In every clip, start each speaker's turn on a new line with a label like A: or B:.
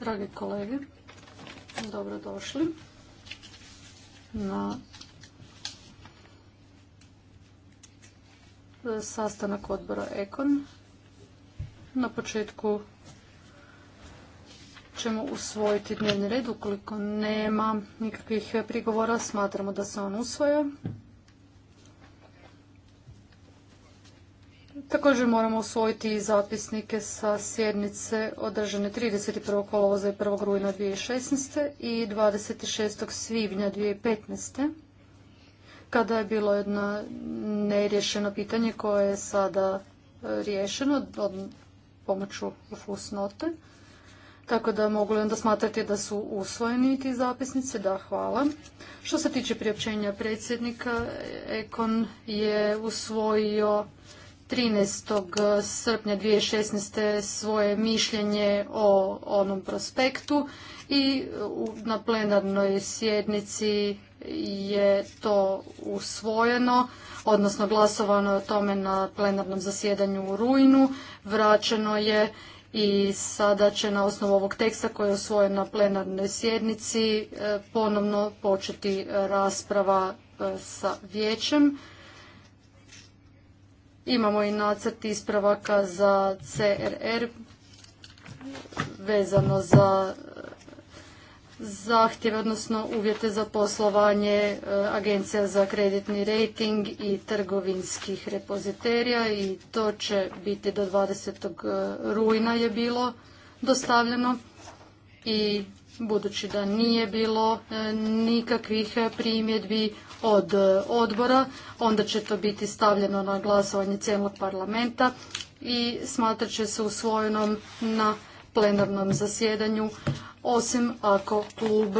A: Dragi kolege,
B: dobrodošli na sastanak odbora Ekon. Na početku ćemo usvojiti dnevni red. Ukoliko nema nikakvih prigovora, smatramo da se on usvoja. Također moramo usvojiti i zapisnike sa sjednice održane 31. kolovoza i 1. rujna 2016. i 26. svibnja 2015. kada je bilo jedno neriješeno pitanje koje je sada e, riješeno pomoću fusnote. Tako da mogu li onda smatrati da su usvojeni ti zapisnice? Da, hvala. Što se tiče priopćenja predsjednika, Ekon je usvojio 13. srpnja 2016. svoje mišljenje o onom prospektu i na plenarnoj sjednici je to usvojeno, odnosno glasovano je o tome na plenarnom zasjedanju u rujnu, vraćeno je i sada će na osnovu ovog teksta koji je usvojen na plenarnoj sjednici e, ponovno početi rasprava e, sa vijećem Imamo i nacrt ispravaka za CRR vezano za e, zahtjeve, odnosno uvjete za poslovanje e, Agencija za kreditni rating i trgovinskih repoziterija i to će biti do 20. E, rujna je bilo dostavljeno i budući da nije bilo nikakvih primjedbi od e, odbora, onda će to biti stavljeno na glasovanje cijelog parlamenta i smatrat će se usvojenom na plenarnom zasjedanju, osim ako klub,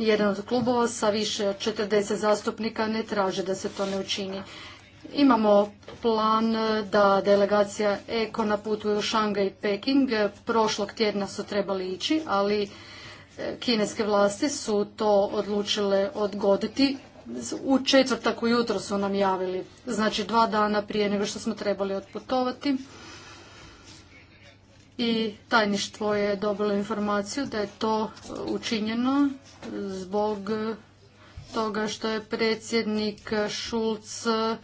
B: jedan od klubova sa više od 40 zastupnika ne traže da se to ne učini. Imamo plan e, da delegacija EKO na putu u Šanga i Peking. E, prošlog tjedna su trebali ići, ali kineske vlasti su to odlučile odgoditi u četvrtak ujutro su nam javili, znači dva dana prije nego što smo trebali otputovati. I tajništvo je dobilo informaciju da je to uh, učinjeno zbog toga što je predsjednik Šulc uh,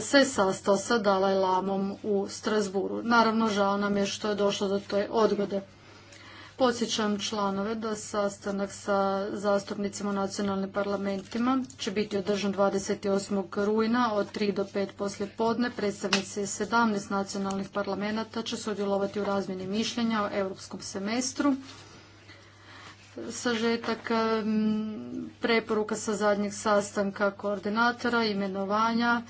B: se sastao sa Dalaj Lamom u Strasburu. Naravno, žao nam je što je došlo do te odgode. Podsjećam članove da sastanak sa zastupnicima u nacionalnim parlamentima će biti održan 28. rujna od 3 do 5 poslje podne. Predstavnici 17 nacionalnih parlamenta će sudjelovati u razmjeni mišljenja o europskom semestru. Sažetak preporuka sa zadnjeg sastanka koordinatora, imenovanja,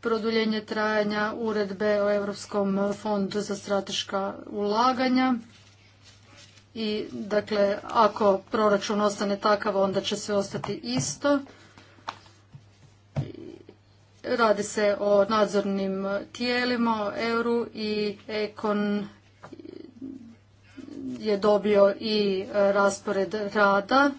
B: produljenje trajanja uredbe o Europskom fondu za strateška ulaganja, i dakle ako proračun ostane takav onda će sve ostati isto. Radi se o nadzornim tijelima, o euru i Ekon je dobio i raspored rada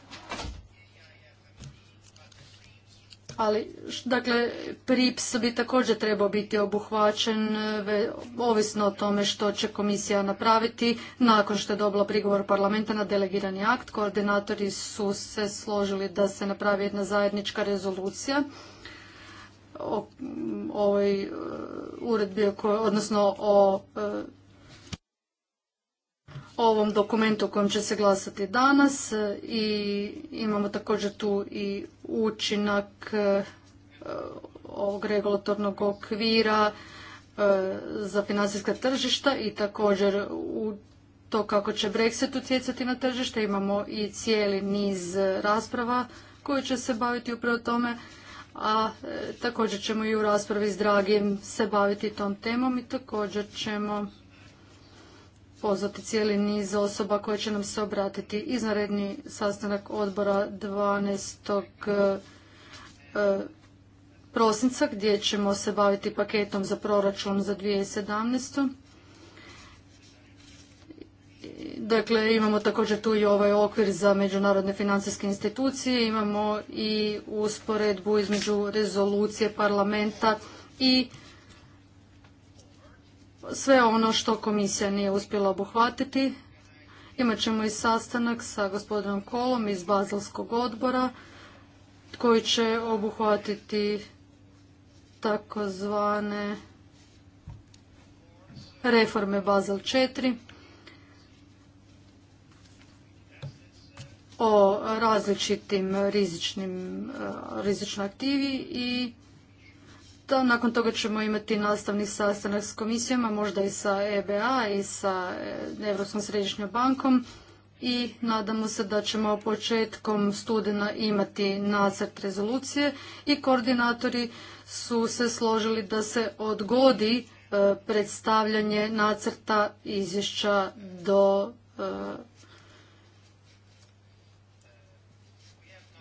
B: ali dakle PRIPS bi također trebao biti obuhvaćen e, ovisno o tome što će komisija napraviti nakon što je dobila prigovor parlamenta na delegirani akt. Koordinatori su se složili da se napravi jedna zajednička rezolucija o ovoj e, uredbi, odnosno o e, ovom dokumentu o kojem će se glasati danas e, i imamo također tu i učinak e, ovog regulatornog okvira e, za financijska tržišta i također u to kako će Brexit utjecati na tržište. Imamo i cijeli niz rasprava koje će se baviti upravo tome, a također ćemo i u raspravi s Dragim se baviti tom temom i također ćemo pozvati cijeli niz osoba koje će nam se obratiti. Izvanredni sastanak odbora 12. E, prosinca gdje ćemo se baviti paketom za proračun za 2017. Dakle, imamo također tu i ovaj okvir za međunarodne financijske institucije, imamo i usporedbu između rezolucije parlamenta i sve ono što komisija nije uspjela obuhvatiti. Imat ćemo i sastanak sa gospodinom Kolom iz Bazelskog odbora koji će obuhvatiti takozvane reforme Bazel 4 o različitim rizičnim, rizičnoj aktivi i to, nakon toga ćemo imati nastavni sastanak s komisijama, možda i sa EBA i sa e, Europskom središnjom bankom i nadamo se da ćemo početkom studena imati nacrt rezolucije i koordinatori su se složili da se odgodi e, predstavljanje nacrta izvješća do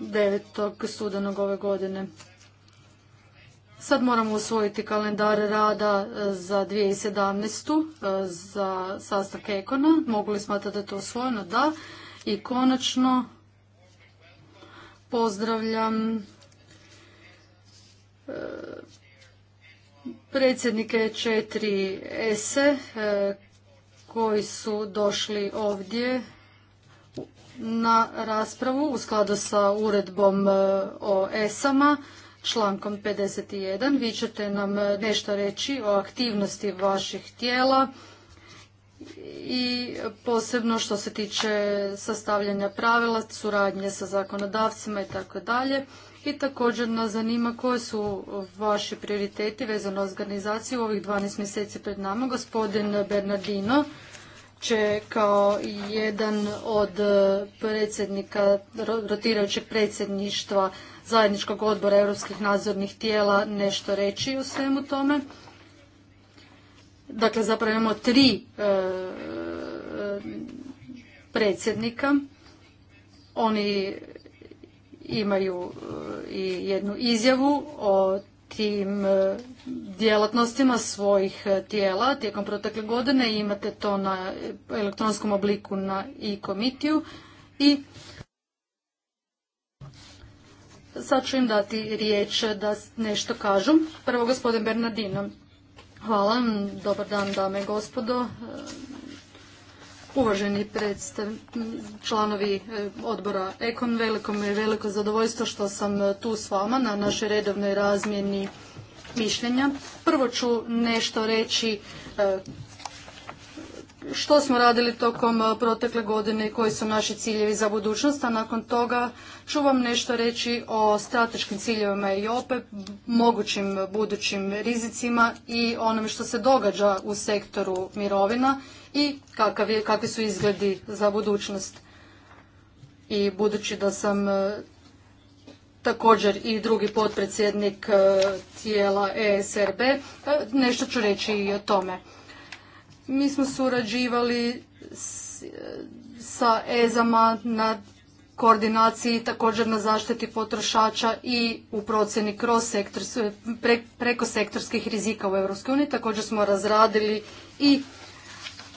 B: 9. E, studenog ove godine. Sad moramo usvojiti kalendar rada e, za 2017. E, za sastak ekona. Mogu li smatrati da je to usvojeno? Da. I konačno pozdravljam e, predsjednike četiri ESE koji su došli ovdje na raspravu u skladu sa uredbom o ESama člankom 51. Vi ćete nam e, nešto reći o aktivnosti vaših tijela i posebno što se tiče sastavljanja pravila, suradnje sa zakonodavcima i tako dalje. I također nas zanima koje su vaši prioriteti vezano organizaciju u ovih 12 mjeseci pred nama. Gospodin Bernardino će kao jedan od e, predsjednika, rotirajućeg predsjedništva zajedničkog odbora europskih nadzornih tijela nešto reći o svemu tome. Dakle, zapravo imamo tri e, predsjednika. Oni imaju e, i jednu izjavu o tim e, djelatnostima svojih tijela tijekom protekle godine. Imate to na elektronskom obliku na e komitiju i Sad ću im dati riječ da nešto kažu. Prvo gospodin Bernardino. Hvala, dobar dan dame i gospodo. E, uvaženi predstav, članovi e, odbora Ekon, veliko mi je veliko zadovoljstvo što sam e, tu s vama na našoj redovnoj razmjeni mišljenja. Prvo ću nešto reći što smo radili tokom eh, protekle godine i koji su naši ciljevi za budućnost, a nakon toga ću vam nešto reći o strateškim ciljevima i opet mogućim budućim rizicima i onome što se događa u sektoru mirovina i kakav je, kakvi su izgledi za budućnost. I budući da sam eh, također i drugi potpredsjednik eh, tijela ESRB, nešto ću reći i o tome. Mi smo surađivali s, eh, sa ezama na koordinaciji također na zaštiti potrošača i u procjeni kroz eh, preko sektorskih rizika u EU. Također smo razradili i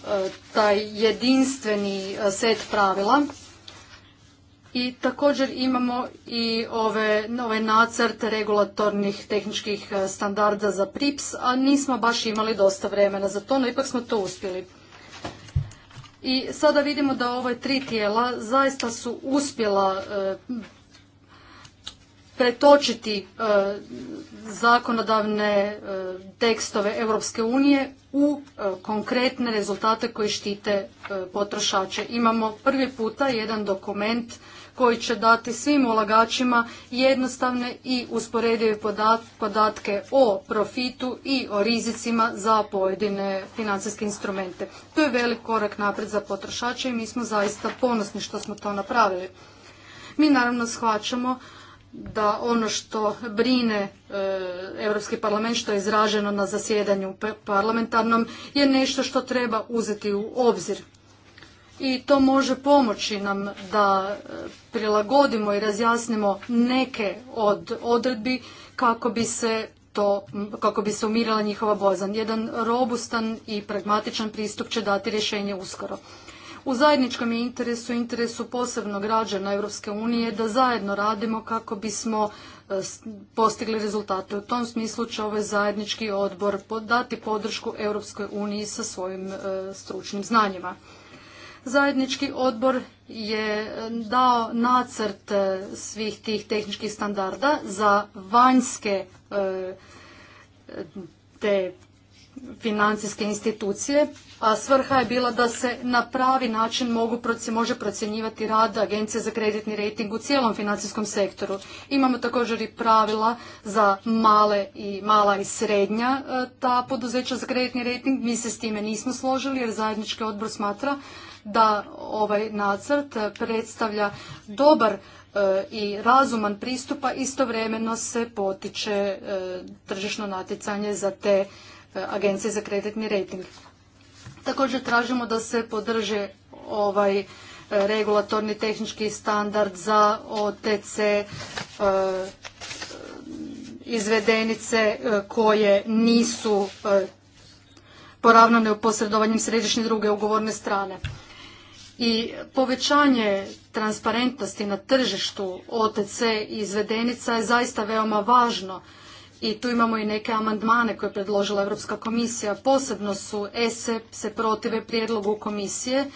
B: eh, taj jedinstveni set pravila i također imamo i ove, nove ovaj nacrt regulatornih tehničkih e, standarda za PRIPS, a nismo baš imali dosta vremena za to, no ipak smo to uspjeli. I sada vidimo da ove tri tijela zaista su uspjela e, pretočiti e, zakonodavne tekstove Europske unije u konkretne rezultate koji štite potrošače. Imamo prvi puta jedan dokument koji će dati svim ulagačima jednostavne i usporedive podatke o profitu i o rizicima za pojedine financijske instrumente. To je velik korak naprijed za potrošače i mi smo zaista ponosni što smo to napravili. Mi naravno shvaćamo da ono što brine e, Europski parlament što je izraženo na zasjedanju parlamentarnom je nešto što treba uzeti u obzir i to može pomoći nam da e, prilagodimo i razjasnimo neke od odredbi kako bi se to, kako bi se umirila njihova bozan. Jedan robustan i pragmatičan pristup će dati rješenje uskoro. U zajedničkom interesu, interesu posebno građana Europske unije da zajedno radimo kako bismo e, postigli rezultate. U tom smislu će ovaj zajednički odbor dati podršku Europskoj uniji sa svojim e, stručnim znanjima. Zajednički odbor je e, dao nacrt e, svih tih tehničkih standarda za vanjske e, te financijske institucije, a svrha je bila da se na pravi način mogu, može procjenjivati rad Agencije za kreditni rejting u cijelom financijskom sektoru. Imamo također i pravila za male i mala i srednja ta poduzeća za kreditni rejting. Mi se s time nismo složili jer zajednički odbor smatra da ovaj nacrt predstavlja dobar e, i razuman pristupa istovremeno se potiče e, tržišno natjecanje za te e, agencije za kreditni rating. Također tražimo da se podrže ovaj regulatorni tehnički standard za OTC izvedenice koje nisu poravnane u posredovanjem središnje druge ugovorne strane i povećanje transparentnosti na tržištu OTC i izvedenica je zaista veoma važno. I tu imamo i neke amandmane koje je predložila Europska komisija. Posebno su ESE e se protive prijedlogu komisije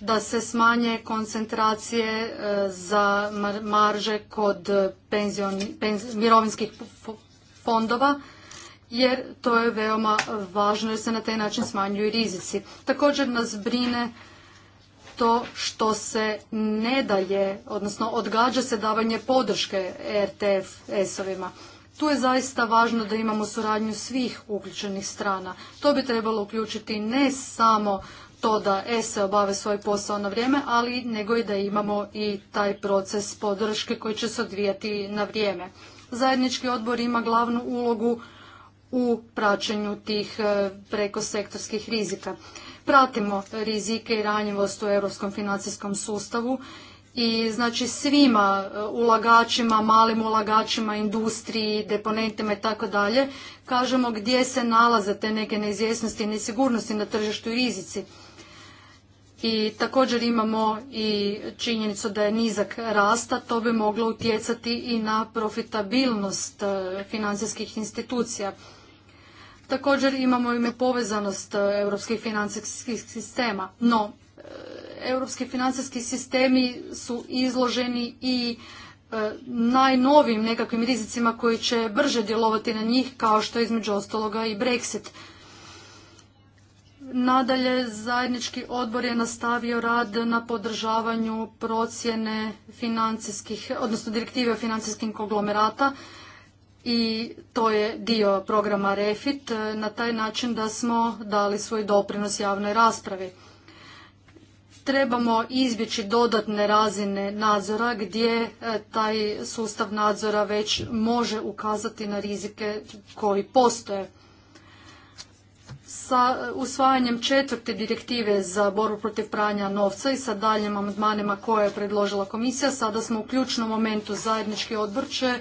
B: da se smanje koncentracije e, za marže kod mirovinskih fondova jer to je veoma važno jer se na taj način smanjuju rizici. Također nas brine to što se ne daje, odnosno odgađa se davanje podrške RTF ovima Tu je zaista važno da imamo suradnju svih uključenih strana. To bi trebalo uključiti ne samo to da ESE obave svoj posao na vrijeme, ali nego i da imamo i taj proces podrške koji će se odvijati na vrijeme. Zajednički odbor ima glavnu ulogu u praćenju tih e, prekosektorskih rizika pratimo rizike i ranjivost u europskom financijskom sustavu i znači svima e, ulagačima, malim ulagačima, industriji, deponentima i tako dalje, kažemo gdje se nalaze te neke neizvjesnosti i nesigurnosti na tržištu i rizici. I također imamo i činjenicu da je nizak rasta, to bi moglo utjecati i na profitabilnost e, financijskih institucija Također imamo i povezanost europskih financijskih sistema, no europski financijski sistemi su izloženi i e, najnovim nekakvim rizicima koji će brže djelovati na njih kao što je između ostaloga i Brexit. Nadalje, zajednički odbor je nastavio rad na podržavanju procjene financijskih, odnosno direktive o financijskim konglomerata i to je dio programa REFIT e, na taj način da smo dali svoj doprinos javnoj raspravi. Trebamo izbjeći dodatne razine nadzora gdje e, taj sustav nadzora već može ukazati na rizike koji postoje. Sa usvajanjem četvrte direktive za borbu protiv pranja novca i sa daljnjim amandmanima koje je predložila komisija, sada smo u ključnom momentu zajednički odbor će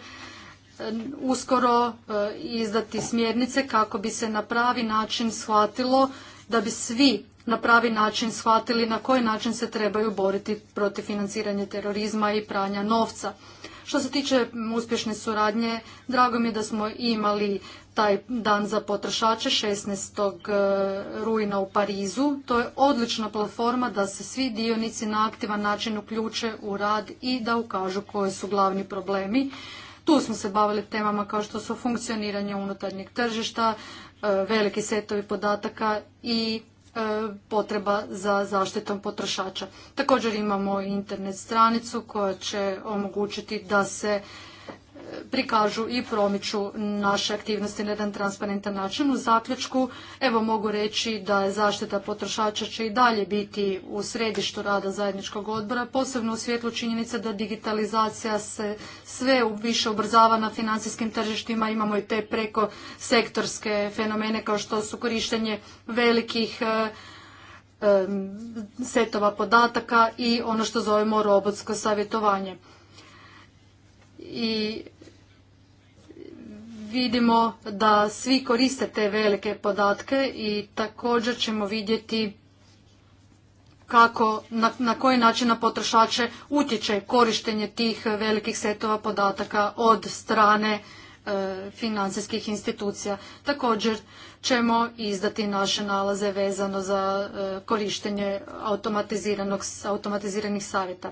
B: E, uskoro e, izdati smjernice kako bi se na pravi način shvatilo da bi svi na pravi način shvatili na koji način se trebaju boriti protiv financiranja terorizma i pranja novca. Što se tiče uspješne suradnje, drago mi je da smo imali taj dan za potrošače 16. E, rujna u Parizu. To je odlična platforma da se svi dionici na aktivan način uključe u rad i da ukažu koji su glavni problemi. Tu smo se bavili temama kao što su funkcioniranje unutarnjeg tržišta, e, veliki setovi podataka i e, potreba za zaštitom potrošača. Također imamo internet stranicu koja će omogućiti da se prikažu i promiču naše aktivnosti na jedan transparentan način. U zaključku evo mogu reći da je zaštita potrošača će i dalje biti u središtu rada zajedničkog odbora, posebno u svjetlu činjenice da digitalizacija se sve više ubrzava na financijskim tržištima. Imamo i te preko sektorske fenomene kao što su korištenje velikih e, setova podataka i ono što zovemo robotsko savjetovanje. I vidimo da svi koriste te velike podatke i također ćemo vidjeti kako, na, na koji način na potrošače utječe korištenje tih velikih setova podataka od strane e, financijskih institucija. Također ćemo izdati naše nalaze vezano za e, korištenje automatiziranog, automatiziranih savjeta.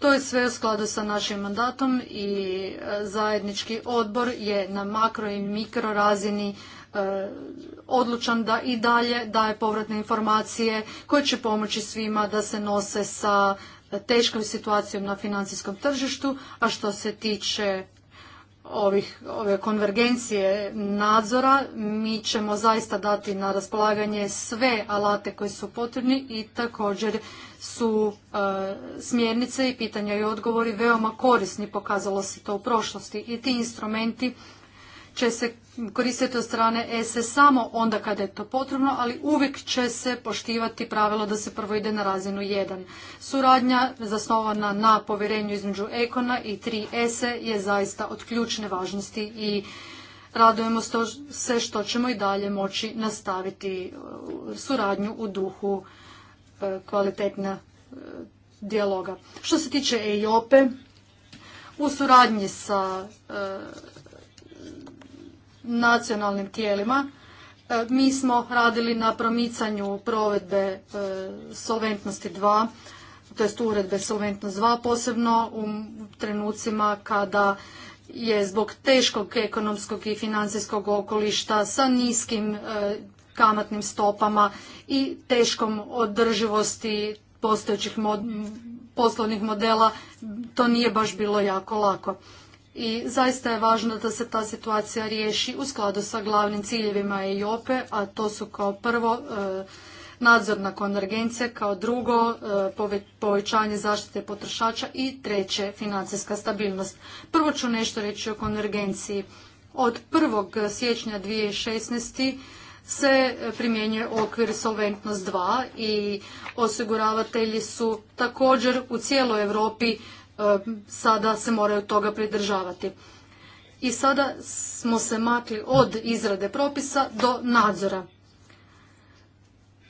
B: To je sve u skladu sa našim mandatom i e, zajednički odbor je na makro i mikro razini e, odlučan da i dalje daje povratne informacije koje će pomoći svima da se nose sa teškom situacijom na financijskom tržištu, a što se tiče ovih, ove konvergencije nadzora mi ćemo zaista dati na raspolaganje sve alate koji su potrebni i također su e, smjernice i pitanja i odgovori veoma korisni, pokazalo se to u prošlosti i ti instrumenti će se koristiti od strane ESE samo onda kada je to potrebno, ali uvijek će se poštivati pravilo da se prvo ide na razinu 1. Suradnja zasnovana na povjerenju između Ekona i 3 ESE je zaista od ključne važnosti i radujemo se što ćemo i dalje moći nastaviti e, suradnju u duhu e, kvalitetna e, dijaloga. Što se tiče EIOPE, u suradnji sa nacionalnim tijelima. E, mi smo radili na promicanju provedbe e, solventnosti 2, to uredbe solventnost 2, posebno u trenucima kada je zbog teškog ekonomskog i financijskog okolišta sa niskim e, kamatnim stopama i teškom održivosti postojećih poslovnih modela, to nije baš bilo jako lako i zaista je važno da se ta situacija riješi u skladu sa glavnim ciljevima EIOPE, a to su kao prvo e, nadzorna konvergencija, kao drugo e, povećanje zaštite potrošača i treće financijska stabilnost. Prvo ću nešto reći o konvergenciji. Od 1. siječnja 2016 se primjenjuje okvir Solventnost 2 i osiguravatelji su također u cijeloj Europi sada se moraju toga pridržavati. I sada smo se makli od izrade propisa do nadzora.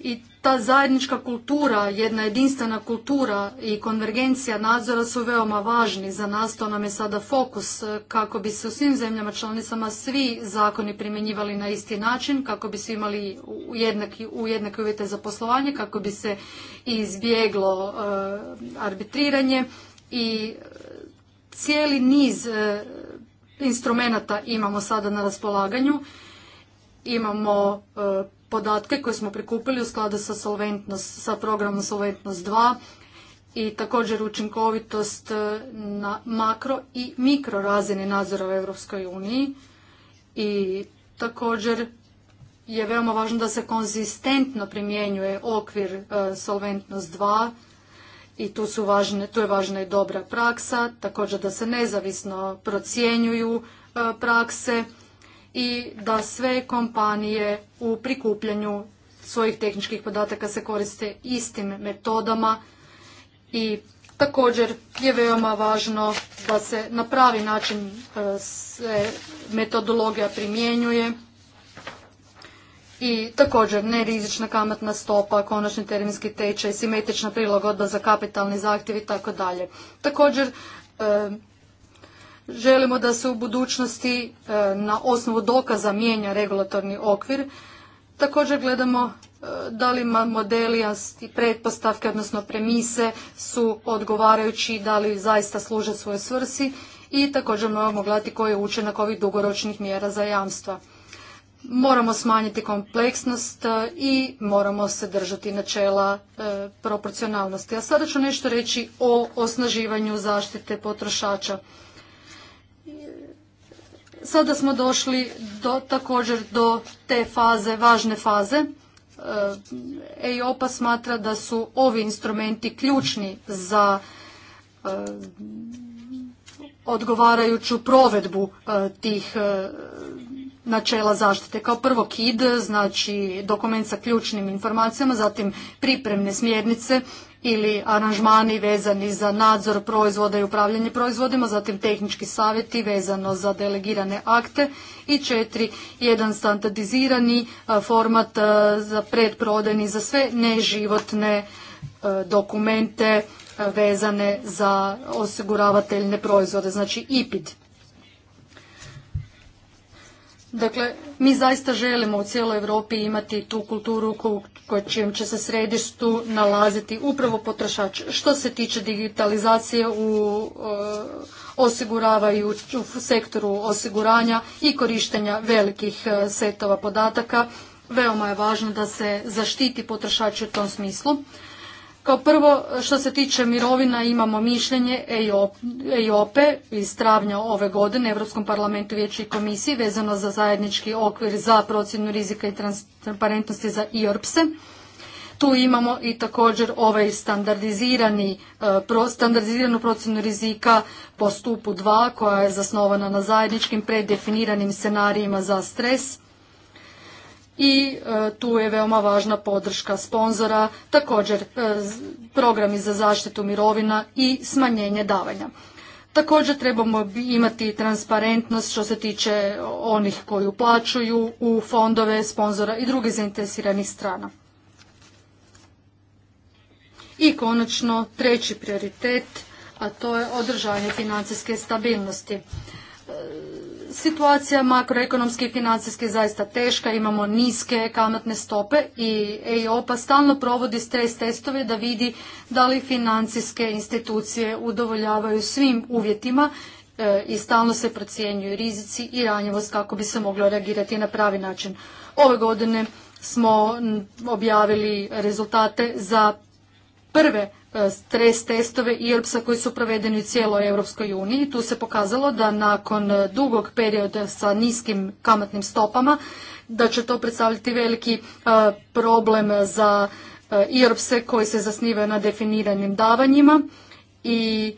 B: I ta zajednička kultura, jedna jedinstvena kultura i konvergencija nadzora su veoma važni. Za nas to nam je sada fokus e, kako bi se u svim zemljama članicama svi zakoni primjenjivali na isti način, kako bi se imali u jednake uvjete za poslovanje, kako bi se izbjeglo e, arbitriranje i e, cijeli niz e, instrumenata imamo sada na raspolaganju. Imamo e, podatke koje smo prikupili u skladu sa, solventnost, sa programom Solventnost 2 i također učinkovitost na makro i mikro razini nadzora u Europskoj uniji i također je veoma važno da se konzistentno primjenjuje okvir Solventnost 2 i tu, su važne, je važna i dobra praksa, također da se nezavisno procjenjuju e, prakse i da sve kompanije u prikupljanju svojih tehničkih podataka se koriste istim metodama i također je veoma važno da se na pravi način e, se metodologija primjenjuje i također nerizična kamatna stopa, konačni terminski tečaj, simetrična prilagodba za kapitalni zahtjev i tako dalje. Također želimo da se u budućnosti na osnovu dokaza mijenja regulatorni okvir. Također gledamo da li modeli i pretpostavke, odnosno premise su odgovarajući, da li zaista služe svoje svrsi i također moramo gledati koji je učinak ovih dugoročnih mjera za jamstva moramo smanjiti kompleksnost e, i moramo se držati načela e, proporcionalnosti. A sada ću nešto reći o osnaživanju zaštite potrošača. Sada smo došli do, također do te faze, važne faze. EIOPA e smatra da su ovi instrumenti ključni za odgovarajuću provedbu tih načela zaštite. Kao prvo KID, znači dokument sa ključnim informacijama, zatim pripremne smjernice ili aranžmani vezani za nadzor proizvoda i upravljanje proizvodima, zatim tehnički savjeti vezano za delegirane akte i četiri, jedan standardizirani e, format e, za predprodajni za sve neživotne e, dokumente vezane za osiguravateljne proizvode, znači IPID. Dakle, mi zaista želimo u cijeloj Europi imati tu kulturu u čijem će se središtu nalaziti upravo potrošač. Što se tiče digitalizacije u eh, osiguravaju u sektoru osiguranja i korištenja velikih eh, setova podataka, veoma je važno da se zaštiti potrošač u tom smislu. Kao prvo, što se tiče mirovina, imamo mišljenje EIOPE e iz travnja ove godine Europskom parlamentu Vijeću i komisiji vezano za zajednički okvir za procjenu rizika i transparentnosti za IORPSE. Tu imamo i također ovaj e, standardiziranu procjenu rizika po stupu 2 koja je zasnovana na zajedničkim predefiniranim scenarijima za stres i e, tu je veoma važna podrška sponzora, također e, programi za zaštitu mirovina i smanjenje davanja. Također trebamo imati transparentnost što se tiče onih koji uplaćuju u fondove, sponzora i drugih zainteresiranih strana. I konačno treći prioritet, a to je održanje financijske stabilnosti. E, situacija makroekonomske i financijske je zaista teška, imamo niske kamatne stope i EIOPA stalno provodi stres testove da vidi da li financijske institucije udovoljavaju svim uvjetima e, i stalno se procjenjuju rizici i ranjivost kako bi se moglo reagirati na pravi način. Ove godine smo objavili rezultate za prve E, stres testove IRPsa a koji su provedeni u cijeloj Europskoj uniji. Tu se pokazalo da nakon e, dugog perioda sa niskim kamatnim stopama da će to predstavljati veliki e, problem za irps e koji se zasnivaju na definiranim davanjima i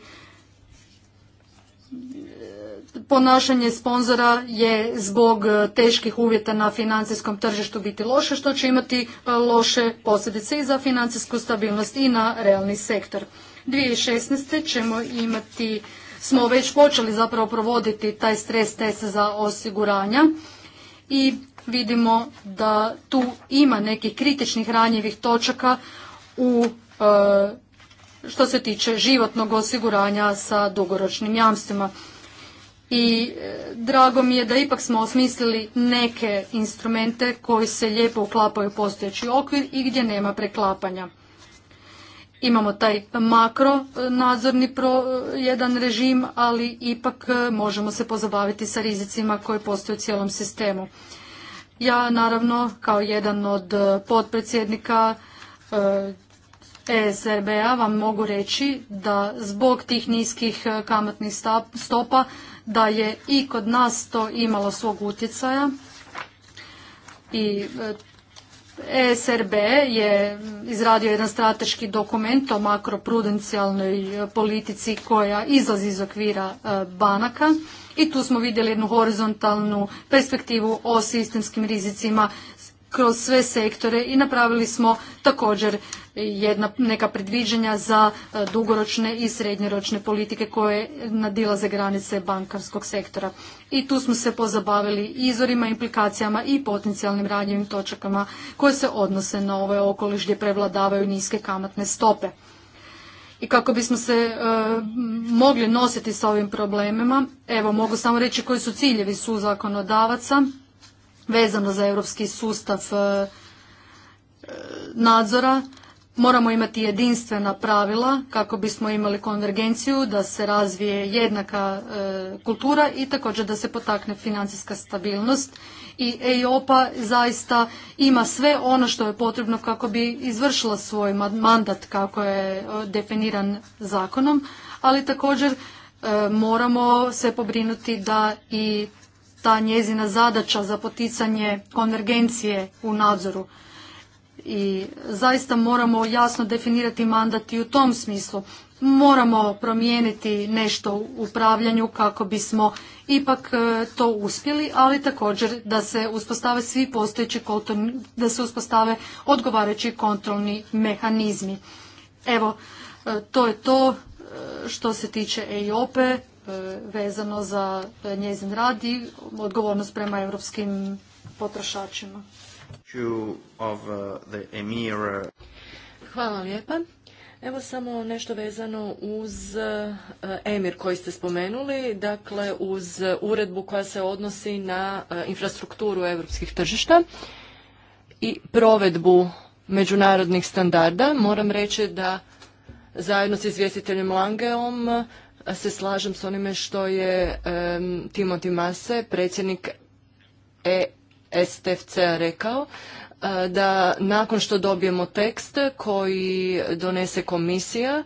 B: ponašanje sponzora je zbog e, teških uvjeta na financijskom tržištu biti loše, što će imati e, loše posljedice i za financijsku stabilnost i na realni sektor. 2016. ćemo imati, smo već počeli zapravo provoditi taj stres test za osiguranja i vidimo da tu ima nekih kritičnih ranjivih točaka u e, što se tiče životnog osiguranja sa dugoročnim jamstvima i e, drago mi je da ipak smo osmislili neke instrumente koji se lijepo uklapaju u postojeći okvir i gdje nema preklapanja. Imamo taj makro e, nadzorni e, jedan režim, ali ipak možemo se pozabaviti sa rizicima koji postoje u cijelom sistemu. Ja naravno kao jedan od potpredsjednika ESRB-a vam mogu reći da zbog tih niskih kamatnih stopa da je i kod nas to imalo svog utjecaja i ESRB e je izradio jedan strateški dokument o makroprudencijalnoj e, politici koja izlazi iz okvira e, banaka i tu smo vidjeli jednu horizontalnu perspektivu o sistemskim rizicima kroz sve sektore i napravili smo također jedna, neka predviđanja za e, dugoročne i srednjoročne politike koje nadilaze granice bankarskog sektora. I tu smo se pozabavili izvorima, implikacijama i potencijalnim ranjivim točakama koje se odnose na ovaj okoliš gdje prevladavaju niske kamatne stope. I kako bismo se e, mogli nositi sa ovim problemima, evo mogu samo reći koji su ciljevi su zakonodavaca vezano za europski sustav e, nadzora Moramo imati jedinstvena pravila kako bismo imali konvergenciju, da se razvije jednaka e, kultura i također da se potakne financijska stabilnost. I EIOPA zaista ima sve ono što je potrebno kako bi izvršila svoj mandat kako je e, definiran zakonom, ali također e, moramo se pobrinuti da i ta njezina zadaća za poticanje konvergencije u nadzoru i zaista moramo jasno definirati mandat i u tom smislu. Moramo promijeniti nešto u upravljanju kako bismo ipak e, to uspjeli, ali također da se uspostave svi postojeći da se uspostave odgovarajući kontrolni mehanizmi. Evo, e, to je to e, što se tiče EIOPE vezano za njezin rad i odgovornost prema europskim potrošačima of uh, uh,
C: Hvala lijepa. Evo samo nešto vezano uz uh, EMIR koji ste spomenuli, dakle uz uredbu koja se odnosi na infrastrukturu europskih tržišta i provedbu međunarodnih standarda. Moram reći da zajedno s izvjestiteljem Langeom se slažem s onime što je um, Timoti Mase, predsjednik stfc rekao e, da nakon što dobijemo tekst koji donese komisija,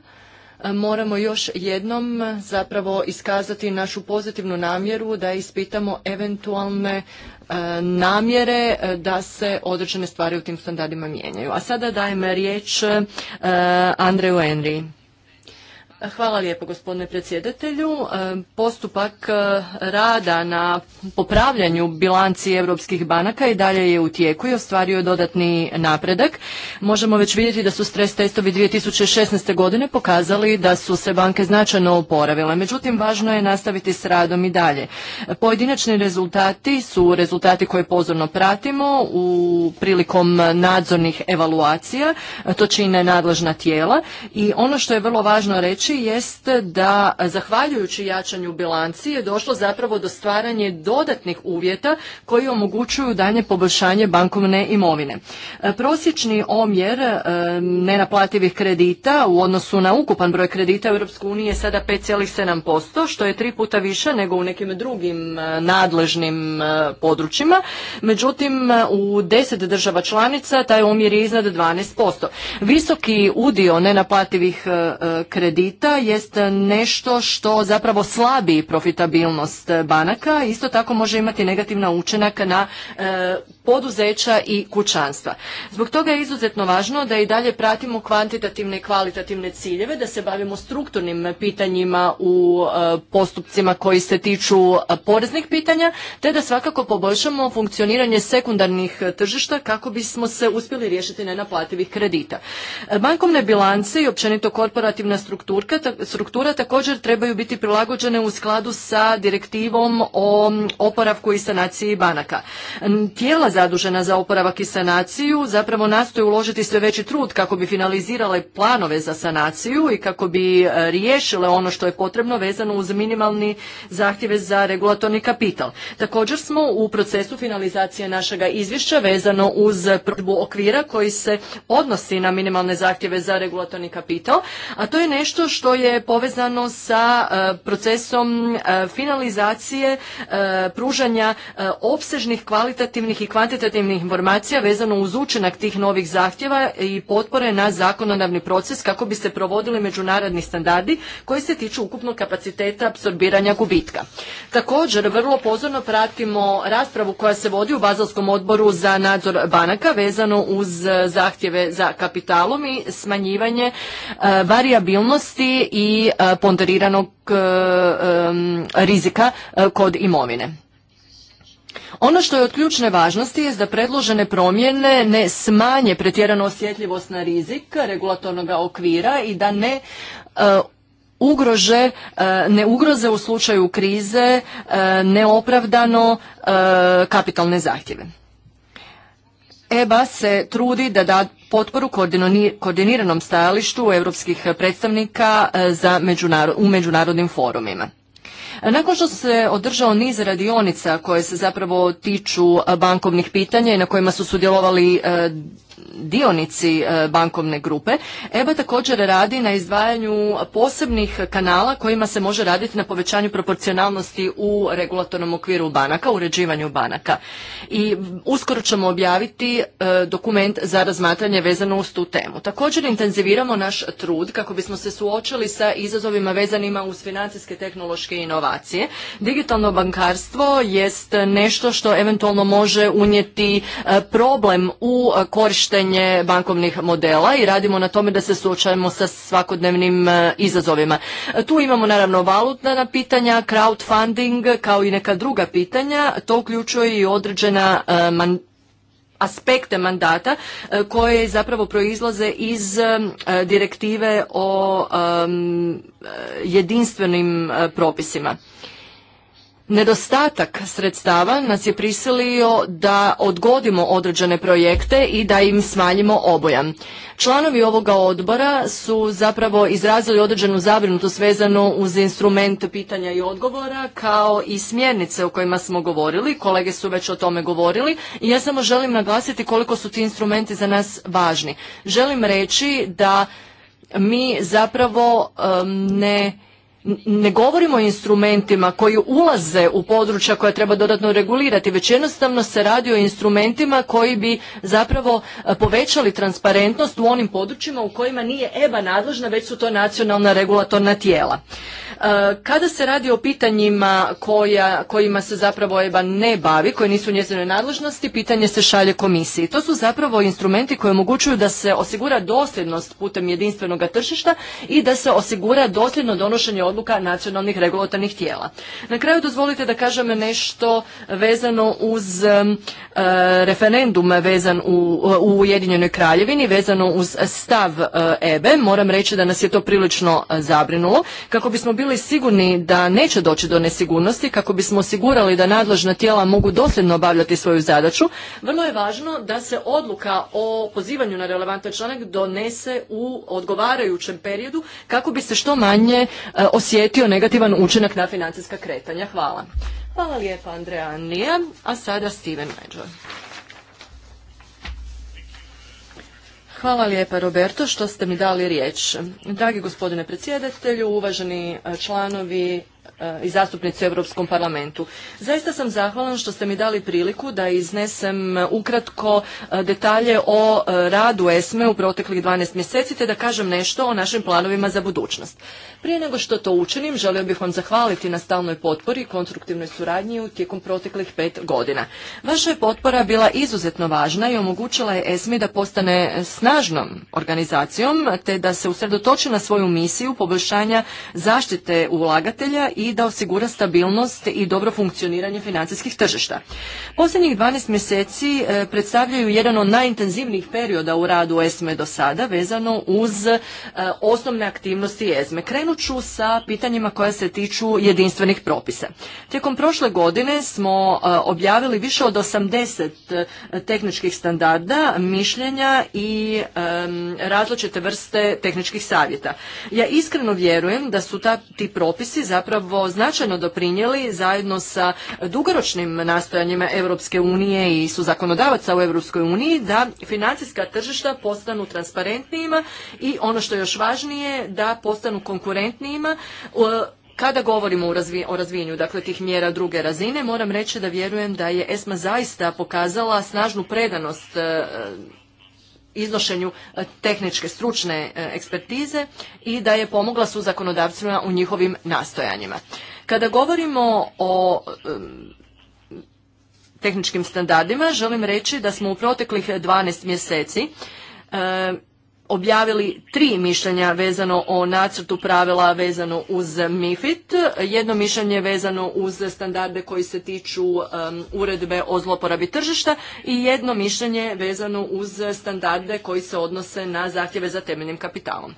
C: e, moramo još jednom zapravo iskazati našu pozitivnu namjeru da ispitamo eventualne e, namjere da se određene stvari u tim standardima mijenjaju. A sada dajem riječ Andreju Henry. Hvala lijepo gospodine predsjedatelju. E, postupak e, rada na popravljanju bilanci europskih banaka i dalje je u tijeku i ostvario je dodatni napredak. Možemo već vidjeti da su stres testovi 2016. godine pokazali da su se banke značajno oporavile. Međutim, važno je nastaviti s radom i dalje. Pojedinačni rezultati su rezultati koje pozorno pratimo u prilikom nadzornih evaluacija. To čine nadležna tijela i ono što je vrlo važno reći jest da zahvaljujući jačanju bilanci je došlo zapravo do stvaranje dodatnih uvjeta koji omogućuju danje poboljšanje bankovne imovine. E, prosječni omjer e, nenaplativih kredita u odnosu na ukupan broj kredita u EU je sada 5,7%, što je tri puta više nego u nekim drugim e, nadležnim područjima. Međutim, u deset država članica taj omjer je iznad 12%. Visoki udio nenaplativih kredita profita jest nešto što zapravo slabi profitabilnost banaka. Isto tako može imati negativna učinak na e, poduzeća i kućanstva. Zbog toga je izuzetno važno da i dalje pratimo kvantitativne i kvalitativne ciljeve, da se bavimo strukturnim pitanjima u e, postupcima koji se tiču e, poreznih pitanja, te da svakako poboljšamo funkcioniranje sekundarnih tržišta kako bismo se uspjeli riješiti nenaplativih kredita. E, bankovne bilance i općenito korporativna struktura također trebaju biti prilagođene u skladu sa direktivom o oporavku i sanaciji banaka. Tijela zadužena za oporavak i sanaciju zapravo nastoji uložiti sve veći trud kako bi finalizirale planove za sanaciju i kako bi e, riješile ono što je potrebno vezano uz minimalni zahtjeve za regulatorni kapital. Također smo u procesu finalizacije našega izvješća vezano uz provedbu okvira koji se odnosi na minimalne zahtjeve za regulatorni kapital, a to je nešto što je povezano sa e, procesom e, finalizacije pružanja opsežnih kvalitativnih i kvantitativnih kvantitativnih informacija vezano uz učinak tih novih zahtjeva i potpore na zakonodavni proces kako bi se provodili međunarodni standardi koji se tiču ukupnog kapaciteta apsorbiranja gubitka. Također, vrlo pozorno pratimo raspravu koja se vodi u Bazalskom odboru za nadzor banaka vezano uz zahtjeve za kapitalom i smanjivanje e, variabilnosti i e, ponderiranog e, rizika kod imovine. Ono što je od ključne važnosti je da predložene promjene ne smanje pretjerano osjetljivost na rizik regulatornog okvira i da ne e, ugrože, e, ne ugroze u slučaju krize e, neopravdano kapitalne zahtjeve. EBA se trudi da da potporu koordiniranom stajalištu europskih predstavnika za u međunarodnim forumima. Nakon što se održao niz radionica koje se zapravo tiču bankovnih pitanja i na kojima su sudjelovali dionici e, bankovne grupe, EBA također radi na izdvajanju posebnih kanala kojima se može raditi na povećanju proporcionalnosti u regulatornom okviru banaka, uređivanju banaka. I uskoro ćemo objaviti e, dokument za razmatranje vezano uz tu temu. Također intenziviramo naš trud kako bismo se suočili sa izazovima vezanima uz financijske tehnološke inovacije. Digitalno bankarstvo jest nešto što eventualno može unijeti e, problem u korištenju korištenje bankovnih modela i radimo na tome da se suočajemo sa svakodnevnim e, izazovima. Tu imamo naravno valutna pitanja, crowdfunding kao i neka druga pitanja. To uključuje i određena e, aspekte mandata e, koje zapravo proizlaze iz direktive o jedinstvenim propisima. Nedostatak sredstava nas je prisilio da odgodimo određene projekte i da im smanjimo obojam. Članovi ovoga odbora su zapravo izrazili određenu zabrinutost vezanu uz instrument pitanja i odgovora kao i smjernice o kojima smo govorili, kolege su već o tome govorili i ja samo želim naglasiti koliko su ti instrumenti za nas važni. Želim reći da mi zapravo ne ne govorimo o instrumentima koji ulaze u područja koja treba dodatno regulirati, već jednostavno se radi o instrumentima koji bi zapravo e, povećali transparentnost u onim područjima u kojima nije EBA nadležna, već su to nacionalna regulatorna tijela. E, kada se radi o pitanjima koja, kojima se zapravo EBA ne bavi, koje nisu njezine njezinoj nadležnosti, pitanje se šalje komisiji. To su zapravo instrumenti koji omogućuju da se osigura dosljednost putem jedinstvenog tržišta i da se osigura dosljedno donošenje odluka odluka nacionalnih regulatornih tijela. Na kraju dozvolite da kažem nešto vezano uz e, referendum vezan u, u Ujedinjenoj kraljevini, vezano uz stav e, EBE. Moram reći da nas je to prilično e, zabrinulo. Kako bismo bili sigurni da neće doći do nesigurnosti, kako bismo osigurali da nadležna tijela mogu dosljedno obavljati svoju zadaću, vrlo je važno da se odluka o pozivanju na relevantan članak donese u odgovarajućem periodu kako bi se što manje osjetio negativan učinak na financijska kretanja. Hvala. Hvala lijepa Andreja Nija, a sada Steven Major. Hvala lijepa Roberto što ste mi dali riječ. Dragi gospodine predsjedatelju, uvaženi e, članovi E, i zastupnici u Europskom parlamentu. Zaista sam zahvalan što ste mi dali priliku da iznesem ukratko e, detalje o e, radu ESME u proteklih 12 mjeseci te da kažem nešto o našim planovima za budućnost. Prije nego što to učinim, želio bih vam zahvaliti na stalnoj potpori i konstruktivnoj suradnji u tijekom proteklih pet godina. Vaša je potpora bila izuzetno važna i omogućila je ESMI da postane snažnom organizacijom te da se usredotoči na svoju misiju poboljšanja zaštite ulagatelja i da osigura stabilnost i dobro funkcioniranje financijskih tržišta. Posljednjih 12 mjeseci e, predstavljaju jedan od najintenzivnijih perioda u radu ESME do sada vezano uz e, osnovne aktivnosti ESME. Krenut ću sa pitanjima koja se tiču jedinstvenih propisa. Tijekom prošle godine smo e, objavili više od 80 tehničkih standarda, mišljenja i različite vrste tehničkih savjeta. Ja iskreno vjerujem da su ta, ti propisi zapravo zapravo značajno doprinijeli zajedno sa dugoročnim nastojanjima Europske unije i su zakonodavaca u Europskoj uniji da financijska tržišta postanu transparentnijima i ono što je još važnije da postanu konkurentnijima kada govorimo o razvijenju dakle, tih mjera druge razine, moram reći da vjerujem da je ESMA zaista pokazala snažnu predanost e, iznošenju e, tehničke stručne e, ekspertize i da je pomogla su zakonodavcima u njihovim nastojanjima. Kada govorimo o e, tehničkim standardima, želim reći da smo u proteklih 12 mjeseci objavili tri mišljenja vezano o nacrtu pravila vezano uz MIFID, jedno mišljenje vezano uz standarde koji se tiču uredbe o zloporabi tržišta i jedno mišljenje vezano uz standarde koji se odnose na zahtjeve za temeljnim kapitalom.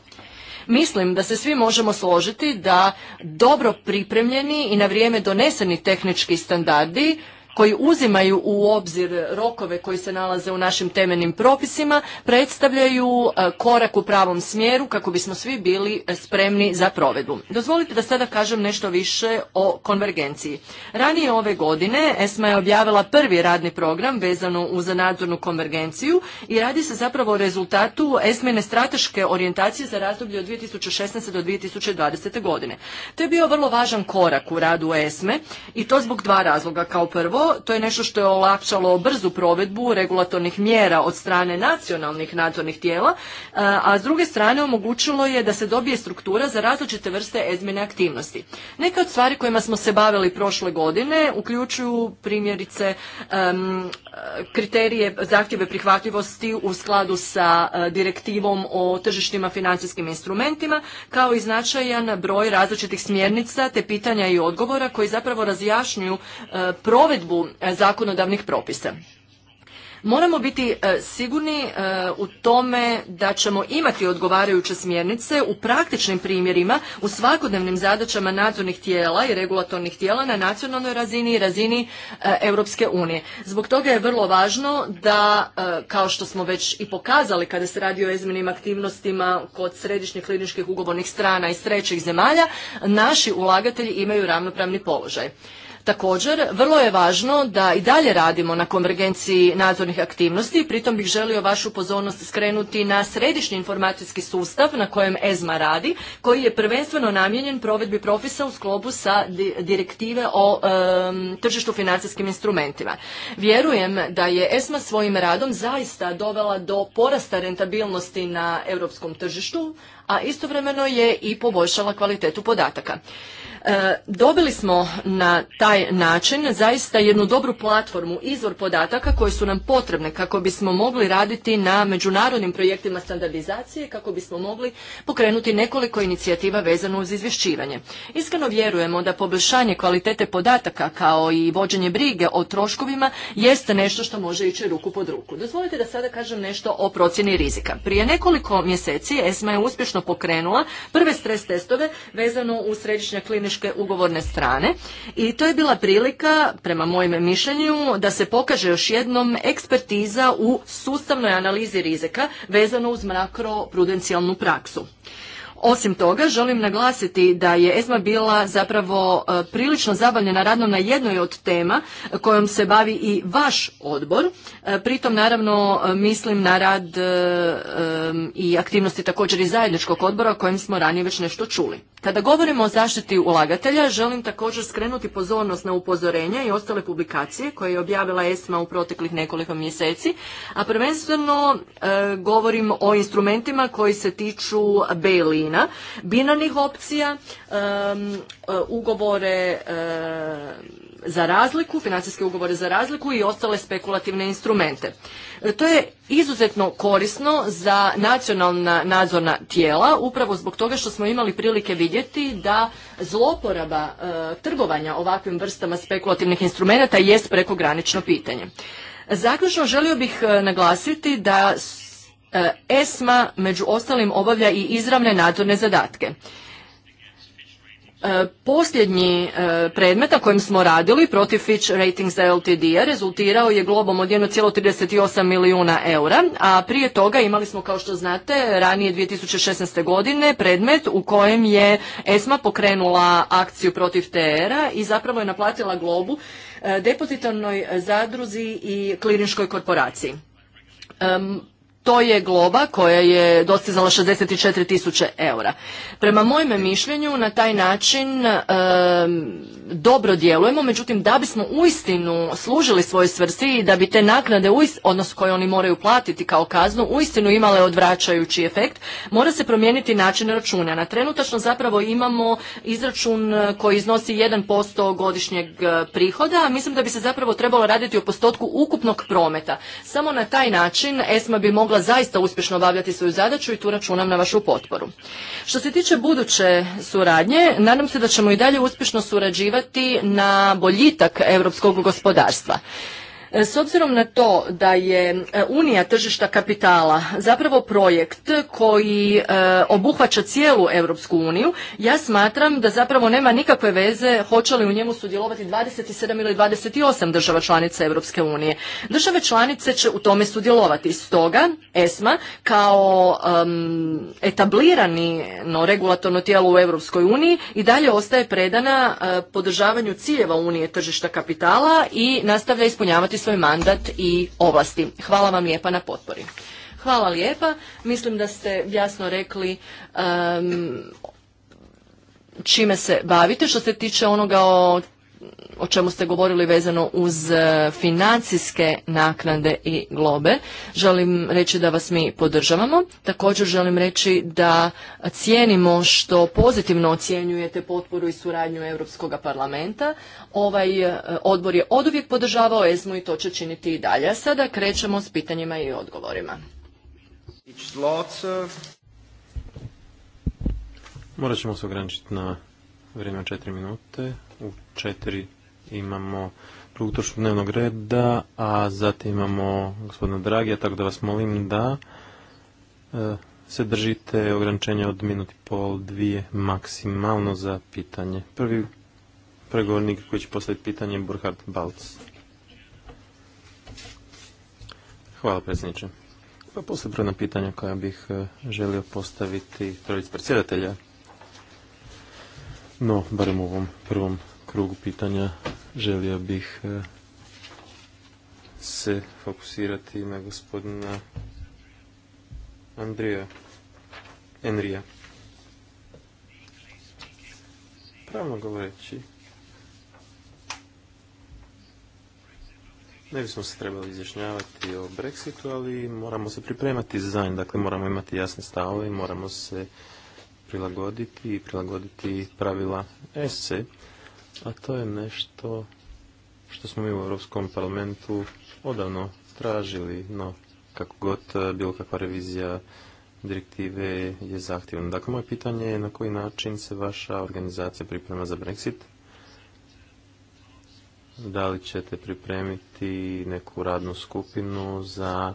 C: Mislim da se svi možemo složiti da dobro pripremljeni i na vrijeme doneseni tehnički standardi koji uzimaju u obzir rokove koji se nalaze u našim temeljnim propisima predstavljaju e, korak u pravom smjeru kako bismo svi bili e, spremni za provedbu. Dozvolite da sada kažem nešto više o konvergenciji. Ranije ove godine ESMA je objavila prvi radni program vezano uz nadzornu konvergenciju i radi se zapravo o rezultatu ESMA-ne strateške orijentacije za razdoblje od 2016. do 2020. godine. To je bio vrlo važan korak u radu ESME i to zbog dva razloga. Kao prvo, to, je nešto što je olakšalo brzu provedbu regulatornih mjera od strane nacionalnih nadzornih tijela, a s druge strane omogućilo je da se dobije struktura za različite vrste izmjene aktivnosti. Neke od stvari kojima smo se bavili prošle godine uključuju primjerice kriterije zahtjeve prihvatljivosti u skladu sa e, direktivom o tržištima financijskim instrumentima, kao i značajan broj različitih smjernica te pitanja i odgovora koji zapravo razjašnju e, provedbu E, zakonodavnih propisa. Moramo biti e, sigurni e, u tome da ćemo imati odgovarajuće smjernice u praktičnim primjerima u svakodnevnim zadaćama nadzornih tijela i regulatornih tijela na nacionalnoj razini i razini Europske unije. Zbog toga je vrlo važno da, kao što smo već i pokazali kada se radi o izmenim aktivnostima kod središnjih kliničkih ugovornih strana iz trećih zemalja, naši ulagatelji imaju ravnopravni položaj. Također, vrlo je važno da i dalje radimo na konvergenciji nadzornih aktivnosti, pritom bih želio vašu pozornost skrenuti na središnji informacijski sustav na kojem ESMA radi, koji je prvenstveno namijenjen provedbi profisa u sklopu sa direktive o tržištu financijskim instrumentima. Vjerujem da je ESMA svojim radom zaista dovela do porasta rentabilnosti na europskom tržištu, a istovremeno je i poboljšala kvalitetu podataka. E, dobili smo na taj način zaista jednu dobru platformu, izvor podataka koje su nam potrebne kako bismo mogli raditi na međunarodnim projektima standardizacije, kako bismo mogli pokrenuti nekoliko inicijativa vezano uz izvješćivanje. Iskreno vjerujemo da poboljšanje kvalitete podataka kao i vođenje brige o troškovima jeste nešto što može ići ruku pod ruku. Dozvolite da sada kažem nešto o procjeni rizika. Prije nekoliko mjeseci ESMA je uspješno pokrenula prve stres testove vezano uz središnja klinička zajedničke ugovorne strane i to je bila prilika, prema mojem mišljenju, da se pokaže još jednom ekspertiza u sustavnoj analizi rizika vezano uz makroprudencijalnu praksu. Osim toga, želim naglasiti da je ESMA bila zapravo e, prilično zabavljena radom na jednoj od tema e, kojom se bavi i vaš odbor. E, pritom, naravno, mislim na rad i aktivnosti također i zajedničkog odbora o kojem smo ranije već nešto čuli. Kada govorimo o zaštiti ulagatelja, želim također skrenuti pozornost na upozorenja i ostale publikacije koje je objavila ESMA u proteklih nekoliko mjeseci, a prvenstveno govorim o instrumentima koji se tiču bail plina, binarnih opcija, e, ugovore e, za razliku, financijske ugovore za razliku i ostale spekulativne instrumente. E, to je izuzetno korisno za nacionalna nadzorna tijela, upravo zbog toga što smo imali prilike vidjeti da zloporaba trgovanja ovakvim vrstama spekulativnih instrumenata jest prekogranično pitanje. Zaključno želio bih naglasiti da E, ESMA među ostalim obavlja i izravne nadzorne zadatke. E, posljednji e, predmet na kojem smo radili protiv Fitch Ratings LTD-a rezultirao je globom od 1,38 milijuna eura, a prije toga imali smo, kao što znate, ranije 2016. godine predmet u kojem je ESMA pokrenula akciju protiv TR-a i zapravo je naplatila globu depozitarnoj zadruzi i kliničkoj korporaciji to je globa koja je dostizala 64 tisuće eura. Prema mojem mišljenju na taj način dobro djelujemo, međutim da bismo uistinu služili svojoj svrsi i da bi te naknade, odnosno koje oni moraju platiti kao kaznu, uistinu imale odvraćajući efekt, mora se promijeniti način računa. Na trenutačno zapravo imamo izračun e, koji iznosi 1% godišnjeg e, prihoda, a mislim da bi se zapravo trebalo raditi o postotku ukupnog prometa. Samo na taj način ESMA bi mogla mogla zaista uspješno obavljati svoju zadaću i tu računam na vašu potporu. Što se tiče buduće suradnje, nadam se da ćemo i dalje uspješno surađivati na boljitak europskog gospodarstva. E, s obzirom na to da je e, Unija tržišta kapitala zapravo projekt koji e, obuhvaća cijelu Europsku uniju, ja smatram da zapravo nema nikakve veze hoće li u njemu sudjelovati 27 ili 28 država članica Europske unije. Države članice će u tome sudjelovati. Stoga ESMA kao etablirani no, regulatorno tijelo u Europskoj uniji i dalje ostaje predana podržavanju ciljeva Unije tržišta kapitala i nastavlja ispunjavati svoj mandat i ovlasti. Hvala vam lijepa na potpori. Hvala lijepa. Mislim da ste jasno rekli čime se bavite što se tiče onoga o o čemu ste govorili vezano uz e, financijske naknade i globe. Želim reći da vas mi podržavamo. Također želim reći da cijenimo što pozitivno ocjenjujete potporu i suradnju Europskog parlamenta. Ovaj e, odbor je uvijek podržavao ESMU i to će činiti i dalje. Sada krećemo s pitanjima i odgovorima.
D: Morat ćemo se ograničiti na vrijeme četiri minute četiri imamo drugu točku dnevnog reda, a zatim imamo gospodina Dragija, tako da vas molim da e, se držite ograničenja od minut i pol, dvije maksimalno za pitanje. Prvi pregovornik koji će postaviti pitanje je Burhard Balc. Hvala predsjedniče. Pa poslije brojna pitanja koja bih e, želio postaviti trojic predsjedatelja. No, barem u ovom prvom krugu pitanja želio bih e, se fokusirati na gospodina Andrija Enrija. Pravno govoreći, ne bismo se trebali izjašnjavati o Brexitu, ali moramo se pripremati za dakle moramo imati jasne stavove, moramo se prilagoditi i prilagoditi pravila SC. A to je nešto što smo mi u Europskom parlamentu odavno tražili, no kako god bilo kakva revizija direktive je zahtjevna. Dakle, moje pitanje je na koji način se vaša organizacija priprema za Brexit? Da li ćete pripremiti neku radnu skupinu za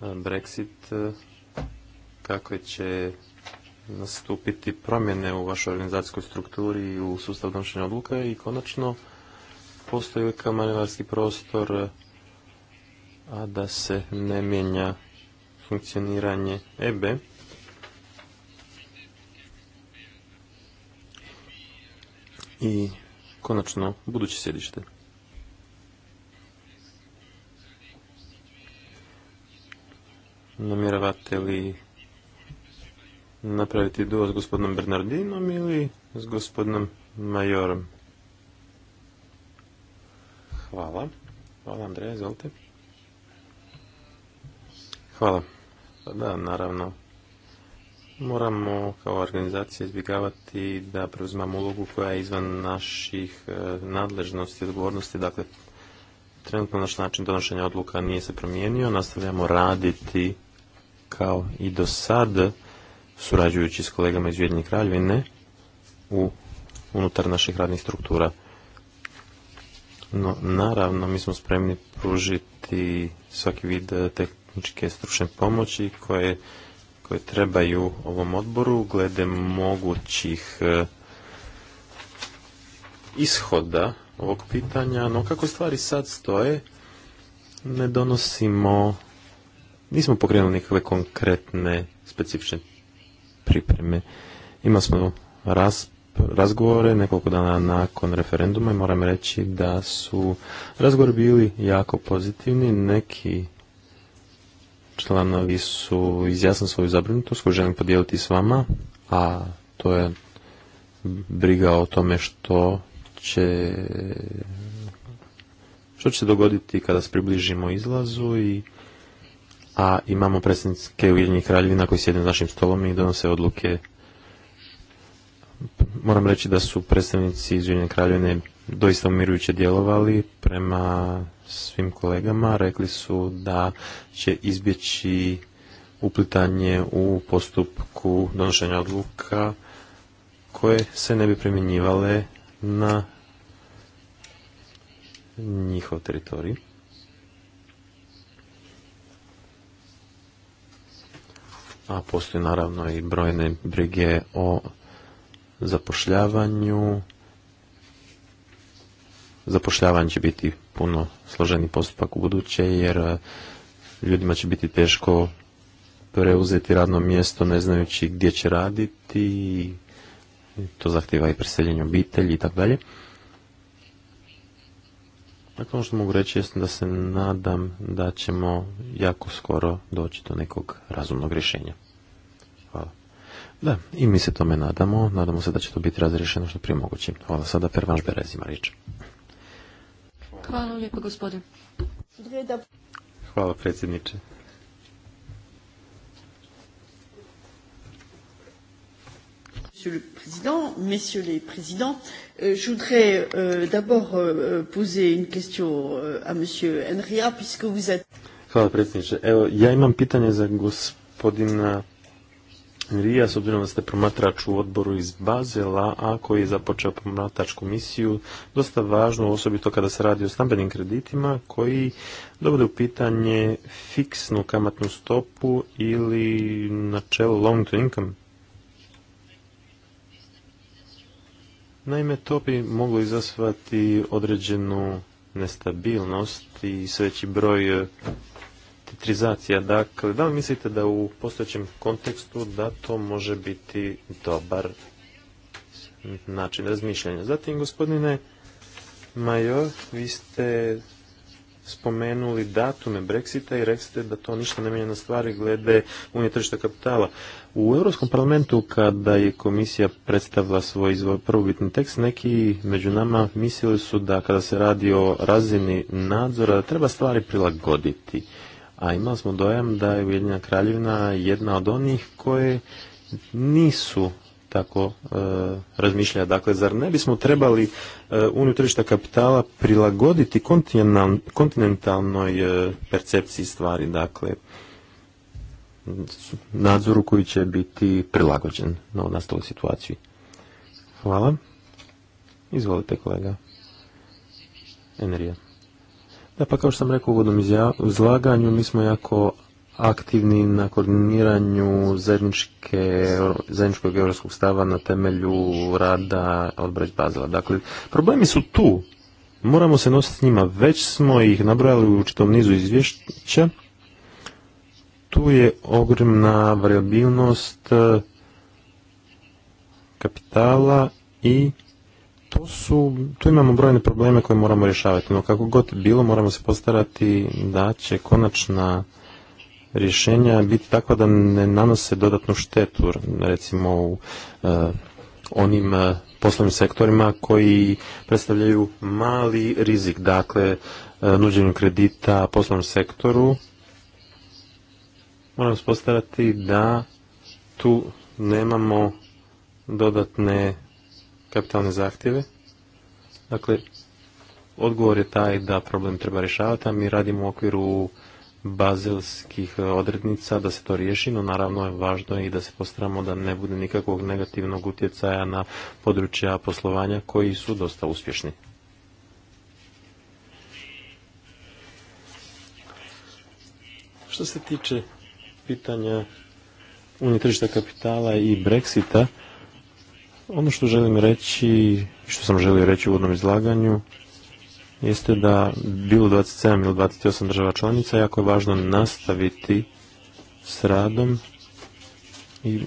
D: Brexit? Kakve će nastupiti promjene u vašoj organizacijskoj strukturi i u sustav donošenja odluka i konačno postoji uvijek manevarski prostor a da se ne mijenja funkcioniranje EBE. I konačno buduće sjedište. Namjeravate li napraviti duo s gospodinom Bernardinom ili s gospodinom Majorom? Hvala. Hvala Andreja, izvolite. Hvala. Pa da, naravno. Moramo kao organizacija izbjegavati da preuzimamo ulogu koja je izvan naših e, nadležnosti i odgovornosti. Dakle, trenutno naš način donošenja odluka nije se promijenio. Nastavljamo raditi kao i do sada surađujući s kolegama iz Ujedinjene kraljevine u unutar naših radnih struktura. No, naravno, mi smo spremni pružiti svaki vid eh, tehničke stručne pomoći koje, koje trebaju ovom odboru glede mogućih eh, ishoda ovog pitanja, no kako stvari sad stoje, ne donosimo, nismo pokrenuli nikakve konkretne specifične pripreme. Imali smo razgovore nekoliko dana nakon referenduma i moram reći da su razgovori bili jako pozitivni. Neki članovi su izjasnili svoju zabrinutost koju želim podijeliti s vama, a to je briga o tome što će što će se dogoditi kada se približimo izlazu i a imamo predsjednike Ujedinjenih kraljevina koji sjede na našim stolom i donose odluke. Moram reći da su predstavnici iz Ujedinjene kraljevine doista umirujuće djelovali prema svim kolegama. Rekli su da će izbjeći uplitanje u postupku donošenja odluka koje se ne bi primjenjivale na njihov teritorij. a postoji naravno i brojne brige o zapošljavanju. Zapošljavanje će biti puno složeni postupak u buduće, jer e, ljudima će biti teško preuzeti radno mjesto ne znajući gdje će raditi, to zahtjeva i preseljenje obitelji i tako dalje. Dakle, ono što mogu reći je da se nadam da ćemo jako skoro doći do nekog razumnog rješenja. Hvala. Da, i mi se tome nadamo. Nadamo se da će to biti razriješeno što prije moguće. Hvala sada, per Berez ima riječ.
C: Hvala lijepo, gospodin.
D: Hvala, predsjedniče.
C: Monsieur le Président, Messieurs les Présidents, euh, je voudrais euh, d'abord euh, poser une question à Enria, puisque vous êtes...
D: Hvala predsjedniče. Evo, ja imam pitanje za gospodina rija s obzirom da ste promatrač u odboru iz Bazela, a koji je započeo promatračku misiju, dosta važno, osobito kada se radi o stambenim kreditima, koji dovode u pitanje fiksnu kamatnu stopu ili načelo long to income Naime, to bi moglo izazvati određenu nestabilnost i sveći broj e, titrizacija. Dakle, da li mislite da u postojećem kontekstu da to može biti dobar način razmišljanja? Zatim, gospodine Major, vi ste spomenuli datume Brexita i rekli ste da to ništa ne mijenja na stvari glede unije tržišta kapitala. U Europskom parlamentu kada je komisija predstavila svoj izvoj prvobitni tekst, neki među nama mislili su da kada se radi o razini nadzora da treba stvari prilagoditi. A imali smo dojam da je Ujedinjena kraljevina jedna od onih koje nisu tako e, Dakle, zar ne bismo trebali e, uniju tržišta kapitala prilagoditi kontinentalnoj e, percepciji stvari? Dakle, nadzoru koji će biti prilagođen na situaciji. situaciji. Hvala. Izvolite kolega. Enerija. Da pa kao što sam rekao u uvodnom izlaganju, mi smo jako aktivni na koordiniranju zajedničke, zajedničkog europskog stava na temelju rada odbrać bazila. Dakle, problemi su tu. Moramo se nositi s njima. Već smo ih nabrojali u čitom nizu izvješća tu je ogromna variabilnost e, kapitala i to su, tu imamo brojne probleme koje moramo rješavati, no kako god bilo moramo se postarati da će konačna rješenja biti takva da ne nanose dodatnu štetu, recimo u e, onim e, poslovnim sektorima koji predstavljaju mali rizik, dakle nuđenju kredita poslovnom sektoru moramo spostarati da tu nemamo dodatne kapitalne zahtjeve. Dakle, odgovor je taj da problem treba rješavati, a mi radimo u okviru bazelskih odrednica da se to riješi, no naravno je važno i da se postaramo da ne bude nikakvog negativnog utjecaja na područja poslovanja koji su dosta uspješni. Što se tiče pitanja unije tržišta kapitala i Brexita, ono što želim reći, što sam želio reći u uvodnom izlaganju, jeste da bilo 27 ili 28 država članica jako je važno nastaviti s radom i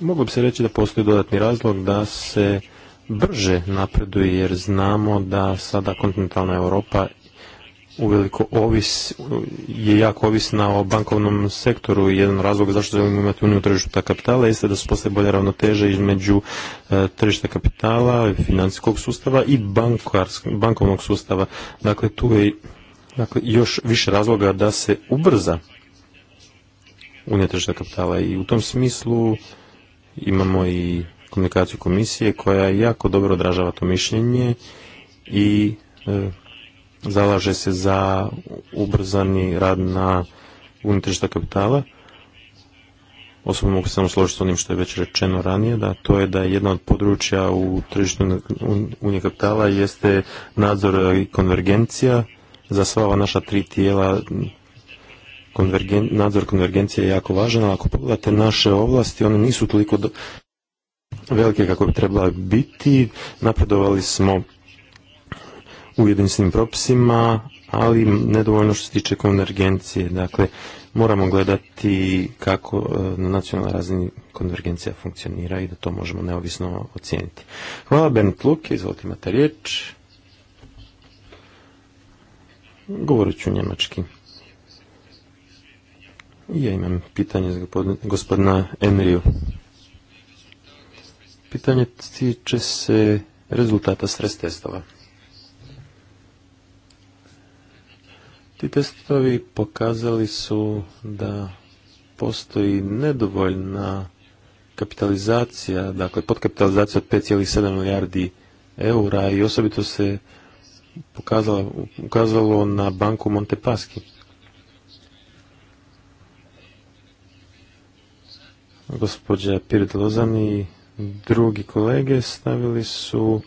D: moglo bi se reći da postoji dodatni razlog da se brže napreduje jer znamo da sada kontinentalna Europa uveliko ovis, je jako ovisna o bankovnom sektoru i jedan razlog zašto želimo imati uniju tržišta kapitala jeste da su postoje bolje ravnoteže između e, tržišta kapitala, financijskog sustava i bankovnog sustava. Dakle, tu je dakle, još više razloga da se ubrza unija tržišta kapitala i u tom smislu imamo i komunikaciju komisije koja jako dobro odražava to mišljenje i e, zalaže se za ubrzani rad na unitržišta kapitala. Osobno mogu se samo složiti s onim što je već rečeno ranije, da to je da jedna od područja u tržištu unije kapitala jeste nadzor i konvergencija. Za sva ova naša tri tijela nadzor konvergencije je jako važan, ali ako pogledate naše ovlasti, one nisu toliko velike kako bi trebala biti. Napredovali smo u jedinstvenim propisima, ali nedovoljno što se tiče konvergencije. Dakle, moramo gledati kako e, na nacionalnoj razini konvergencija funkcionira i da to možemo neovisno ocijeniti. Hvala Bernd Luke, izvolite imate riječ. Govorit ću njemački. Ja imam pitanje za gospodina Enriju. Pitanje tiče se rezultata stres testova. Ti testovi pokazali su da postoji nedovoljna kapitalizacija, dakle podkapitalizacija od 5,7 milijardi eura i osobito se pokazalo, ukazalo na banku Montepaski. Gospođa lozan i drugi kolege stavili su,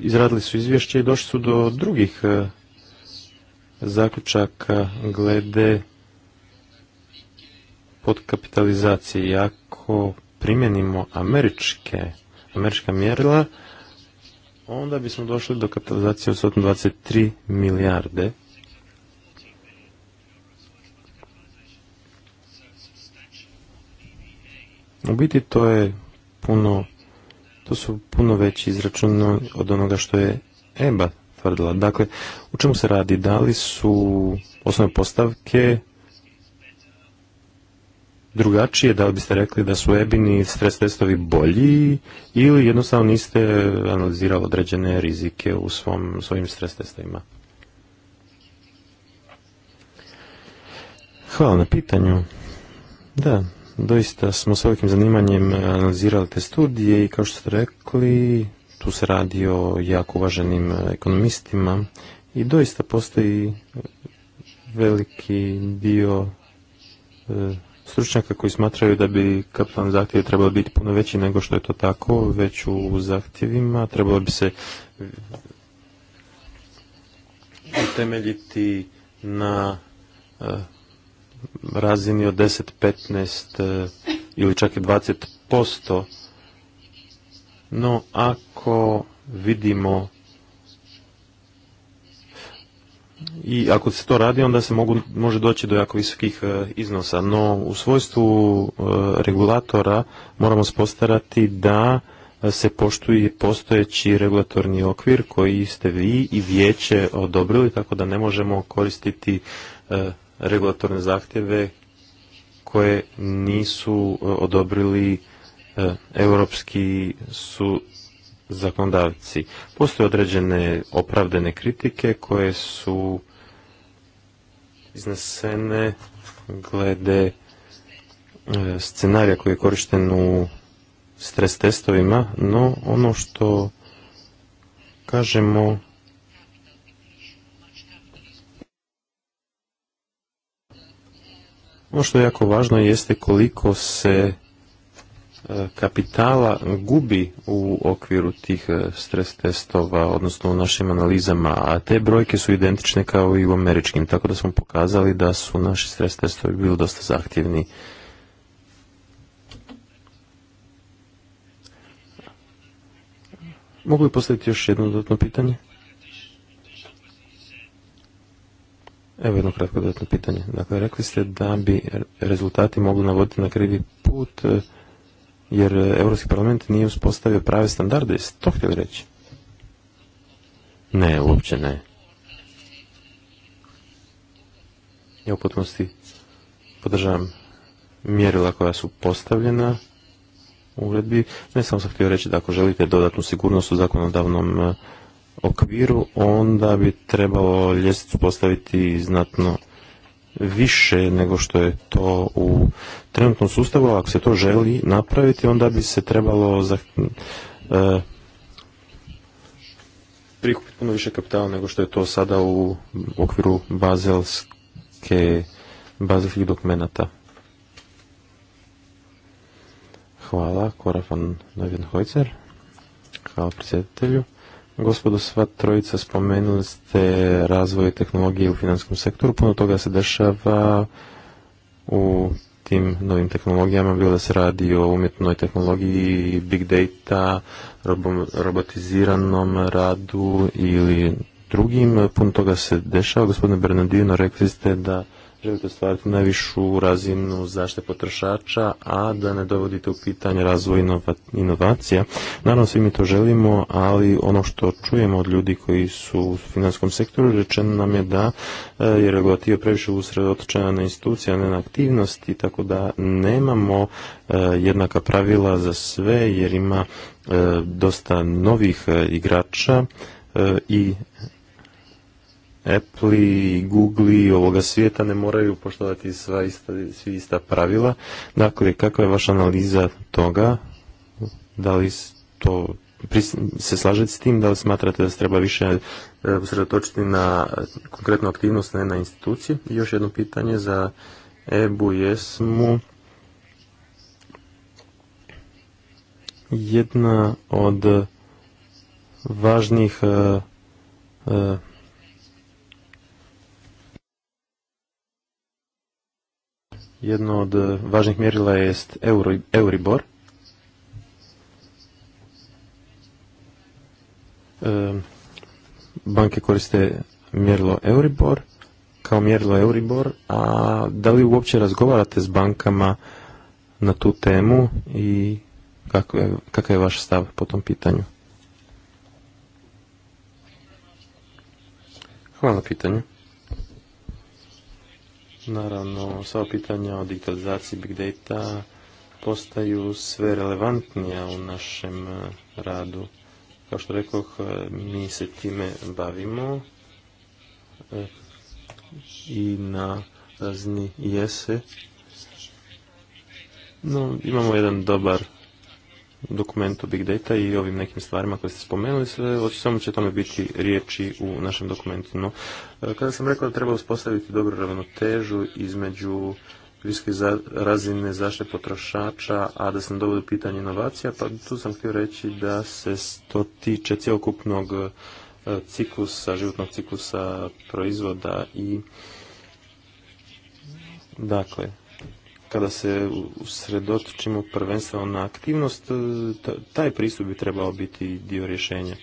D: izradili su izvješće i došli su do drugih eh, zaključaka glede podkapitalizacije. Ako primjenimo američke, američka mjerila, onda bismo došli do kapitalizacije od 123 milijarde. U biti to je puno, to su puno veći izračun od onoga što je EBA Dakle, u čemu se radi? Da li su osnovne postavke drugačije? Da li biste rekli da su ebini stres testovi bolji ili jednostavno niste analizirali određene rizike u svom, svojim stres testovima? Hvala na pitanju. Da, doista smo s velikim zanimanjem analizirali te studije i kao što ste rekli, tu se radi o jako uvaženim e, ekonomistima i doista postoji e, veliki dio e, stručnjaka koji smatraju da bi kapitalni zahtjev trebao biti puno veći nego što je to tako, već u zahtjevima trebalo bi se utemeljiti na razini od 10, 15 ili čak i 20 posto no, ako vidimo i ako se to radi, onda se mogu, može doći do jako visokih e, iznosa. No, u svojstvu e, regulatora moramo spostarati da e, se poštuje postojeći regulatorni okvir koji ste vi i vijeće odobrili, tako da ne možemo koristiti regulatorne zahtjeve koje nisu odobrili E, europski su zakonodavci. Postoje određene opravdane kritike koje su iznesene glede e, scenarija koji je korišten u stres testovima, no ono što kažemo ono što je jako važno jeste koliko se kapitala gubi u okviru tih e, stres testova, odnosno u našim analizama, a te brojke su identične kao i u američkim, tako da smo pokazali da su naši stres testovi bili dosta zahtjevni. Mogu li postaviti još jedno dodatno pitanje? Evo jedno kratko dodatno pitanje. Dakle, rekli ste da bi rezultati mogli navoditi na krivi put e, jer e, Europski parlament nije uspostavio prave standarde. Jeste to htjeli reći? Ne, uopće ne. Ja u potpunosti podržavam mjerila koja su postavljena u uredbi. Ne samo sam htio reći da ako želite dodatnu sigurnost u zakonodavnom e, okviru, onda bi trebalo ljestvicu postaviti znatno više nego što je to u trenutnom sustavu, ako se to želi napraviti, onda bi se trebalo za, e, prikupiti puno više kapitala nego što je to sada u okviru bazelske, bazelskih dokumenata. Hvala, Korafan Novin Hvala predsjedatelju. Gospodo, sva trojica spomenuli ste razvoj tehnologije u finanskom sektoru. Puno toga se dešava u tim novim tehnologijama, bilo da se radi o umjetnoj tehnologiji, big data, robotiziranom radu ili drugim. Puno toga se dešava. Gospodine Bernardino, rekli ste da želite stvariti najvišu razinu zaštite potrošača, a da ne dovodite u pitanje razvoj inovacija. Naravno, svi mi to želimo, ali ono što čujemo od ljudi koji su u finanskom sektoru, rečeno nam je da e, je regulativa previše usredotočena na institucije, a ne na aktivnosti, tako da nemamo e, jednaka pravila za sve, jer ima e, dosta novih igrača i Apple i Google i ovoga svijeta ne moraju poštovati sva ista, svi ista pravila. Dakle, kakva je vaša analiza toga? Da li to se slažete s tim? Da li smatrate da se treba više e, usredotočiti na konkretnu aktivnost, ne na institucije? I još jedno pitanje za EBU i Jedna od važnih e, e, jedno od eh, važnih mjerila je Euribor. Ehm, banke koriste mjerilo Euribor kao mjerilo Euribor, a da li uopće razgovarate s bankama na tu temu i kakav je, kakav je vaš stav po tom pitanju? Hvala na pitanju. Naravno, sva pitanja o digitalizaciji big data postaju sve relevantnija u našem e, radu. Kao što rekoh, e, mi se time bavimo e, i na razni jese. No, imamo jedan dobar dokumentu Big Data i ovim nekim stvarima koje ste spomenuli, samo će tome biti riječi u našem dokumentu. No, e, kada sam rekao da treba uspostaviti dobru ravnotežu između visoke razine zaštite potrošača, a da sam ne pitanje inovacija, pa tu sam htio reći da se to tiče cjelokupnog e, ciklusa, životnog ciklusa proizvoda i dakle, kada se usredotočimo prvenstveno na aktivnost, e, taj pristup bi trebao biti dio rješenja.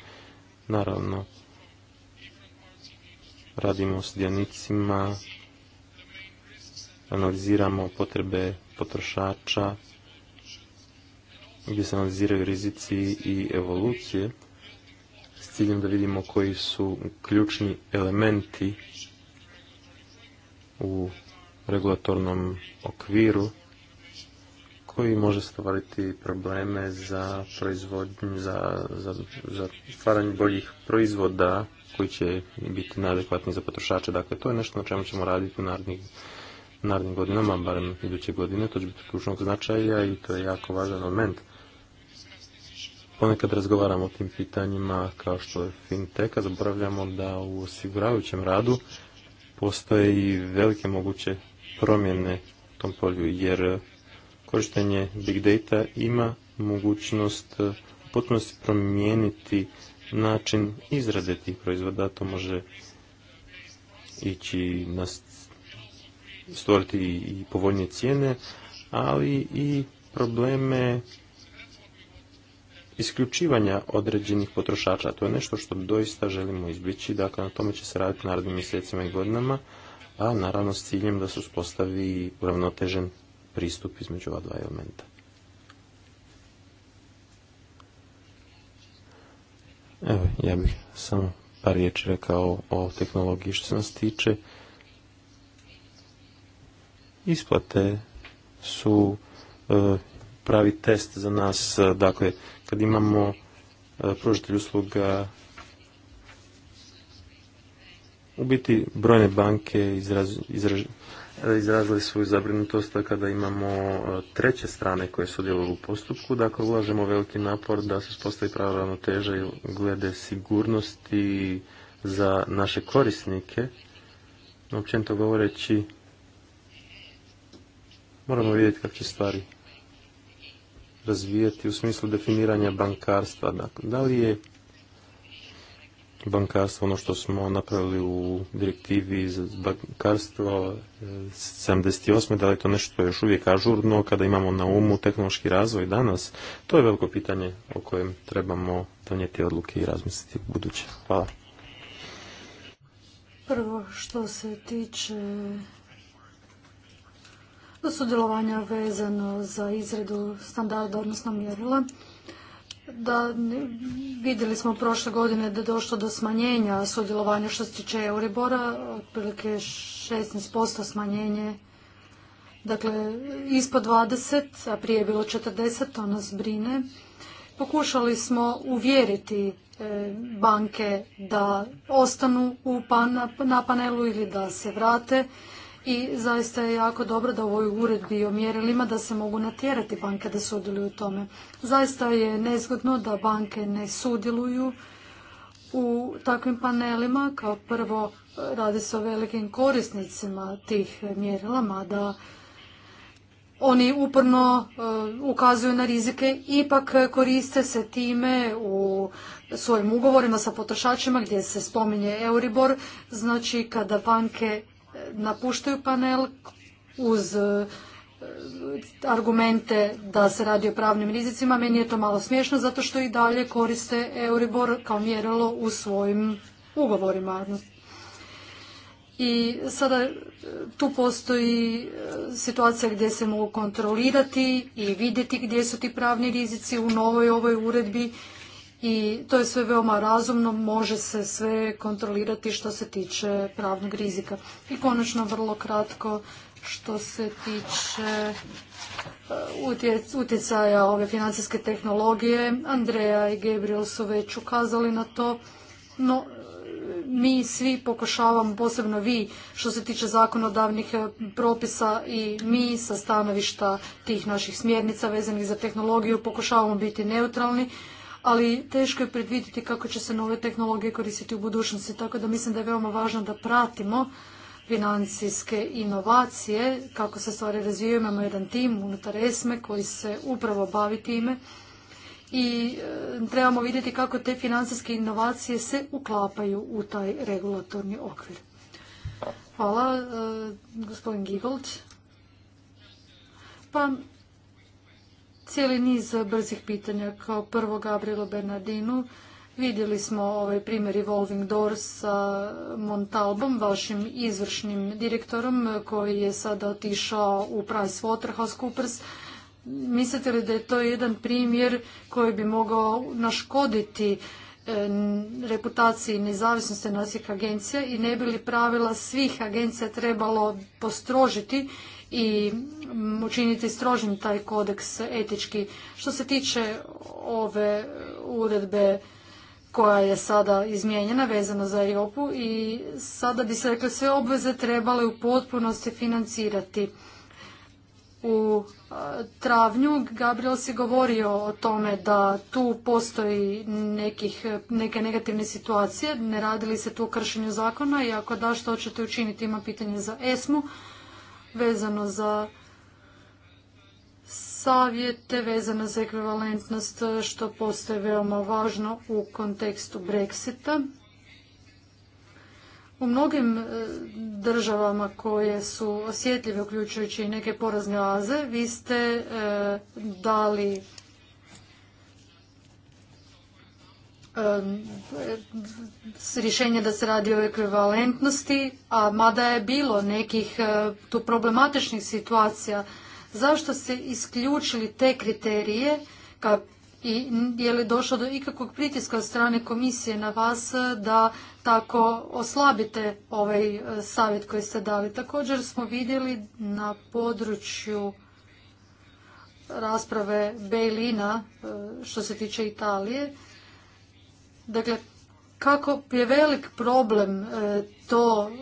D: Naravno, radimo s djanicima, analiziramo potrebe potrošača, gdje se analiziraju rizici i evolucije, s ciljem da vidimo koji su ključni elementi u regulatornom okviru koji može stvariti probleme za proizvodnju, za, za, za stvaranje boljih proizvoda koji će biti najadekvatniji za potrošače. Dakle, to je nešto na čemu ćemo raditi u narednih, narednim godinama, barem iduće godine. To će biti ključnog značaja i to je jako važan moment. Ponekad razgovaramo o tim pitanjima kao što je finteka, zaboravljamo da u osiguravajućem radu postoje i velike moguće promjene u tom polju, jer korištenje big data ima mogućnost e, potpunosti promijeniti način izrade tih proizvoda, to može ići na stvoriti i povoljnije cijene, ali i probleme isključivanja određenih potrošača. To je nešto što doista želimo izbjeći, dakle na tome će se raditi narednim mjesecima i godinama, a naravno s ciljem da se uspostavi uravnotežen pristup između ova dva elementa. Evo, ja bih samo par riječi rekao o tehnologiji što se nas tiče. Isplate su e, pravi test za nas. Dakle, kad imamo e, pružitelj usluga u biti brojne banke izraz, izrazili svoju zabrinutost kada imamo e, treće strane koje sudjeluju u postupku. Dakle, ulažemo veliki napor da se uspostavi prava ravnoteža glede sigurnosti za naše korisnike. Općenito govoreći, moramo vidjeti kako će stvari razvijati u smislu definiranja bankarstva. Dakle, da li je bankarstvo, ono što smo napravili u direktivi za bankarstvo 78. E, da li je to nešto još uvijek ažurno kada imamo na umu tehnološki razvoj danas? To je veliko pitanje o kojem trebamo donijeti odluke i razmisliti u buduće. Hvala.
B: Prvo što se tiče sudjelovanja vezano za izradu standarda, odnosno mjerila, da vidjeli smo prošle godine da je došlo do smanjenja sudjelovanja što se tiče Euribora, otprilike 16% smanjenje, dakle ispod 20, a prije je bilo 40, to nas brine. Pokušali smo uvjeriti e, banke da ostanu u na panelu ili da se vrate i zaista je jako dobro da u ovoj uredbi o mjerilima da se mogu natjerati banke da sudjeluju u tome. Zaista je nezgodno da banke ne sudjeluju u takvim panelima. Kao prvo radi se o velikim korisnicima tih mjerila, da oni uporno eh, ukazuju na rizike, ipak koriste se time u svojim ugovorima sa potrošačima gdje se spominje Euribor, znači kada banke napuštaju panel uz e, argumente da se radi o pravnim rizicima. Meni je to malo smiješno zato što i dalje koriste Euribor kao mjerilo u svojim ugovorima. I sada e, tu postoji e, situacija gdje se mogu kontrolirati i vidjeti gdje su ti pravni rizici u novoj ovoj uredbi i to je sve veoma razumno, može se sve kontrolirati što se tiče pravnog rizika. I konačno vrlo kratko što se tiče uh, utjecaja ove financijske tehnologije. Andreja i Gabriel su već ukazali na to, no uh, mi svi pokušavamo, posebno vi, što se tiče zakonodavnih uh, propisa i mi sa stanovišta tih naših smjernica vezanih za tehnologiju, pokušavamo biti neutralni, ali teško je predvidjeti kako će se nove tehnologije koristiti u budućnosti, tako da mislim da je veoma važno da pratimo financijske inovacije, kako se stvari razvijaju. Imamo jedan tim unutar ESME koji se upravo bavi time i e, trebamo vidjeti kako te financijske inovacije se uklapaju u taj regulatorni okvir. Hvala, e, gospodin Gigold. Pa cijeli niz brzih pitanja. Kao prvo Gabrielo Bernardinu, vidjeli smo ovaj primjer Evolving Doors sa Montalbom, vašim izvršnim direktorom koji je sada otišao u PricewaterhouseCoopers. Mislite li da je to jedan primjer koji bi mogao naškoditi e, reputaciji nezavisnosti nasih agencija i ne bi li pravila svih agencija trebalo postrožiti i učiniti strožim taj kodeks etički. Što se tiče ove uredbe koja je sada izmijenjena vezana za Europu i sada bi se rekli sve obveze trebale u potpunosti financirati. U e, travnju Gabriel si govorio o tome da tu postoji nekih, neke negativne situacije, ne radili se tu kršenju zakona i ako da što ćete učiniti ima pitanje za ESMU vezano za savjete, vezano za ekvivalentnost što postoje veoma važno u kontekstu Brexita. U mnogim e, državama koje su osjetljive, uključujući i neke porazne oaze, vi ste e, dali rješenje da se radi o ekvivalentnosti, a mada je bilo nekih e, tu problematičnih situacija, zašto ste isključili te kriterije i je li došlo do ikakvog pritiska od strane komisije na vas e, da tako oslabite ovaj e, savjet koji ste dali? Također smo vidjeli na području rasprave Bejlina što se tiče Italije, Dakle, kako je velik problem e, to e,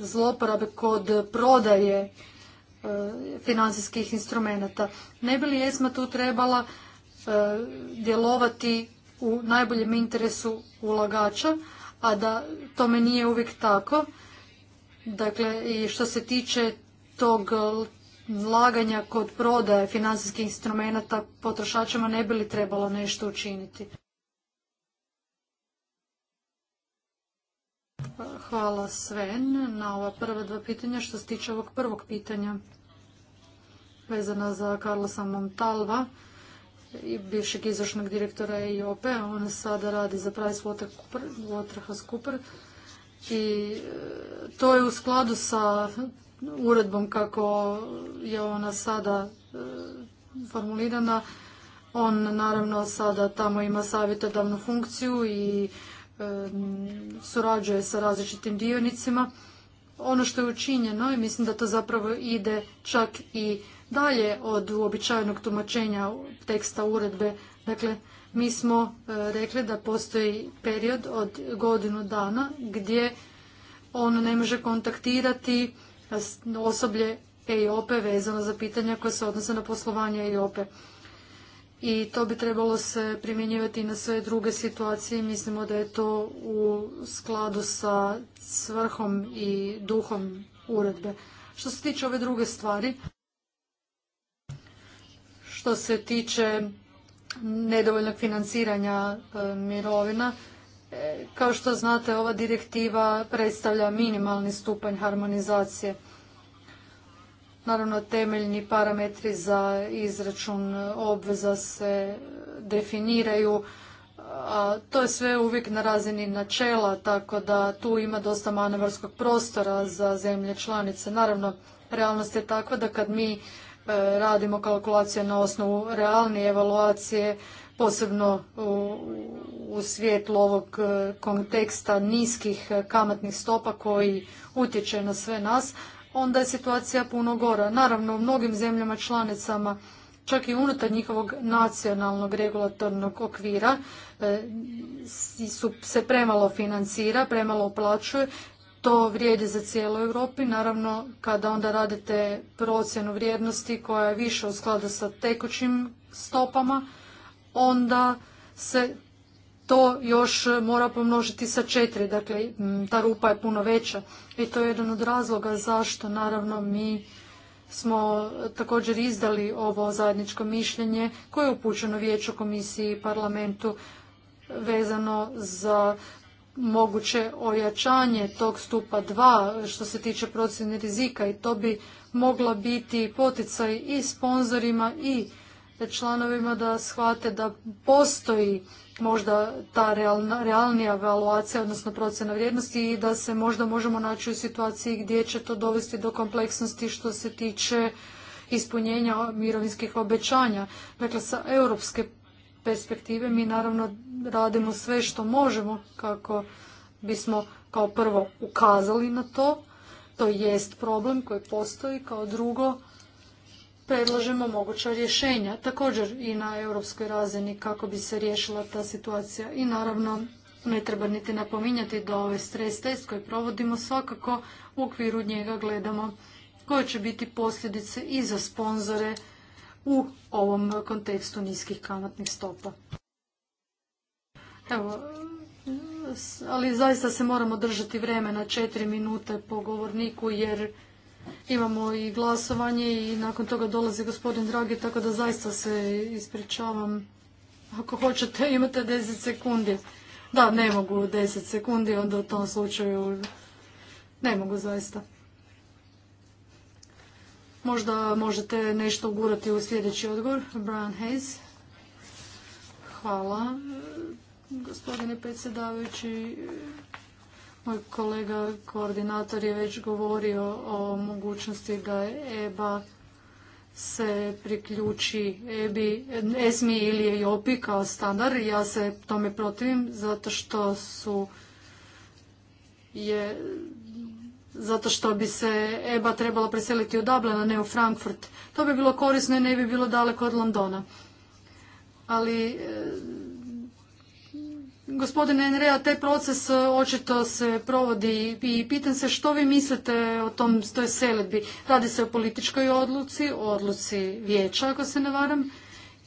B: zloporabe kod prodaje e, financijskih instrumenata. Ne bi li ESMA tu trebala djelovati u najboljem interesu ulagača, a da tome nije uvijek tako. Dakle, i što se tiče tog laganja kod prodaje financijskih instrumenata potrošačima ne bi li trebalo nešto učiniti? Hvala Sven na ova prva dva pitanja. Što se tiče ovog prvog pitanja vezana za Carlosa Montalva, i bivšeg izvršnog direktora EIOP, on sada radi za PricewaterhouseCoopers i e, to je u skladu sa uredbom kako je ona sada e, formulirana. On naravno sada tamo ima savjetodavnu funkciju i surađuje sa različitim dionicima. Ono što je učinjeno i mislim da to zapravo ide čak i dalje od uobičajenog tumačenja teksta uredbe. Dakle, mi smo eh, rekli da postoji period od godinu dana gdje on ne može kontaktirati eh, osoblje EIOPE vezano za pitanja koje se odnose na poslovanje EIOPE i to bi trebalo se primjenjivati na sve druge situacije. Mislimo da je to u skladu sa svrhom i duhom uredbe. Što se tiče ove druge stvari, što se tiče nedovoljnog financiranja e, mirovina, e, kao što znate, ova direktiva predstavlja minimalni stupanj harmonizacije. Naravno, temeljni parametri za izračun obveza se definiraju, a to je sve uvijek na razini načela, tako da tu ima dosta manevarskog prostora za zemlje članice. Naravno, realnost je takva da kad mi e, radimo kalkulacije na osnovu realne evaluacije, posebno u svijetlu ovog e, konteksta niskih kamatnih stopa koji utječe na sve nas, onda je situacija puno gora. Naravno, u mnogim zemljama članicama, čak i unutar njihovog nacionalnog regulatornog okvira, e, su, se premalo financira, premalo uplaćuje. To vrijedi za cijelu Europi. Naravno, kada onda radite procjenu vrijednosti koja je više u skladu sa tekućim stopama, onda se to još mora pomnožiti sa četiri, dakle ta rupa je puno veća i to je jedan od razloga zašto naravno mi smo također izdali ovo zajedničko mišljenje koje je upućeno vijeću komisiji i parlamentu vezano za moguće ojačanje tog stupa 2 što se tiče procjene rizika i to bi mogla biti poticaj i sponzorima i članovima da shvate da postoji možda ta realnija evaluacija, odnosno procjena vrijednosti i da se možda možemo naći u situaciji gdje će to dovesti do kompleksnosti što se tiče ispunjenja mirovinskih obećanja. Dakle, sa europske perspektive mi naravno radimo sve što možemo kako bismo kao prvo ukazali na to, to jest problem koji postoji, kao drugo predlažemo moguća rješenja, također i na europskoj razini kako bi se riješila ta situacija. I naravno, ne treba niti napominjati da ovaj stres test koji provodimo svakako u okviru njega gledamo koje će biti posljedice i za sponzore u ovom kontekstu niskih kamatnih stopa. Evo, ali zaista se moramo držati vremena četiri minute po govorniku jer Imamo i glasovanje i nakon toga dolazi gospodin Dragi, tako da zaista se ispričavam. Ako hoćete, imate 10 sekundi. Da, ne mogu 10 sekundi, onda u tom slučaju ne mogu zaista. Možda možete nešto ugurati u sljedeći odgovor. Brian Hayes. Hvala, gospodine predsjedavajući. Moj kolega koordinator je već govorio o mogućnosti da EBA se priključi EBI, ESMI ili EOPI kao standard. Ja se tome protivim zato što su je zato što bi se EBA trebala preseliti u Dublin, a ne u Frankfurt. To bi bilo korisno i ne bi bilo daleko od Londona. Ali Gospodine NREA, taj proces e, očito se provodi i pitam se što vi mislite o tom, toj seledbi. Radi se o političkoj odluci, o odluci vijeća, ako se ne varam,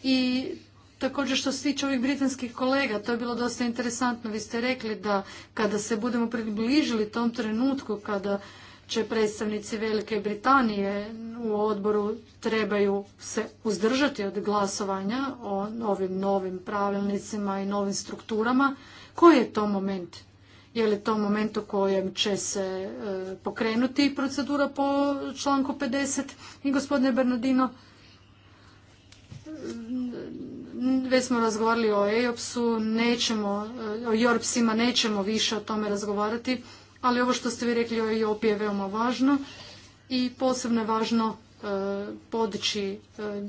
B: i također što se tiče ovih britanskih kolega, to je bilo dosta interesantno. Vi ste rekli da kada se budemo približili tom trenutku, kada će predstavnici Velike Britanije u odboru trebaju se uzdržati od glasovanja o ovim novim pravilnicima i novim strukturama. Koji je to moment? Je li to moment u kojem će se e, pokrenuti procedura po članku 50? I gospodine Bernardino, već smo razgovarali o EOPS-u, nećemo, e, o ima nećemo više o tome razgovarati ali ovo što ste vi rekli o je veoma važno i posebno je važno e, podići e,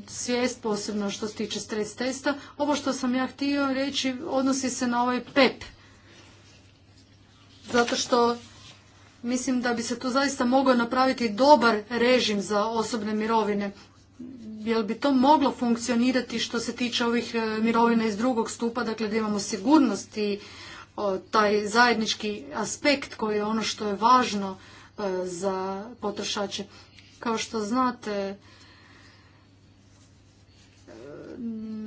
B: svijest, posebno što se tiče stres testa. Ovo što sam ja htio reći odnosi se na ovaj PEP. E Zato što mislim da bi se tu zaista mogao napraviti dobar režim za osobne mirovine. Jel bi to moglo funkcionirati što se tiče ovih mirovina iz drugog stupa, dakle da imamo sigurnost i taj zajednički aspekt koji je ono što je važno e, za potrošače. Kao što znate, e,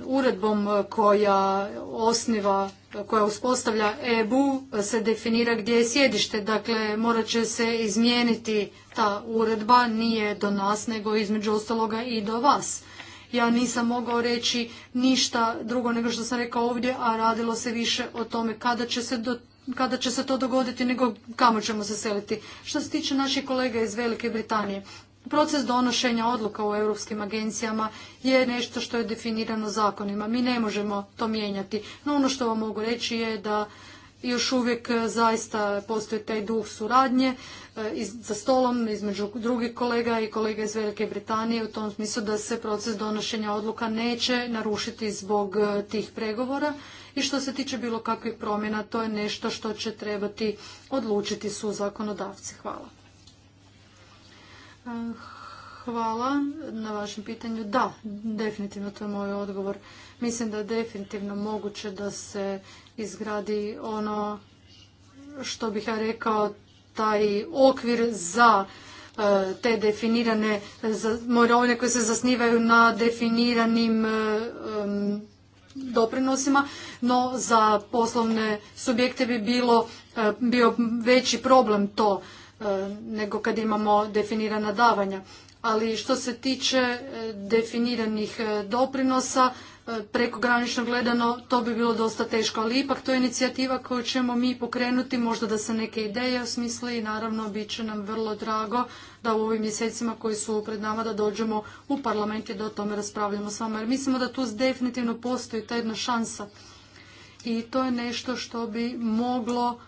B: uredbom koja osniva, koja uspostavlja EBU se definira gdje je sjedište. Dakle, morat će se izmijeniti ta uredba, nije do nas, nego između ostaloga i do vas. Ja nisam mogao reći ništa drugo nego što sam rekao ovdje, a radilo se više o tome kada će se do kada će se to dogoditi, nego kamo ćemo se seliti. Što se tiče naših kolega iz Velike Britanije, proces donošenja odluka u europskim agencijama je nešto što je definirano zakonima. Mi ne možemo to mijenjati. No ono što vam mogu reći je da još uvijek e, zaista postoji taj duh suradnje e, za stolom između drugih kolega i kolega iz Velike Britanije u tom smislu da se proces donošenja odluka neće narušiti zbog e, tih pregovora i što se tiče bilo kakvih promjena to je nešto što će trebati odlučiti su zakonodavci. Hvala. Hvala na vašem pitanju. Da, definitivno to je moj odgovor. Mislim da je definitivno moguće da se izgradi ono što bih ja rekao taj okvir za e, te definirane mirovine koje se zasnivaju na definiranim e, doprinosima, no za poslovne subjekte bi bilo e, bio veći problem to nego kad imamo definirana davanja. Ali što se tiče definiranih doprinosa, prekogranično gledano to bi bilo dosta teško, ali ipak to je inicijativa koju ćemo mi pokrenuti, možda da se neke ideje osmisle i naravno bit će nam vrlo drago da u ovim mjesecima koji su pred nama da dođemo u parlament i da o tome raspravljamo s vama. Jer mislimo da tu definitivno postoji ta jedna šansa i to je nešto što bi moglo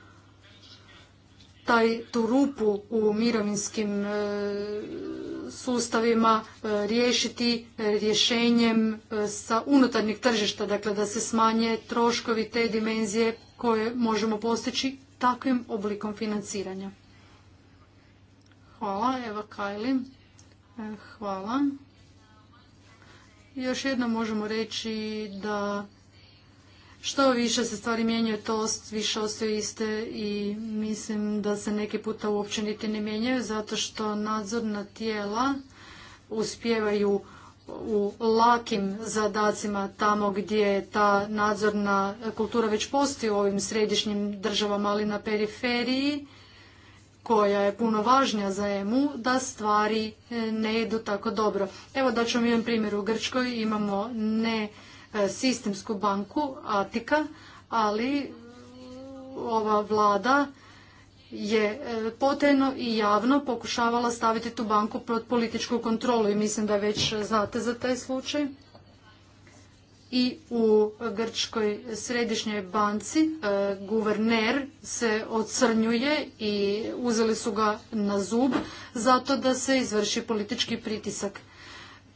B: taj, tu rupu u mirovinskim e, sustavima e, riješiti e, rješenjem e, sa unutarnjeg tržišta, dakle da se smanje troškovi te dimenzije koje možemo postići takvim oblikom financiranja. Hvala, Eva Kajli. Hvala. Još jednom možemo reći da što više se stvari mijenjaju, to više ostaju iste i mislim da se neki puta uopće niti ne mijenjaju zato što nadzorna tijela uspijevaju u lakim zadacima tamo gdje ta nadzorna kultura već postoji u ovim središnjim državama, ali na periferiji koja je puno važnija za EMU, da stvari e, ne idu tako dobro. Evo da ću vam jedan primjer. U Grčkoj imamo ne E, sistemsku banku Atika, ali ova vlada je e, potajno i javno pokušavala staviti tu banku pod političku kontrolu i mislim da već znate za taj slučaj. I u Grčkoj središnjoj banci e, guverner se ocrnjuje i uzeli su ga na zub zato da se izvrši politički pritisak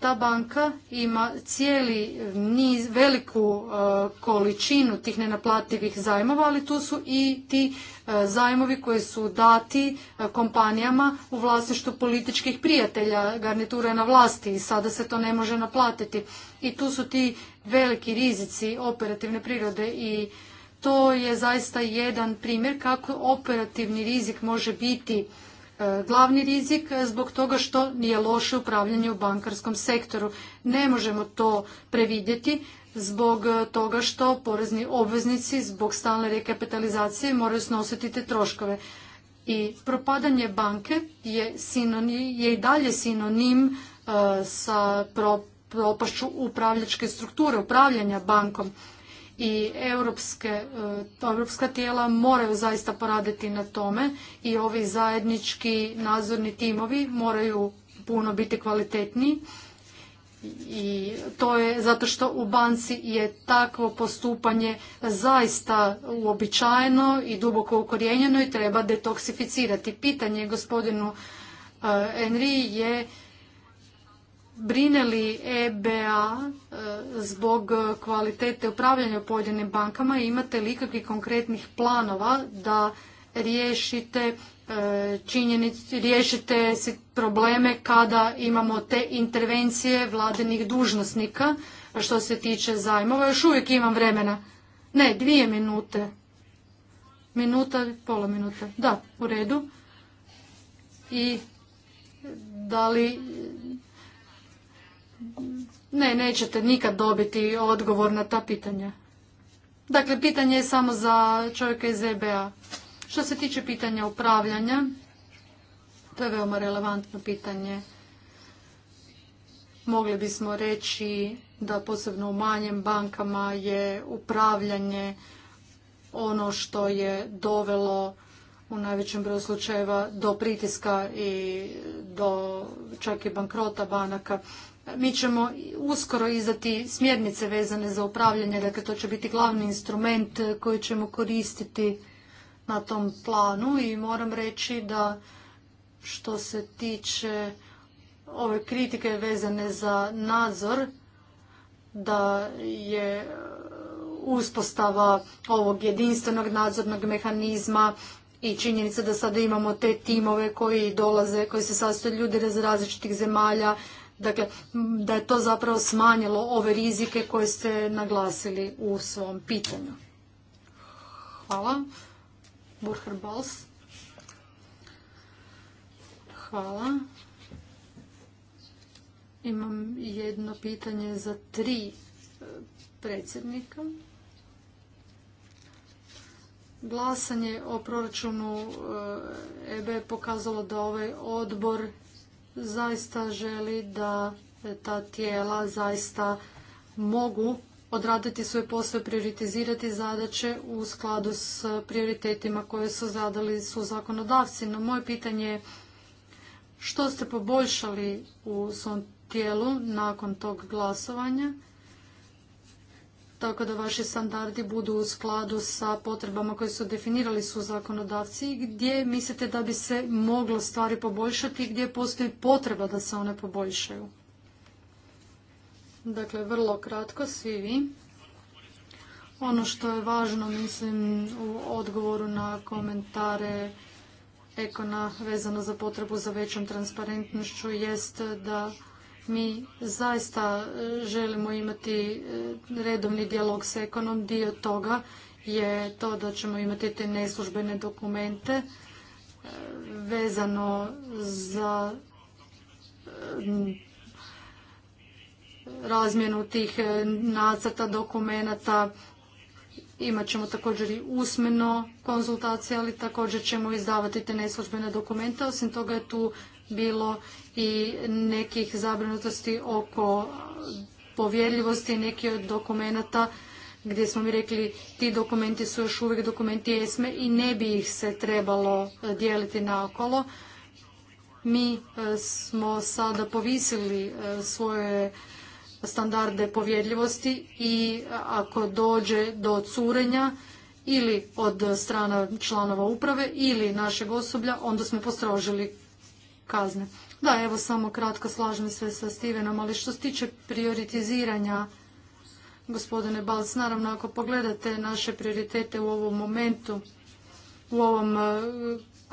B: ta banka ima cijeli niz, veliku e, količinu tih nenaplativih zajmova, ali tu su i ti e, zajmovi koji su dati e, kompanijama u vlasništvu političkih prijatelja, garniture na vlasti i sada se to ne može naplatiti. I tu su ti veliki rizici operativne prirode i to je zaista jedan primjer kako operativni rizik može biti E, glavni rizik e, zbog toga što nije loše upravljanje u bankarskom sektoru. Ne možemo to previdjeti zbog e, toga što porezni obveznici zbog stalne rekapitalizacije moraju snositi te troškove. I propadanje banke je, je i dalje sinonim sa propašću upravljačke strukture, upravljanja bankom i europska e, tijela moraju zaista poraditi na tome i ovi zajednički nadzorni timovi moraju puno biti kvalitetniji i to je zato što u banci je takvo postupanje zaista uobičajeno i duboko ukorijenjeno i treba detoksificirati. Pitanje gospodinu e, Enri je brine li EBA e, zbog kvalitete upravljanja pojedinim bankama i imate li ikakvih konkretnih planova da riješite e, činjenice, riješite probleme kada imamo te intervencije vladinih dužnosnika što se tiče zajmova. Još uvijek imam vremena. Ne, dvije minute. Minuta, pola minuta. Da, u redu. I da li ne, nećete nikad dobiti odgovor na ta pitanja. Dakle, pitanje je samo za čovjeka iz EBA. Što se tiče pitanja upravljanja, to je veoma relevantno pitanje. Mogli bismo reći da posebno u manjim bankama je upravljanje ono što je dovelo u najvećem broju slučajeva do pritiska i do čak i bankrota banaka. Mi ćemo uskoro izdati smjernice vezane za upravljanje, dakle to će biti glavni instrument koji ćemo koristiti na tom planu i moram reći da što se tiče ove kritike vezane za nadzor, da je uspostava ovog jedinstvenog nadzornog mehanizma i činjenica da sada imamo te timove koji dolaze, koji se sastoje ljudi iz različitih zemalja, Dakle, da je to zapravo smanjilo ove rizike koje ste naglasili u svom pitanju. Hvala. Burher Bals. Hvala. Imam jedno pitanje za tri e, predsjednika. Glasanje o proračunu EBE e pokazalo da ovaj odbor zaista želi da ta tijela zaista mogu odraditi svoje posao, prioritizirati zadaće u skladu s prioritetima koje su zadali su zakonodavci. No moje pitanje je što ste poboljšali u svom tijelu nakon tog glasovanja tako da vaši standardi budu u skladu sa potrebama koje su definirali su zakonodavci i gdje mislite da bi se moglo stvari poboljšati i gdje postoji potreba da se one poboljšaju. Dakle, vrlo kratko, svi vi. Ono što je važno, mislim, u odgovoru na komentare Ekona vezano za potrebu za većom transparentnošću jest da mi zaista e, želimo imati e, redovni dijalog s ekonom. Dio toga je to da ćemo imati te neslužbene dokumente e, vezano za razmjenu tih nacrta dokumenata. Imat ćemo također i usmeno konzultacije, ali također ćemo izdavati te neslužbene dokumente. Osim toga je tu bilo i nekih zabrinutosti oko povjerljivosti nekih od dokumenata gdje smo mi rekli ti dokumenti su još uvijek dokumenti ESME i ne bi ih se trebalo e, dijeliti naokolo. Mi e, smo sada povisili e, svoje standarde povjedljivosti i ako dođe do curenja ili od strana članova uprave ili našeg osoblja, onda smo postrožili kazne. Da, evo samo kratko slažem se sa Stevenom, ali što se tiče prioritiziranja, gospodine Balc, naravno ako pogledate naše prioritete u ovom momentu, u ovom e,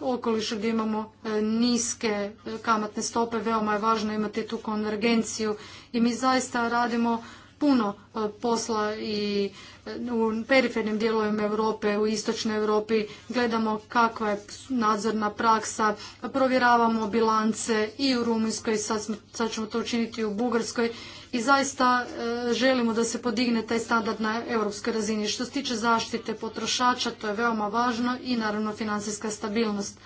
B: okolišu gdje imamo e, niske e, kamatne stope, veoma je važno imati tu konvergenciju i mi zaista radimo puno posla i u perifernim dijelovima Europe, u istočnoj Europi, gledamo kakva je nadzorna praksa, provjeravamo bilance i u Rumunjskoj, sad, sad ćemo to učiniti u Bugarskoj i zaista e, želimo da se podigne taj standard na europskoj razini. Što se tiče zaštite potrošača, to je veoma važno i naravno financijska stabilnost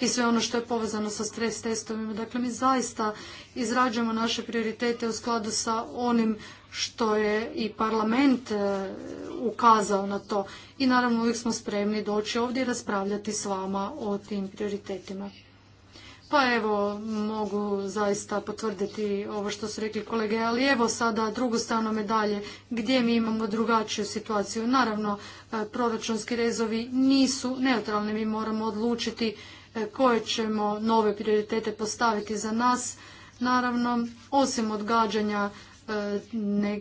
B: i sve ono što je povezano sa stres testovima. Dakle, mi zaista izrađujemo naše prioritete u skladu sa onim što je i parlament e, ukazao na to. I naravno uvijek smo spremni doći ovdje i raspravljati s vama o tim prioritetima. Pa evo, mogu zaista potvrditi ovo što su rekli kolege, ali evo sada drugu stranu medalje gdje mi imamo drugačiju situaciju. Naravno, e, proračunski rezovi nisu neutralni, mi moramo odlučiti e, koje ćemo nove prioritete postaviti za nas. Naravno, osim odgađanja E,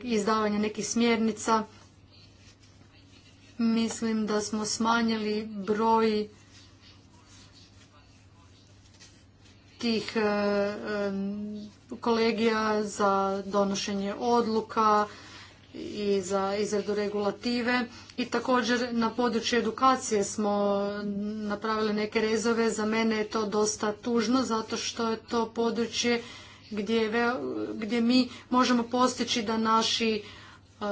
B: izdavanja nekih smjernica. Mislim da smo smanjili broj tih e, e, kolegija za donošenje odluka i za izradu regulative i također na području edukacije smo napravili neke rezove. Za mene je to dosta tužno zato što je to područje gdje, gdje mi možemo postići da naši e,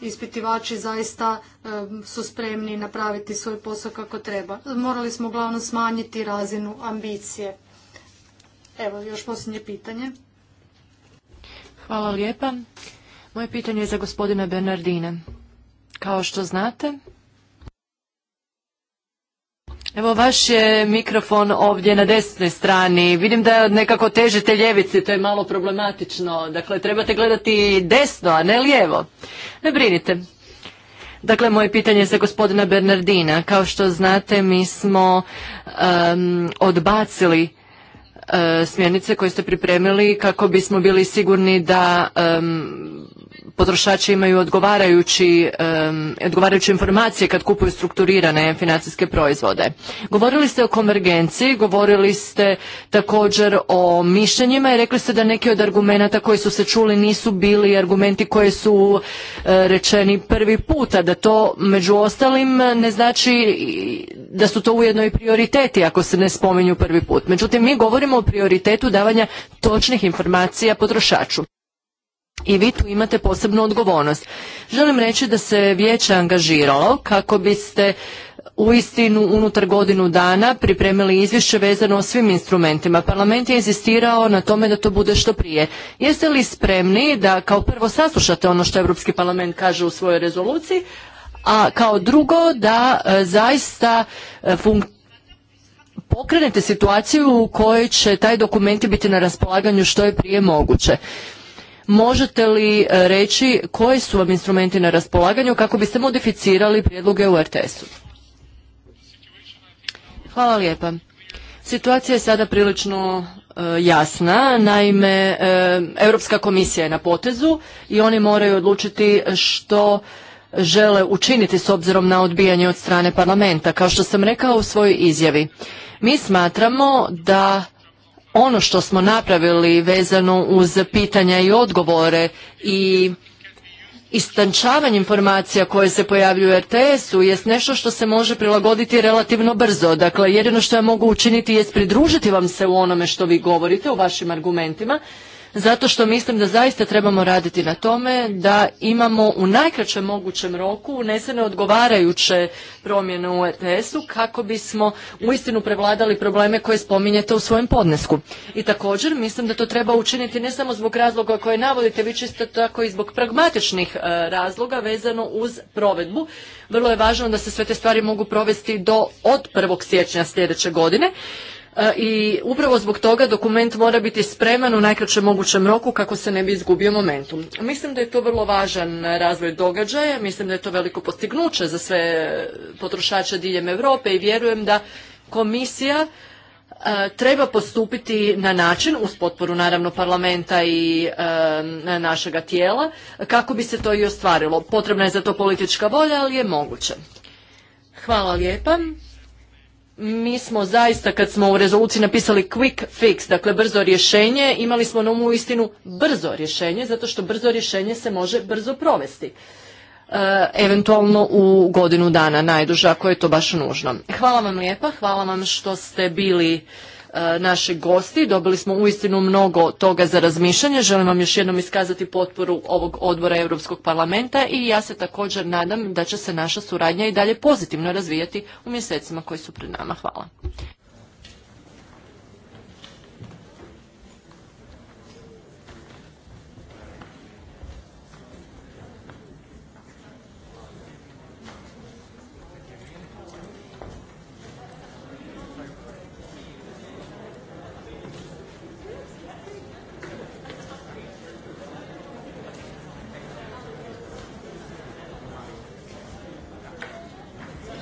B: ispitivači zaista e, su spremni napraviti svoj posao kako treba. Morali smo uglavnom smanjiti razinu ambicije. Evo, još posljednje pitanje.
C: Hvala lijepa. Moje pitanje je za gospodina Bernardina. Kao što znate, Evo vaš je mikrofon ovdje na desnoj strani. Vidim da nekako težite ljevici, to je malo problematično. Dakle, trebate gledati desno, a ne lijevo. Ne brinite. Dakle, moje pitanje je za gospodina Bernardina. Kao što znate, mi smo odbacili eh, smjernice koje ste pripremili kako bismo bili sigurni da potrošači imaju odgovarajući, odgovarajuće informacije kad kupuju strukturirane financijske proizvode. Govorili ste o konvergenciji, govorili ste također o mišljenjima i rekli ste da neki od argumenata koji su se čuli nisu bili argumenti koji su e, rečeni prvi puta, da to među ostalim ne znači da su to ujedno i prioriteti ako se ne spominju prvi put. Međutim, mi govorimo o prioritetu davanja točnih informacija potrošaču i vi tu imate posebnu odgovornost. Želim reći da se vijeće angažiralo kako biste uistinu unutar godinu dana pripremili izvješće vezano o svim instrumentima. Parlament je insistirao na tome da to bude što prije. Jeste li spremni da kao prvo saslušate ono što Europski parlament kaže u svojoj rezoluciji, a kao drugo da e, zaista e, pokrenete situaciju u kojoj će taj dokument biti na raspolaganju što je prije moguće. Možete li e, reći koji su vam instrumenti na raspolaganju kako biste modificirali prijedloge u RTS-u? Hvala lijepa. Situacija je sada prilično e, jasna. Naime, e, Europska komisija je na potezu i oni moraju odlučiti što žele učiniti s obzirom na odbijanje od strane parlamenta. Kao što sam rekao u svojoj izjavi, mi smatramo da ono što smo napravili vezano uz pitanja i odgovore i istančavanje informacija koje se pojavljuju u RTS-u je nešto što se može prilagoditi relativno brzo. Dakle, jedino što ja mogu učiniti je pridružiti vam se u onome što vi govorite, u vašim argumentima zato što mislim da zaista trebamo raditi na tome da imamo u najkraćem mogućem roku unesene odgovarajuće promjene u ETS-u kako bismo uistinu prevladali probleme koje spominjete u svojem podnesku. I također mislim da to treba učiniti ne samo zbog razloga koje navodite, vi čisto tako i zbog pragmatičnih e, razloga vezano uz provedbu. Vrlo je važno da se sve te stvari mogu provesti do od 1. siječnja sljedeće godine. E, i upravo zbog toga dokument mora biti spreman u najkraćem mogućem roku kako se ne bi izgubio momentum. Mislim da je to vrlo važan razvoj događaja, mislim da je to veliko postignuće za sve potrošače diljem Europe i vjerujem da komisija e, treba postupiti na način, uz potporu naravno parlamenta i e, našega tijela, kako bi se to i ostvarilo. Potrebna je za to politička volja, ali je moguće. Hvala lijepa mi smo zaista kad smo u rezoluciji napisali quick fix, dakle brzo rješenje, imali smo na umu istinu brzo rješenje, zato što brzo rješenje se može brzo provesti. E, eventualno u godinu dana najduže, ako je to baš nužno. Hvala vam lijepa, hvala vam što ste bili E, naši gosti. Dobili smo uistinu mnogo toga za razmišljanje. Želim vam još jednom iskazati potporu ovog odbora Europskog parlamenta i ja se također nadam da će se naša suradnja i dalje pozitivno razvijati u mjesecima koji su pred nama. Hvala.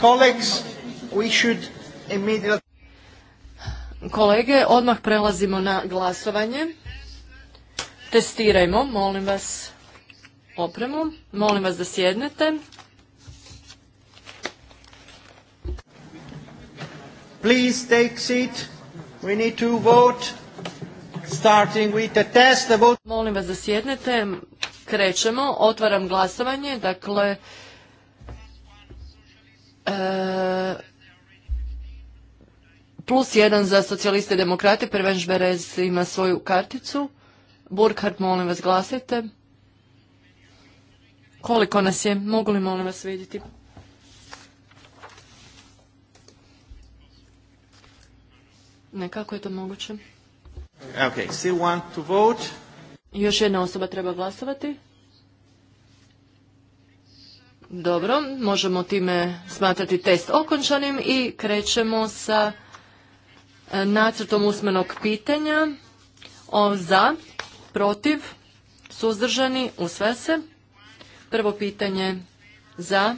C: colleagues, we should immediately... Kolege, odmah prelazimo na glasovanje. Testirajmo, molim vas, opremu. Molim vas da sjednete. Please take seat. We need to vote. Starting with the test. Molim vas da sjednete. Krećemo. Otvaram glasovanje. Dakle, E, plus jedan za socijaliste i demokrate, Prven ima svoju karticu. Burkhardt, molim vas, glasajte. Koliko nas je? Mogu li molim vas vidjeti? Ne, kako je to moguće? want to Još jedna osoba treba glasovati. Dobro, možemo time smatrati test okončanim i krećemo sa e, nacrtom usmenog pitanja. O, za, protiv, suzdržani, usvaja se. Prvo pitanje za,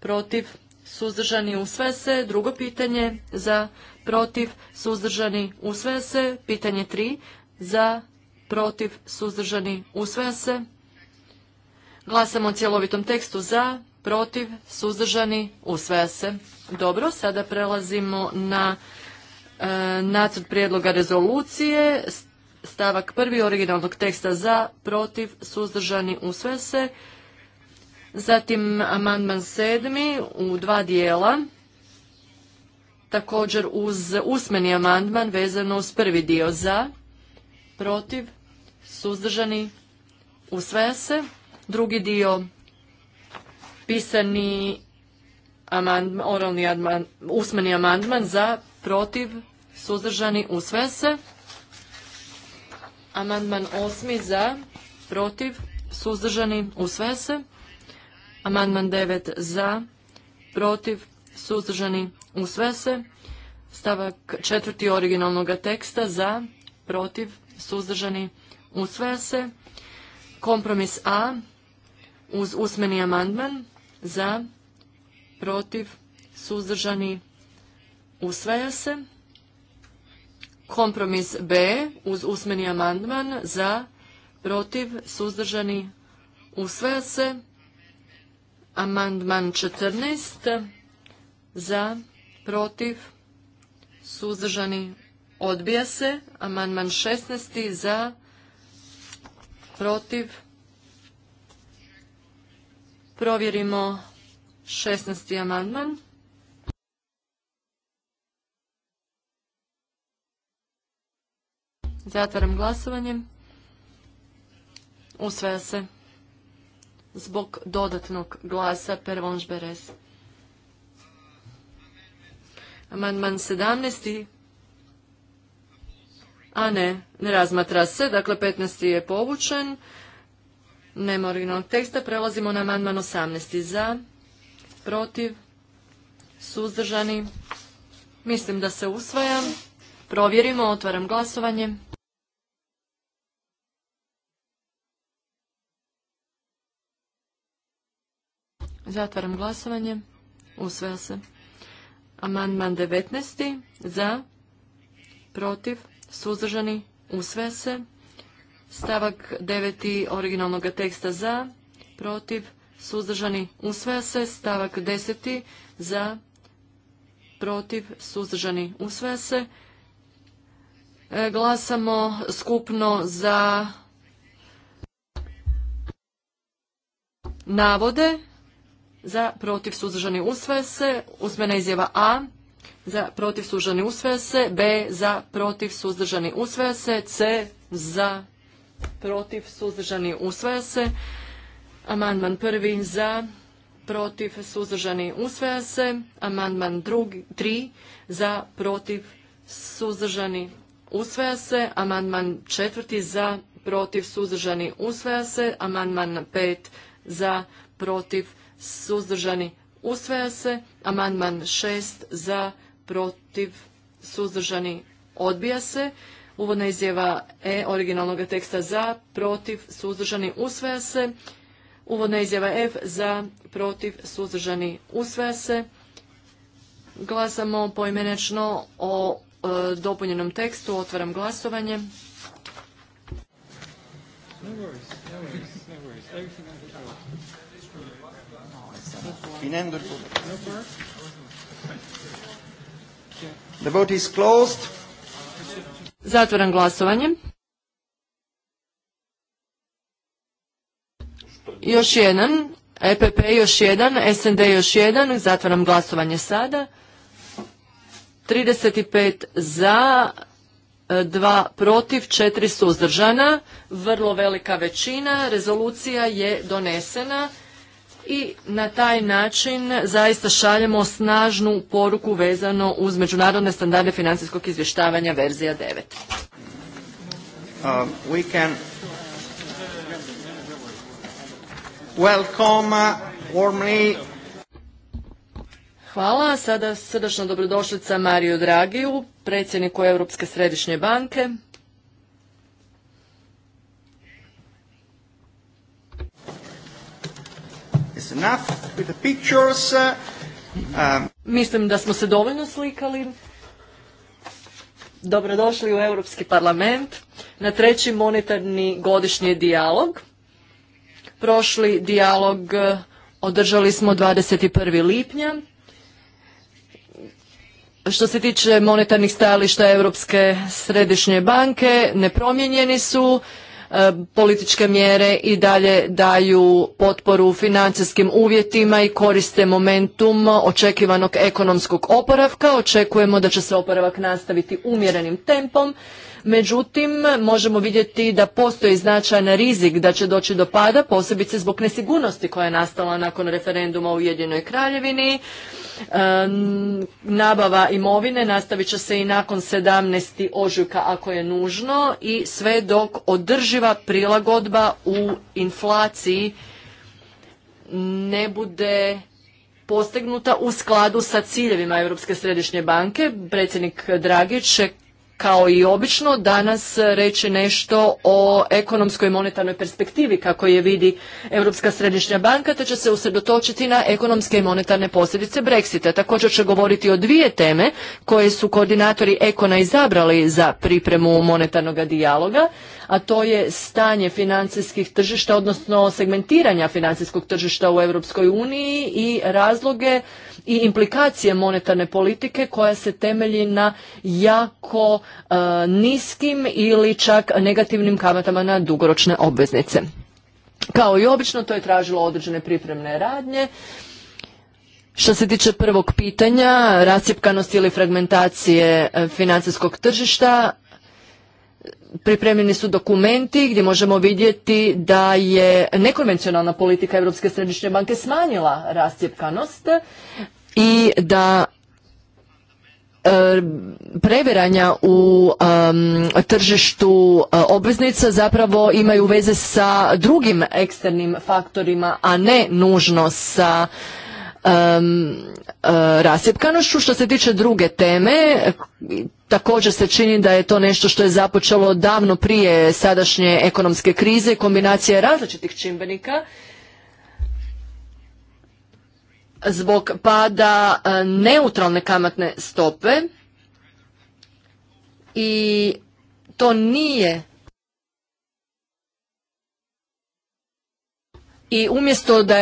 C: protiv, suzdržani, usvaja se. Drugo pitanje za, protiv, suzdržani, usvaja se. Pitanje tri za, protiv, suzdržani, usvaja se. Glasamo o cjelovitom tekstu za, protiv, suzdržani, usvaja se. Dobro, sada prelazimo na e, nacrt prijedloga rezolucije. Stavak prvi originalnog teksta za, protiv, suzdržani, usvaja se. Zatim amandman sedmi u dva dijela. Također uz usmeni amandman vezano uz prvi dio za, protiv, suzdržani, usvaja se. Drugi dio pisani amandman, oralni amandman, usmeni amandman za, protiv, suzdržani, usve se. Amandman osmi za, protiv, suzdržani, usve se. Amandman devet za, protiv, suzdržani, usvese. se. Stavak četvrti originalnog teksta za, protiv, suzdržani, usvaje se. Kompromis A uz usmeni amandman za, protiv, suzdržani, usvaja se. Kompromis B uz usmeni amandman za, protiv, suzdržani, usvaja se. Amandman 14 za, protiv, suzdržani, odbija se. Amandman 16 za, protiv, Provjerimo 16. amandman. Zatvaram glasovanje. Usvaja se zbog dodatnog glasa per vonžberes. Amandman 17. A ne, ne razmatra se. Dakle, 15. je povučen. Nema originalnog teksta. Prelazimo na amandman 18. Za, protiv, suzdržani. Mislim da se usvaja. Provjerimo, otvaram glasovanje. Zatvaram glasovanje. Usvaja se. Amandman 19. Za, protiv, suzdržani. Usvaja se. Stavak 9. originalnog teksta za, protiv, suzdržani, usvaja se. Stavak 10. za, protiv, suzdržani, usvaja se. E, glasamo skupno za navode. Za, protiv, suzdržani, usvaja se. Usmena izjava A. Za, protiv, suzdržani, usvaja se. B. Za, protiv, suzdržani, usvaja se. C. Za, protiv, suzdržani, usvaja se. Amandman prvi za, protiv, suzdržani, usvaja se. Amandman drugi, tri za, protiv, suzdržani, usvaja se. Amandman četvrti za, protiv, suzdržani, usvaja se. Amandman pet za, protiv, suzdržani, usvaja se. Amandman šest za, protiv, suzdržani, odbija se. Uvodna izjava E originalnog teksta za, protiv, suzdržani, usvaja se. Uvodna izjava F za, protiv, suzdržani, usvaja se. Glasamo poimenečno o e, dopunjenom tekstu. Otvaram glasovanje.
A: The vote is closed.
C: Zatvoram glasovanje. Još jedan, EPP još jedan, SND još jedan, zatvoram glasovanje sada. 35 za, 2 protiv, 4 suzdržana, vrlo velika većina, rezolucija je donesena i na taj način zaista šaljemo snažnu poruku vezano uz međunarodne standarde financijskog izvještavanja verzija 9. Uh, uh Hvala. Sada srdačno dobrodošlica Mariju Dragiju, predsjedniku Europske središnje banke. Uh, um, Mislim da smo se dovoljno slikali. Dobrodošli u Europski parlament na treći monetarni godišnji dijalog. Prošli dijalog e, održali smo 21. lipnja. Što se tiče monetarnih stajališta Europske središnje banke, nepromjenjeni su. E, političke mjere i dalje daju potporu financijskim uvjetima i koriste momentum očekivanog ekonomskog oporavka. Očekujemo da će se oporavak nastaviti umjerenim tempom. Međutim, možemo vidjeti da postoji značajan rizik da će doći do pada, posebice zbog nesigurnosti koja je nastala nakon referenduma u Jedinoj Kraljevini Nabava imovine nastavit će se i nakon 17. ožujka ako je nužno i sve dok održiva prilagodba u inflaciji ne bude postignuta u skladu sa ciljevima Europske središnje banke. Predsjednik Dragić kao i obično danas reći nešto o ekonomskoj monetarnoj perspektivi kako je vidi Europska središnja banka te će se usredotočiti na ekonomske i monetarne posljedice Brexita. Također će govoriti o dvije teme koje su koordinatori Ekona izabrali za pripremu monetarnog dijaloga, a to je stanje financijskih tržišta, odnosno segmentiranja financijskog tržišta u Europskoj uniji i razloge i implikacije monetarne politike koja se temelji na jako e, niskim ili čak negativnim kamatama na dugoročne obveznice. Kao i obično to je tražilo određene pripremne radnje. Što se tiče prvog pitanja, rasjepkanosti ili fragmentacije e, financijskog tržišta, pripremljeni su dokumenti gdje možemo vidjeti da je nekonvencionalna politika Europske središnje banke smanjila rascjepkanost i da e, previranja u tržištu e, obveznica zapravo imaju veze sa drugim eksternim faktorima, a ne nužno sa um, Što se tiče druge teme, također se čini da je to nešto što je započelo davno prije sadašnje ekonomske krize, kombinacija različitih čimbenika zbog pada e, neutralne kamatne stope i to nije i umjesto da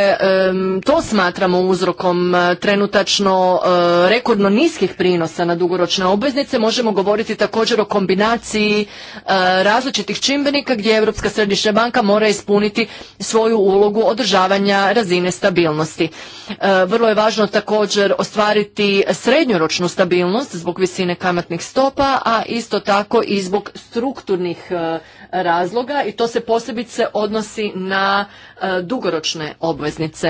C: to smatramo uzrokom e, trenutačno e, rekordno niskih prinosa na dugoročne obveznice, možemo govoriti također o kombinaciji e, različitih čimbenika gdje Europska središnja banka mora ispuniti svoju ulogu održavanja razine stabilnosti. Vrlo je važno također ostvariti srednjoročnu stabilnost zbog visine kamatnih stopa, a isto tako i zbog strukturnih razloga i to se posebice odnosi na e, dugoročne obveznice.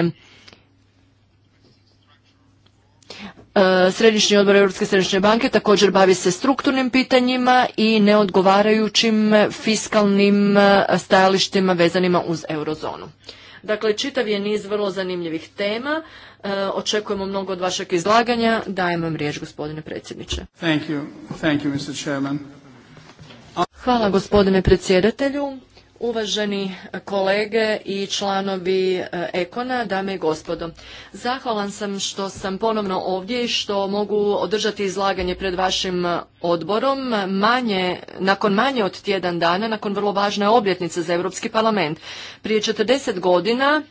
C: E, Središnji odbor Europske središnje banke također bavi se strukturnim pitanjima i neodgovarajućim fiskalnim e, stajalištima vezanima uz eurozonu. Dakle, čitav je niz vrlo zanimljivih tema. Očekujemo mnogo od vašeg izlaganja. Dajem vam riječ, gospodine predsjedniče.
A: Thank you. Thank
C: Hvala gospodine predsjedatelju. Uvaženi kolege i članovi e, Ekona, dame i gospodo. Zahvalan sam što sam ponovno ovdje i što mogu održati izlaganje pred vašim odborom manje, nakon manje od tjedan dana, nakon vrlo važne obljetnice za Europski parlament. Prije 40 godina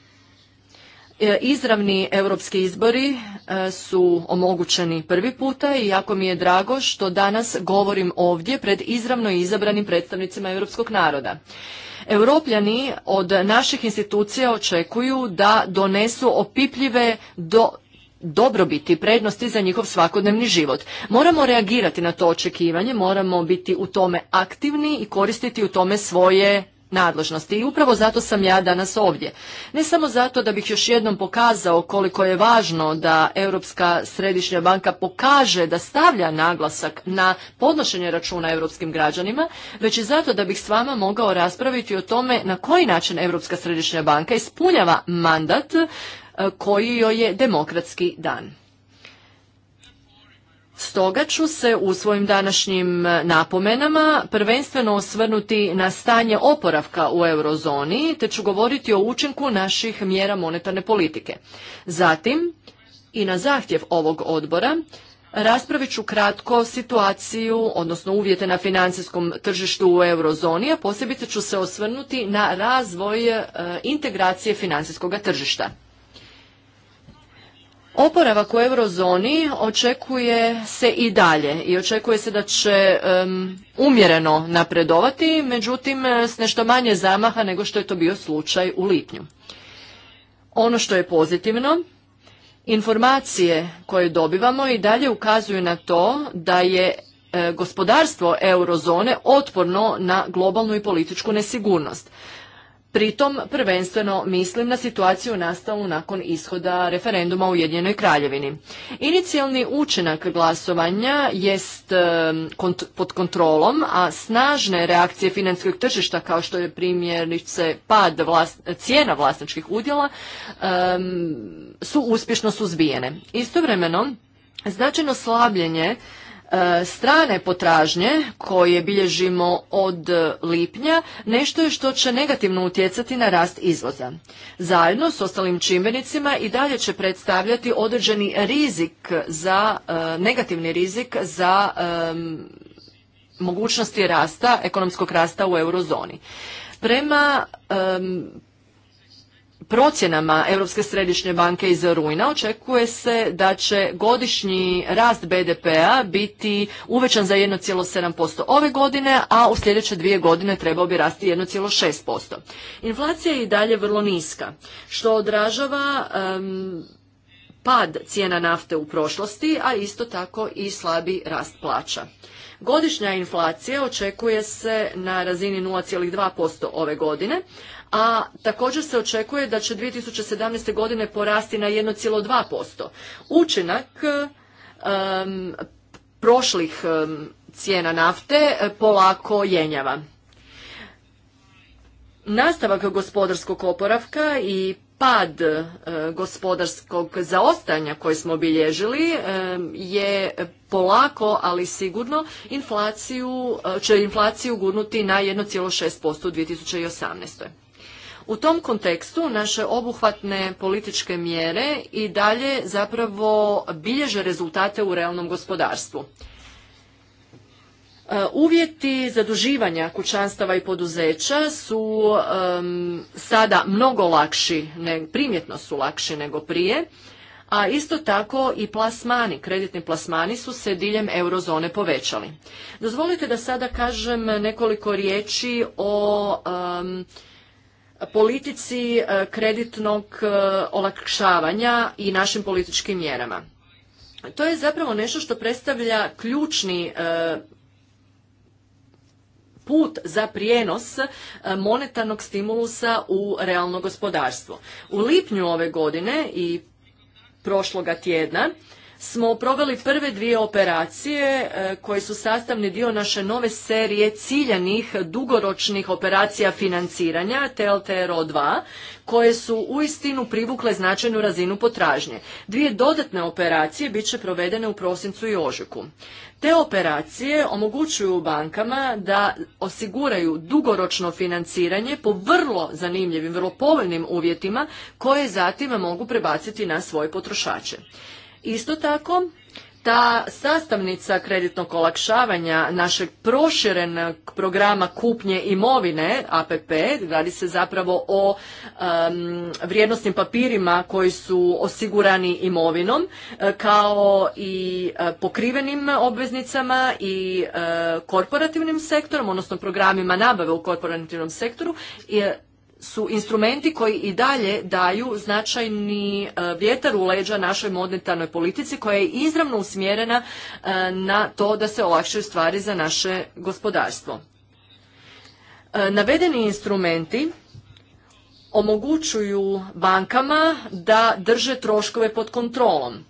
C: E, izravni europski izbori e, su omogućeni prvi puta i jako mi je drago što danas govorim ovdje pred izravno izabranim predstavnicima europskog naroda. Europljani od naših institucija očekuju da donesu opipljive do dobrobiti, prednosti za njihov svakodnevni život. Moramo reagirati na to očekivanje, moramo biti u tome aktivni i koristiti u tome svoje nadležnosti. I upravo zato sam ja danas ovdje. Ne samo zato da bih još jednom pokazao koliko je važno da Europska središnja banka pokaže da stavlja naglasak na podnošenje računa europskim građanima, već i zato da bih s vama mogao raspraviti o tome na koji način Europska središnja banka ispunjava mandat e, koji joj je demokratski dan. Stoga ću se u svojim današnjim e, napomenama prvenstveno osvrnuti na stanje oporavka u eurozoni, te ću govoriti o učinku naših mjera monetarne politike. Zatim, i na zahtjev ovog odbora, raspravit ću kratko situaciju, odnosno uvjete na financijskom tržištu u eurozoni, a posebice ću se osvrnuti na razvoj e, integracije financijskog tržišta. Oporavak u eurozoni očekuje se i dalje i očekuje se da će umjereno napredovati, međutim e, s nešto manje zamaha nego što je to bio slučaj u lipnju. Ono što je pozitivno, informacije koje dobivamo i dalje ukazuju na to da je e, gospodarstvo eurozone otporno na globalnu i političku nesigurnost. Pritom prvenstveno mislim na situaciju nastalu nakon ishoda referenduma u Jedinjenoj Kraljevini. Inicijalni učinak glasovanja jest pod kontrolom, a snažne reakcije financijskog tržišta kao što je primjerice pad cijena vlasničkih udjela su uspješno suzbijene. Istovremeno značajno slabljenje E, strane potražnje koje bilježimo od lipnja nešto je što će negativno utjecati na rast izvoza. Zajedno s ostalim čimbenicima i dalje će predstavljati određeni rizik za e, negativni rizik za e, mogućnosti rasta, ekonomskog rasta u eurozoni. Prema procjenama Europske središnje banke iz rujna očekuje se da će godišnji rast BDP-a biti uvećan za 1,7% ove godine, a u sljedeće dvije godine trebao bi rasti 1,6%. Inflacija je i dalje vrlo niska, što odražava pad cijena nafte u prošlosti, a isto tako i slabi rast plaća. Godišnja inflacija očekuje se na razini 0,2% ove godine, a također se očekuje da će 2017. godine porasti na 1,2%. Učinak um, prošlih cijena nafte e, polako jenjava. Nastavak gospodarskog oporavka i pad e, gospodarskog zaostanja koji smo obilježili je polako, ali sigurno inflaciju, e, će inflaciju gurnuti na 1,6% u 2018. U tom kontekstu naše obuhvatne političke mjere i dalje zapravo bilježe rezultate u realnom gospodarstvu. E, uvjeti zaduživanja kućanstava i poduzeća su sada mnogo lakši, ne, primjetno su lakši nego prije, a isto tako i plasmani, kreditni plasmani su se diljem eurozone povećali. Dozvolite da sada kažem nekoliko riječi o politici e, kreditnog e, olakšavanja i našim političkim mjerama. To je zapravo nešto što predstavlja ključni e, put za prijenos monetarnog stimulusa u realno gospodarstvo. U lipnju ove godine i prošloga tjedna smo proveli prve dvije operacije e, koje su sastavni dio naše nove serije ciljanih dugoročnih operacija financiranja TLTRO2 koje su uistinu privukle značajnu razinu potražnje. Dvije dodatne operacije bit će provedene u prosincu i ožujku. Te operacije omogućuju bankama da osiguraju dugoročno financiranje po vrlo zanimljivim, vrlo povoljnim uvjetima koje zatim mogu prebaciti na svoje potrošače. Isto tako, ta sastavnica kreditnog olakšavanja našeg proširenog programa kupnje imovine APP radi se zapravo o um, vrijednosnim papirima koji su osigurani imovinom e, kao i e, pokrivenim obveznicama i e, korporativnim sektorom odnosno programima nabave u korporativnom sektoru su instrumenti koji i dalje daju značajni e, vjetar u leđa našoj monetarnoj politici koja je izravno usmjerena e, na to da se olakšaju stvari za naše gospodarstvo. E, navedeni instrumenti omogućuju bankama da drže troškove pod kontrolom.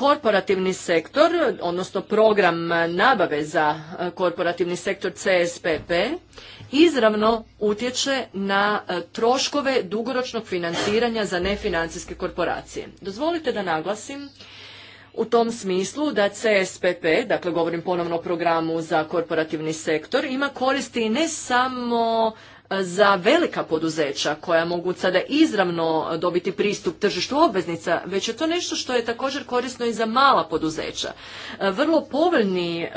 C: Korporativni sektor, odnosno program nabave za e, korporativni sektor CSPP, izravno utječe na e, troškove dugoročnog financiranja za nefinancijske korporacije. Dozvolite da naglasim u tom smislu da CSPP, dakle govorim ponovno o programu za korporativni sektor, ima koristi ne samo za velika poduzeća koja mogu sada izravno dobiti pristup tržištu obveznica, već je to nešto što je također korisno i za mala poduzeća. E, vrlo povoljni e,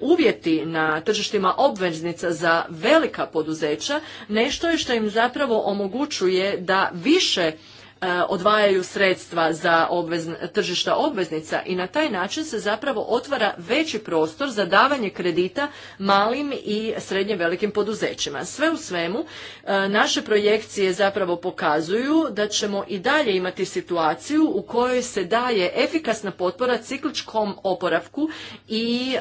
C: uvjeti na tržištima obveznica za velika poduzeća nešto je što im zapravo omogućuje da više E, odvajaju sredstva za tržišta obveznica i na taj način se zapravo otvara veći prostor za davanje kredita malim i srednje velikim poduzećima. Sve u svemu, e, naše projekcije zapravo pokazuju da ćemo i dalje imati situaciju u kojoj se daje efikasna potpora cikličkom oporavku i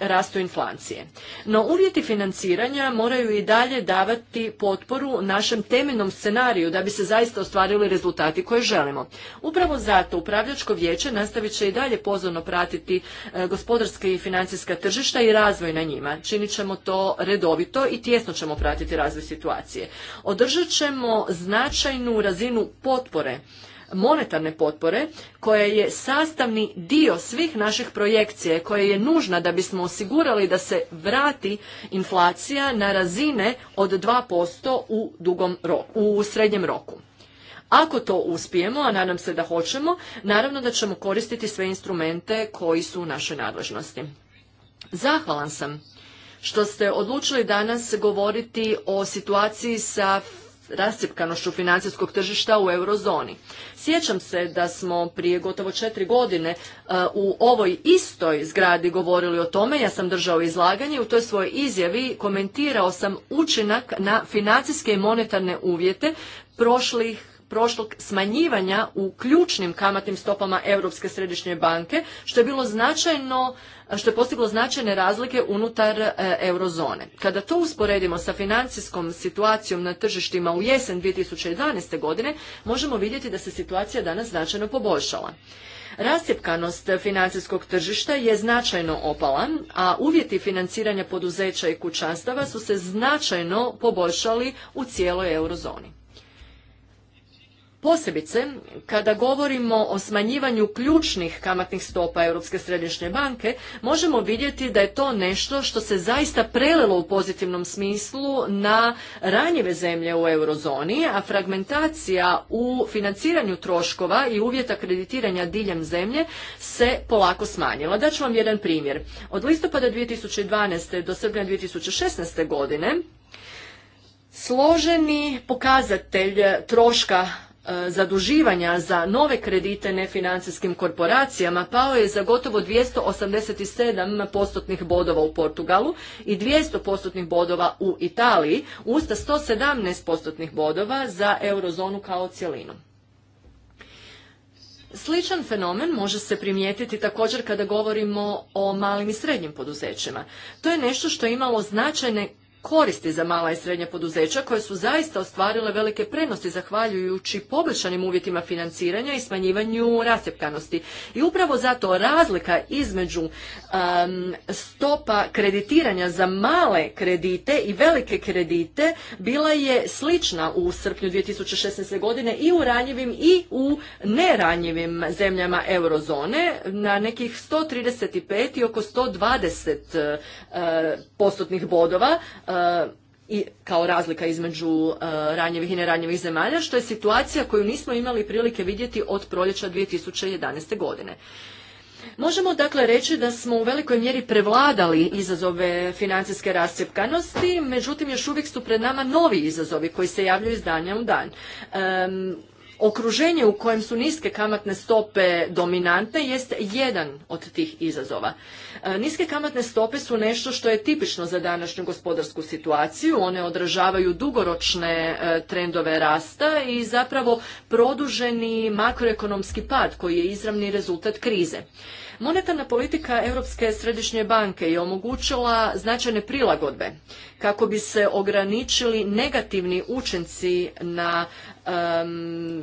C: rastu inflacije. No uvjeti financiranja moraju i dalje davati potporu našem temeljnom scenariju da bi se zaista ostvarili rezultati rezultati koje želimo. Upravo zato upravljačko vijeće nastavit će i dalje pozorno pratiti e, gospodarske i financijska tržišta i razvoj na njima. Činit ćemo to redovito i tjesno ćemo pratiti razvoj situacije. Održat ćemo značajnu razinu potpore monetarne potpore koja je sastavni dio svih naših projekcije koja je nužna da bismo osigurali da se vrati inflacija na razine od 2% u, dugom roku, u srednjem roku. Ako to uspijemo, a nadam se da hoćemo, naravno da ćemo koristiti sve instrumente koji su u našoj nadležnosti. Zahvalan sam što ste odlučili danas govoriti o situaciji sa rascjepkanošću financijskog tržišta u eurozoni. Sjećam se da smo prije gotovo četiri godine e, u ovoj istoj zgradi govorili o tome, ja sam držao izlaganje, u toj svojoj izjavi komentirao sam učinak na financijske i monetarne uvjete prošlih prošlog smanjivanja u ključnim kamatnim stopama Europske središnje banke, što je bilo značajno što je postiglo značajne razlike unutar e, eurozone. Kada to usporedimo sa financijskom situacijom na tržištima u jesen 2011. godine, možemo vidjeti da se situacija danas značajno poboljšala. Rasjepkanost financijskog tržišta je značajno opala, a uvjeti financiranja poduzeća i kućanstava su se značajno poboljšali u cijeloj eurozoni. Posebice, kada govorimo o smanjivanju ključnih kamatnih stopa Europske središnje banke, možemo vidjeti da je to nešto što se zaista prelelo u pozitivnom smislu na ranjive zemlje u eurozoni, a fragmentacija u financiranju troškova i uvjeta kreditiranja diljem zemlje se polako smanjila. Daću vam jedan primjer. Od listopada 2012. do srpnja 2016. godine Složeni pokazatelj troška E, zaduživanja za nove kredite nefinancijskim korporacijama pao je za gotovo 287 postotnih bodova u Portugalu i 200 postotnih bodova u Italiji, usta 117 postotnih bodova za eurozonu kao cjelinu. Sličan fenomen može se primijetiti također kada govorimo o malim i srednjim poduzećima. To je nešto što je imalo značajne koristi za mala i srednja poduzeća koje su zaista ostvarile velike prednosti zahvaljujući poboljšanim uvjetima financiranja i smanjivanju rasjepkanosti. I upravo zato razlika između stopa kreditiranja za male kredite i velike kredite bila je slična u srpnju 2016. godine i u ranjivim i u neranjivim zemljama eurozone na nekih 135 i oko 120 uh, eh, postotnih bodova. Eh, i kao razlika između e, ranjivih i neranjivih zemalja, što je situacija koju nismo imali prilike vidjeti od proljeća 2011. godine. Možemo dakle reći da smo u velikoj mjeri prevladali izazove financijske rascjepkanosti, međutim još uvijek su pred nama novi izazovi koji se javljaju iz danja u dan okruženje u kojem su niske kamatne stope dominantne jest jedan od tih izazova. E, niske kamatne stope su nešto što je tipično za današnju gospodarsku situaciju. One odražavaju dugoročne e, trendove rasta i zapravo produženi makroekonomski pad koji je izravni rezultat krize. Monetarna politika Europske središnje banke je omogućila značajne prilagodbe kako bi se ograničili negativni učenci na um,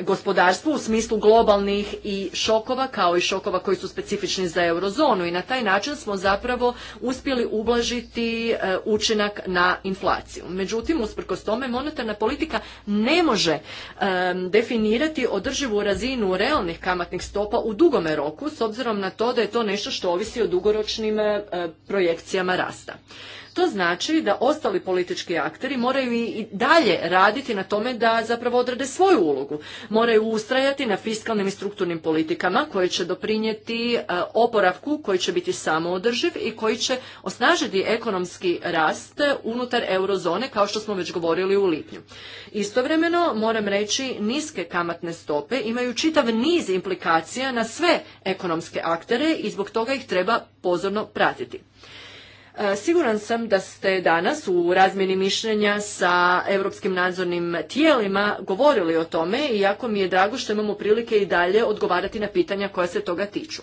C: gospodarstvu u smislu globalnih i šokova kao i šokova koji su specifični za eurozonu i na taj način smo zapravo uspjeli ublažiti e, učinak na inflaciju. Međutim, usprkos tome monetarna politika ne može definirati održivu razinu realnih kamatnih stopa u dugome roku s obzirom na to da je to nešto što ovisi o dugoročnim e, projekcijama rasta. To znači da ostali politički akteri moraju i dalje raditi na tome da zapravo odrade svoju ulogu. Moraju ustrajati na fiskalnim i strukturnim politikama koje će doprinijeti e, oporavku koji će biti samoodrživ i koji će osnažiti ekonomski rast unutar eurozone kao što smo već govorili u lipnju. Istovremeno moram reći niske kamatne stope imaju čitav niz implikacija na sve ekonomske aktere i zbog toga ih treba pozorno pratiti. E, siguran sam da ste danas u razmjeni mišljenja sa europskim nadzornim tijelima govorili o tome i jako mi je drago što imamo prilike i dalje odgovarati na pitanja koja se toga tiču.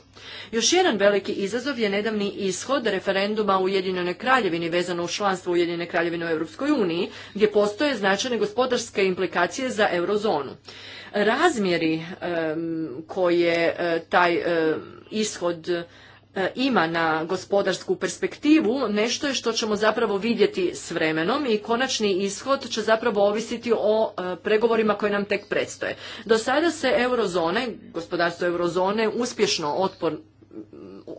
C: Još jedan veliki izazov je nedavni ishod referenduma u Ujedinjenoj Kraljevini vezano u članstvo Ujedinjene Kraljevine u Europskoj uniji, gdje postoje značajne gospodarske implikacije za eurozonu. Razmjeri koji koje e, taj e, ishod E, ima na gospodarsku perspektivu nešto je što ćemo zapravo vidjeti s vremenom i konačni ishod će zapravo ovisiti o e, pregovorima koje nam tek predstoje. Do sada se eurozone, gospodarstvo eurozone uspješno otpor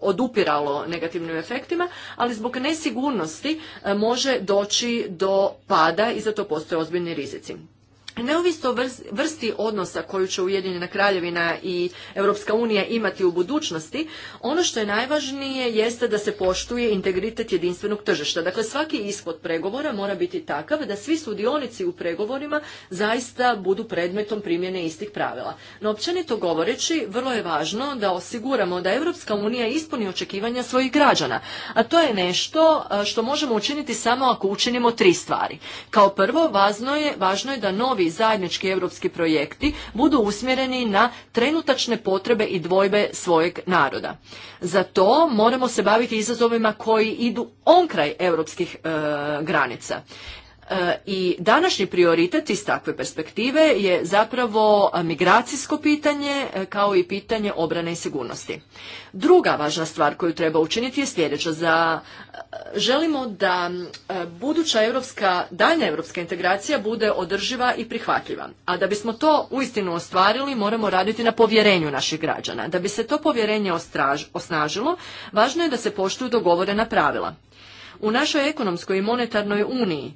C: odupiralo negativnim efektima, ali zbog nesigurnosti e, može doći do pada i za to postoje ozbiljni rizici. Neovisno o vrsti odnosa koju će Ujedinjena kraljevina i Europska unija imati u budućnosti, ono što je najvažnije jeste da se poštuje integritet jedinstvenog tržišta. Dakle, svaki ishod pregovora mora biti takav da svi sudionici u pregovorima zaista budu predmetom primjene istih pravila. No, općenito govoreći, vrlo je važno da osiguramo da Europska unija ispuni očekivanja svojih građana. A to je nešto što možemo učiniti samo ako učinimo tri stvari. Kao prvo, je, važno je da novi i zajednički europski projekti budu usmjereni na trenutačne potrebe i dvojbe svojeg naroda. Za to moramo se baviti izazovima koji idu onkraj europskih e, granica. E, I današnji prioritet iz takve perspektive je zapravo e, migracijsko pitanje e, kao i pitanje obrane i sigurnosti. Druga važna stvar koju treba učiniti je sljedeća. Za, želimo da buduća europska, daljna europska integracija bude održiva i prihvatljiva. A da bismo to uistinu ostvarili moramo raditi na povjerenju naših građana. Da bi se to povjerenje ostraž, osnažilo, važno je da se poštuju dogovorena pravila. U našoj ekonomskoj i monetarnoj uniji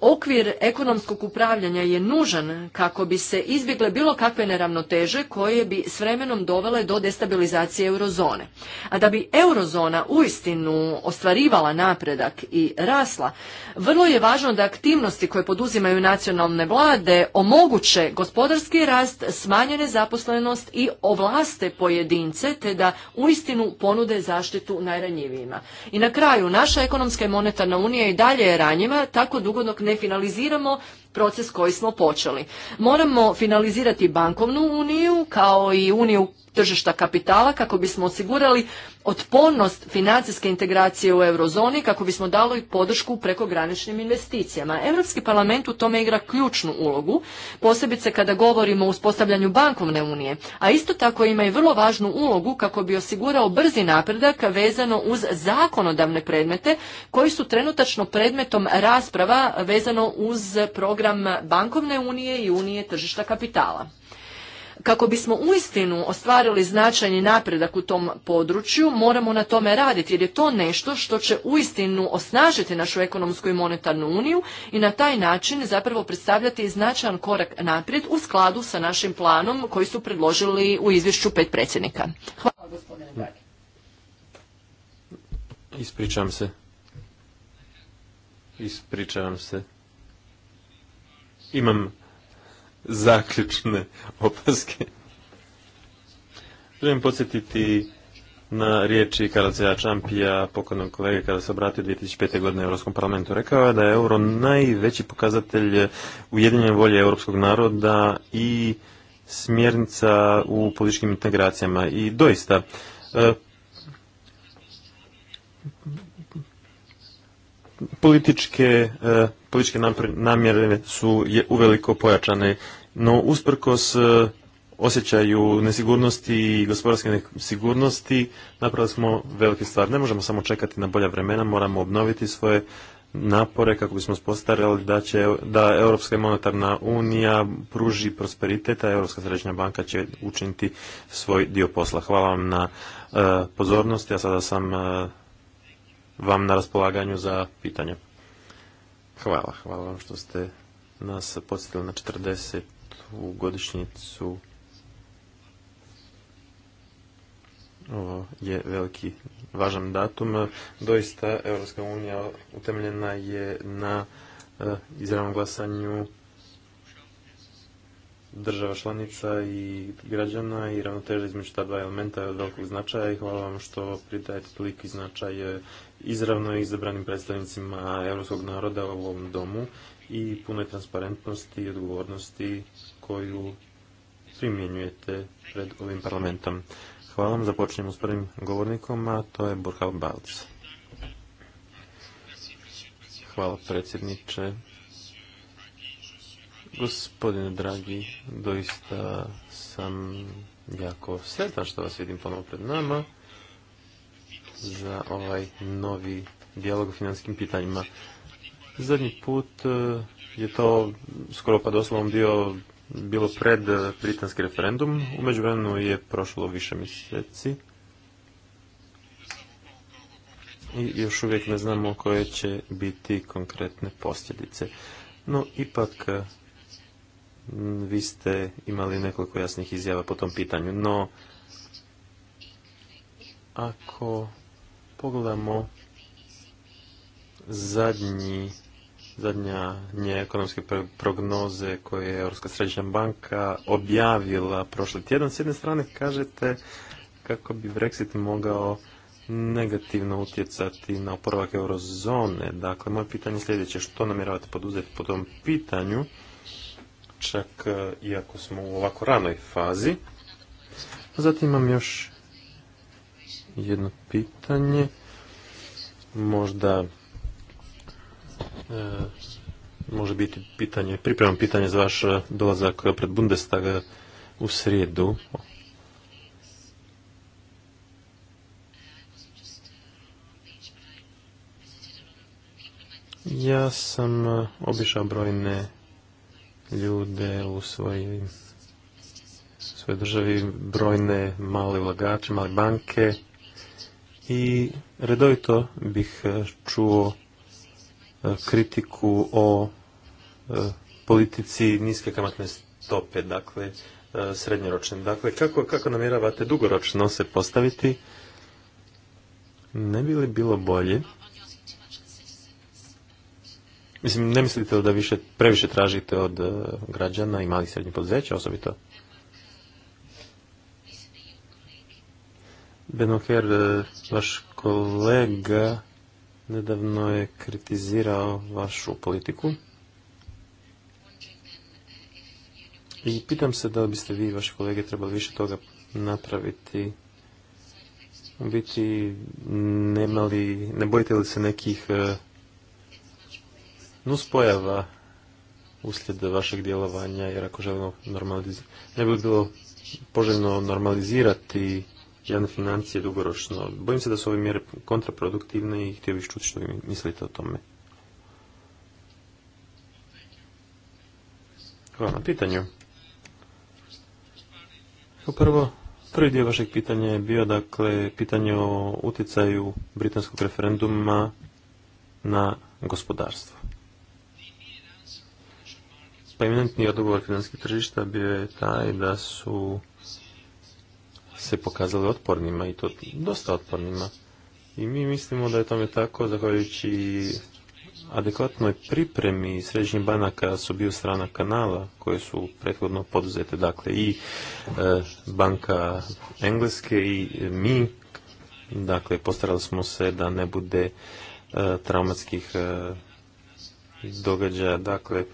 C: okvir ekonomskog upravljanja je nužan kako bi se izbjegle bilo kakve neravnoteže koje bi s vremenom dovele do destabilizacije eurozone. A da bi eurozona uistinu ostvarivala napredak i rasla, vrlo je važno da aktivnosti koje poduzimaju nacionalne vlade omoguće gospodarski rast, smanjene zaposlenost i ovlaste pojedince te da uistinu ponude zaštitu najranjivijima. I na kraju, naša ekonomska i monetarna unija i dalje je ranjiva, tako dugo dok ne finaliziramo proces koji smo počeli. Moramo finalizirati bankovnu uniju kao i uniju tržišta kapitala kako bismo osigurali otpornost financijske integracije u eurozoni kako bismo dali podršku prekograničnim investicijama. Europski parlament u tome igra ključnu ulogu, posebice kada govorimo o uspostavljanju bankovne unije, a isto tako ima i vrlo važnu ulogu kako bi osigurao brzi napredak vezano uz zakonodavne predmete koji su trenutačno predmetom rasprava vezano uz program bankovne unije i unije tržišta kapitala. Kako bismo uistinu ostvarili značajni napredak u tom području, moramo na tome raditi jer je to nešto što će uistinu osnažiti našu ekonomsku i monetarnu uniju i na taj način zapravo predstavljati značajan korak naprijed u skladu sa našim planom koji su predložili u izvješću pet predsjednika. Hvala gospodine
D: se. Ispričavam se imam zaključne opaske. Želim podsjetiti na riječi ja Čampija, pokojnog kolege, kada se obratio 2005. godine Europskom parlamentu, rekao je da je euro najveći pokazatelj ujedinjene volje europskog naroda i smjernica u političkim integracijama. I doista, e, političke, e, političke namjere su uveliko pojačane, no usprkos e, osjećaju nesigurnosti i gospodarske nesigurnosti napravili smo velike stvari. Ne možemo samo čekati na bolja vremena, moramo obnoviti svoje napore kako bismo spostarili da će da Europska monetarna unija pruži prosperitet, a Europska središnja banka će učiniti svoj dio posla. Hvala vam na e, pozornosti, a sada sam vam na raspolaganju za pitanje. Hvala, hvala vam što ste nas podsjetili na 40. godišnjicu. Ovo je veliki, važan datum. Doista, Europska unija utemljena je na eh, izravnom glasanju država članica i građana i ravnoteža između ta dva elementa je od velikog značaja i hvala vam što pridajete toliki značaj eh, izravno izabranim predstavnicima europskog naroda u ovom domu i punoj transparentnosti i odgovornosti koju primjenjujete pred ovim parlamentom. Hvala vam, započnemo s prvim govornikom, a to je Burkhard Balc. Hvala predsjedniče. Gospodine dragi, doista sam jako sretan što vas vidim ponovno pred nama za ovaj novi dijalog o financijskim pitanjima. Zadnji put e, je to skoro pa doslovno bio bilo pred britanski referendum. U međuvremenu je prošlo više mjeseci. I još uvijek ne znamo koje će biti konkretne posljedice. No, ipak e, vi ste imali nekoliko jasnih izjava po tom pitanju. No, ako pogledamo zadnji zadnja nje ekonomske prognoze koje je Europska središnja banka objavila prošli tjedan. S jedne strane kažete kako bi Brexit mogao negativno utjecati na oporavak eurozone. Dakle, moje pitanje je sljedeće. Što namjeravate poduzeti po tom pitanju? Čak e, iako smo u ovako ranoj fazi. Zatim imam još jedno pitanje. Možda e, može biti pitanje, pripremam pitanje za vaš e, dolazak e, pred Bundestag u srijedu. Ja sam obišao brojne ljude u svoj, svojoj državi, brojne male ulagače, male banke, i redovito bih e, čuo e, kritiku o e, politici niske kamatne stope, dakle srednjoročne. Dakle, kako, kako namjeravate dugoročno se postaviti? Ne bi li bilo bolje? Mislim, ne mislite da više, previše tražite od građana i malih srednjih poduzeća, osobito Benoker, e, vaš kolega nedavno je kritizirao vašu politiku. I pitam se da li biste vi i vaše kolege trebali više toga napraviti. U biti, ne bojite li se nekih e, nuspojava uslijed vašeg djelovanja, jer ako želimo normalizirati, ne bi bilo poželjno normalizirati javne financije dugoročno. Bojim se da su ove mjere kontraproduktivne i htio bih čuti što vi mislite o tome. Hvala na pitanju. Prvo, prvi dio vašeg pitanja je bio dakle pitanje o utjecaju britanskog referenduma na gospodarstvo. Pa eminentni odgovor financijskih tržišta bio je taj da su se pokazali otpornima i to dosta otpornima. I mi mislimo da je tome tako zahvaljujući adekvatnoj pripremi središnjih banaka su bio strana kanala koje su prethodno poduzete, dakle i e, banka Engleske i e, mi, dakle postarali smo se da ne bude e, traumatskih događaja, dakle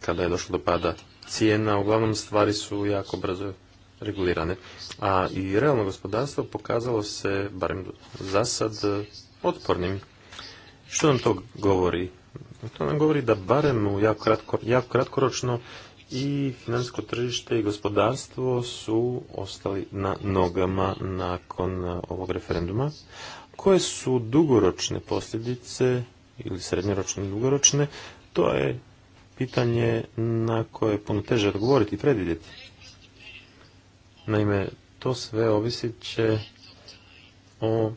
D: kada je došlo do pada cijena, uglavnom stvari su jako brzo regulirane. A i realno gospodarstvo pokazalo se, barem za sad, otpornim. Što nam to govori? To nam govori da barem u jako, jako kratkoročno i financijsko tržište i gospodarstvo su ostali na nogama nakon ovog referenduma. Koje su dugoročne posljedice ili srednjoročne i dugoročne, to je pitanje na koje je puno teže odgovoriti i predvidjeti. Naime, to sve ovisit će o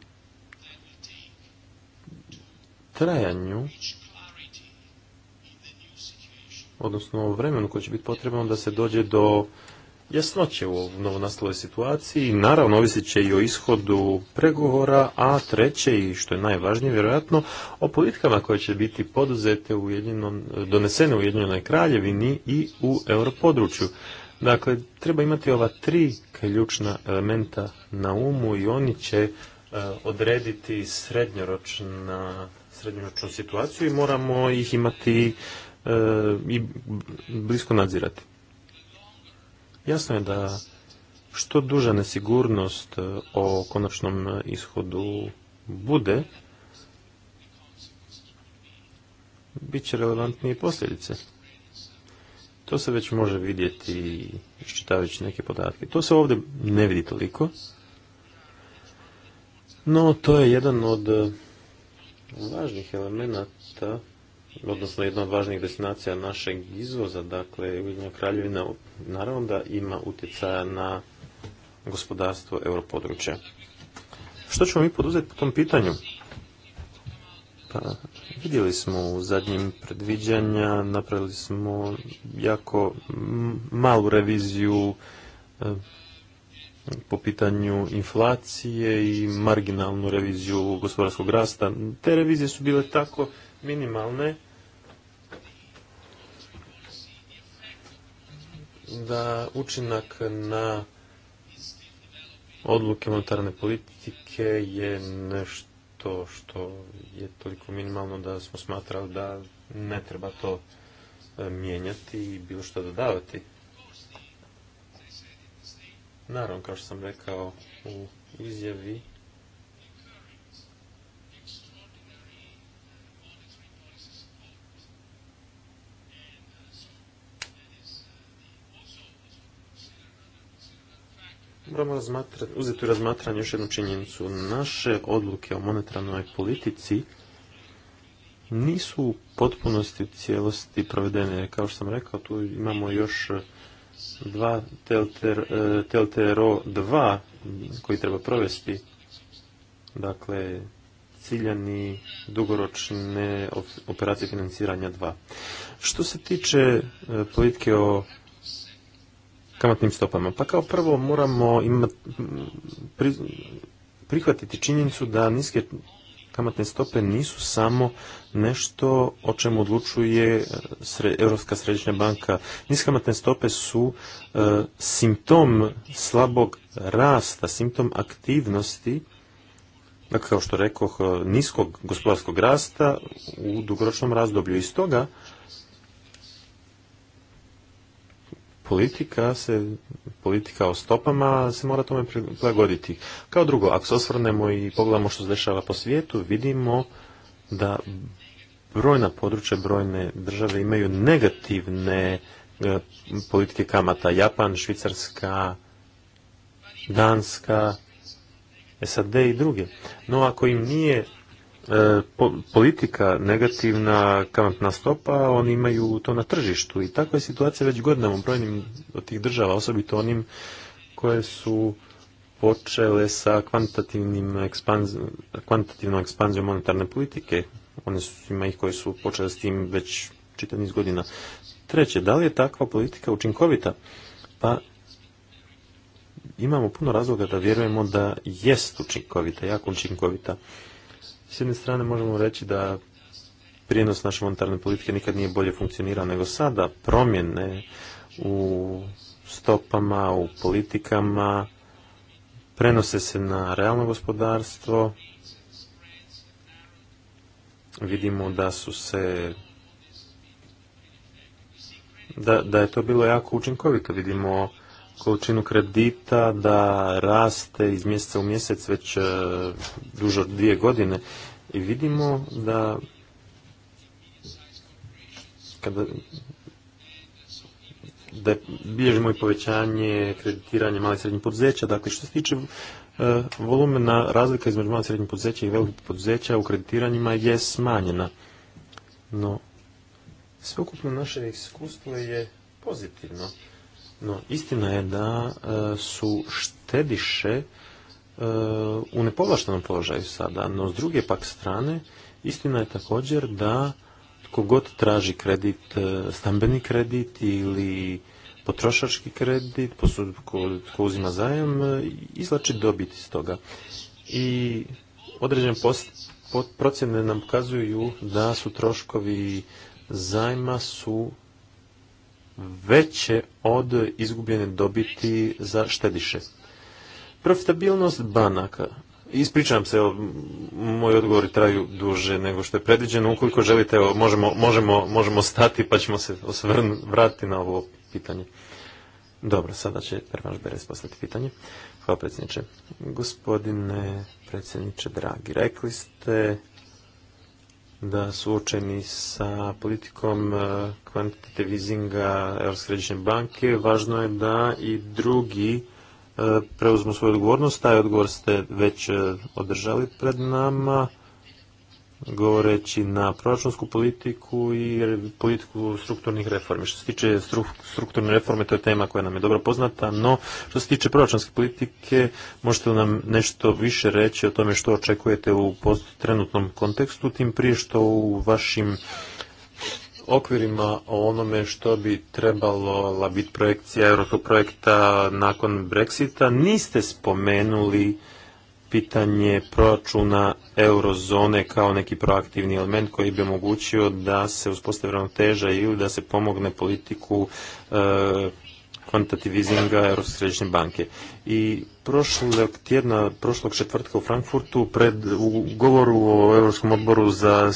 D: trajanju odnosno o vremenu koji će biti potrebno da se dođe do jasnoće u novonastaloj situaciji. Naravno, ovisit će i o ishodu pregovora, a treće i što je najvažnije, vjerojatno, o politikama koje će biti poduzete u donesene u Ujedinjenoj kraljevini i u europodručju. području. Dakle, treba imati ova tri ključna elementa na umu i oni će e, odrediti srednjoročna, srednjoročnu situaciju i moramo ih imati e, i blisko nadzirati. Jasno je da što duža nesigurnost e, o konačnom ishodu bude, bit će relevantnije posljedice. To se već može vidjeti iščitavajući neke podatke. To se ovdje ne vidi toliko. No, to je jedan od eh, važnih elemenata, odnosno jedna od važnijih destinacija našeg izvoza, dakle, Ujedinjena kraljevina, naravno da ima utjecaja na gospodarstvo europodručja. Što ćemo mi poduzeti po tom pitanju? Pa, Vidjeli smo u zadnjim predviđanja, napravili smo jako malu reviziju e, po pitanju inflacije i marginalnu reviziju gospodarskog rasta. Te revizije su bile tako minimalne da učinak na odluke monetarne politike je nešto to što je toliko minimalno da smo smatrali da ne treba to e, mijenjati i bilo što dodavati. Naravno, kao što sam rekao u izjavi, Moramo uzeti u razmatranje još jednu činjenicu. Naše odluke o monetarnoj politici nisu u potpunosti u cijelosti provedene. Kao što sam rekao, tu imamo još e, dva TLTRO e, 2 koji treba provesti. Dakle, ciljani dugoročne operacije financiranja dva. Što se tiče e, politike o kamatnim stopama? Pa kao prvo moramo imati, prihvatiti činjenicu da niske kamatne stope nisu samo nešto o čemu odlučuje e, Europska središnja banka. Niske kamatne stope su e, simptom slabog rasta, simptom aktivnosti, dakle kao što rekoh, e, niskog gospodarskog rasta u dugoročnom razdoblju. I stoga politika, se, politika o stopama se mora tome prilagoditi. Kao drugo, ako se osvrnemo i pogledamo što se dešava po svijetu, vidimo da brojna područja, brojne države imaju negativne e, politike kamata. Japan, Švicarska, Danska, SAD i druge. No ako im nije E, politika negativna kamatna stopa, oni imaju to na tržištu i takva je situacija već godinama u brojnim od tih država, osobito onim koje su počele sa kvantitativnim ekspanz, kvantitativnom ekspanzijom monetarne politike. One su, ima ih koje su počele s tim već čitav niz godina. Treće, da li je takva politika učinkovita? Pa imamo puno razloga da vjerujemo da jest učinkovita, jako učinkovita. S jedne strane možemo reći da prijenos naše monetarne politike nikad nije bolje funkcionirao nego sada. Promjene u stopama, u politikama, prenose se na realno gospodarstvo. Vidimo da su se da, da je to bilo jako učinkovito. Vidimo količinu kredita da raste iz mjeseca u mjesec već e, duže od dvije godine i vidimo da kada da bilježimo i povećanje kreditiranja malih i srednjih poduzeća. Dakle, što se tiče e, volumena, razlika između malih i srednjih poduzeća i velikih poduzeća u kreditiranjima je smanjena. No, sveukupno naše iskustvo je pozitivno. No, istina je da e, su štediše e, u nepovlaštenom položaju sada, no s druge pak strane istina je također da kogod traži kredit, e, stambeni kredit ili potrošački kredit, ko, uzima zajam, izlači dobit iz toga. I određene procjene nam pokazuju da su troškovi zajma su veće od izgubljene dobiti za štediše. Profitabilnost banaka. Ispričavam se, evo, moji odgovori traju duže nego što je predviđeno. Ukoliko želite, možemo, možemo, možemo stati pa ćemo se osvrn, vratiti na ovo pitanje. Dobro, sada će Pervanš Beres poslati pitanje. Hvala predsjedniče. Gospodine predsjedniče, dragi, rekli ste da suočeni sa politikom e, kvantitative easinga Europske središnje banke, važno je da i drugi e, preuzmu svoju odgovornost. Taj odgovor ste već e, održali pred nama govoreći na proračunsku politiku i politiku strukturnih reformi. Što se tiče strukturne reforme, to je tema koja nam je dobro poznata, no što se tiče proračunske politike, možete li nam nešto više reći o tome što očekujete u trenutnom kontekstu, tim prije što u vašim okvirima o onome što bi trebalo biti projekcija europskog projekta nakon Brexita, niste spomenuli pitanje proračuna eurozone kao neki proaktivni element koji bi omogućio da se uspostavi ravnoteža ili da se pomogne politiku e, kvantitativizinga Europske središnje banke. I prošlog tjedna, prošlog četvrtka u Frankfurtu, pred, u govoru o Europskom odboru za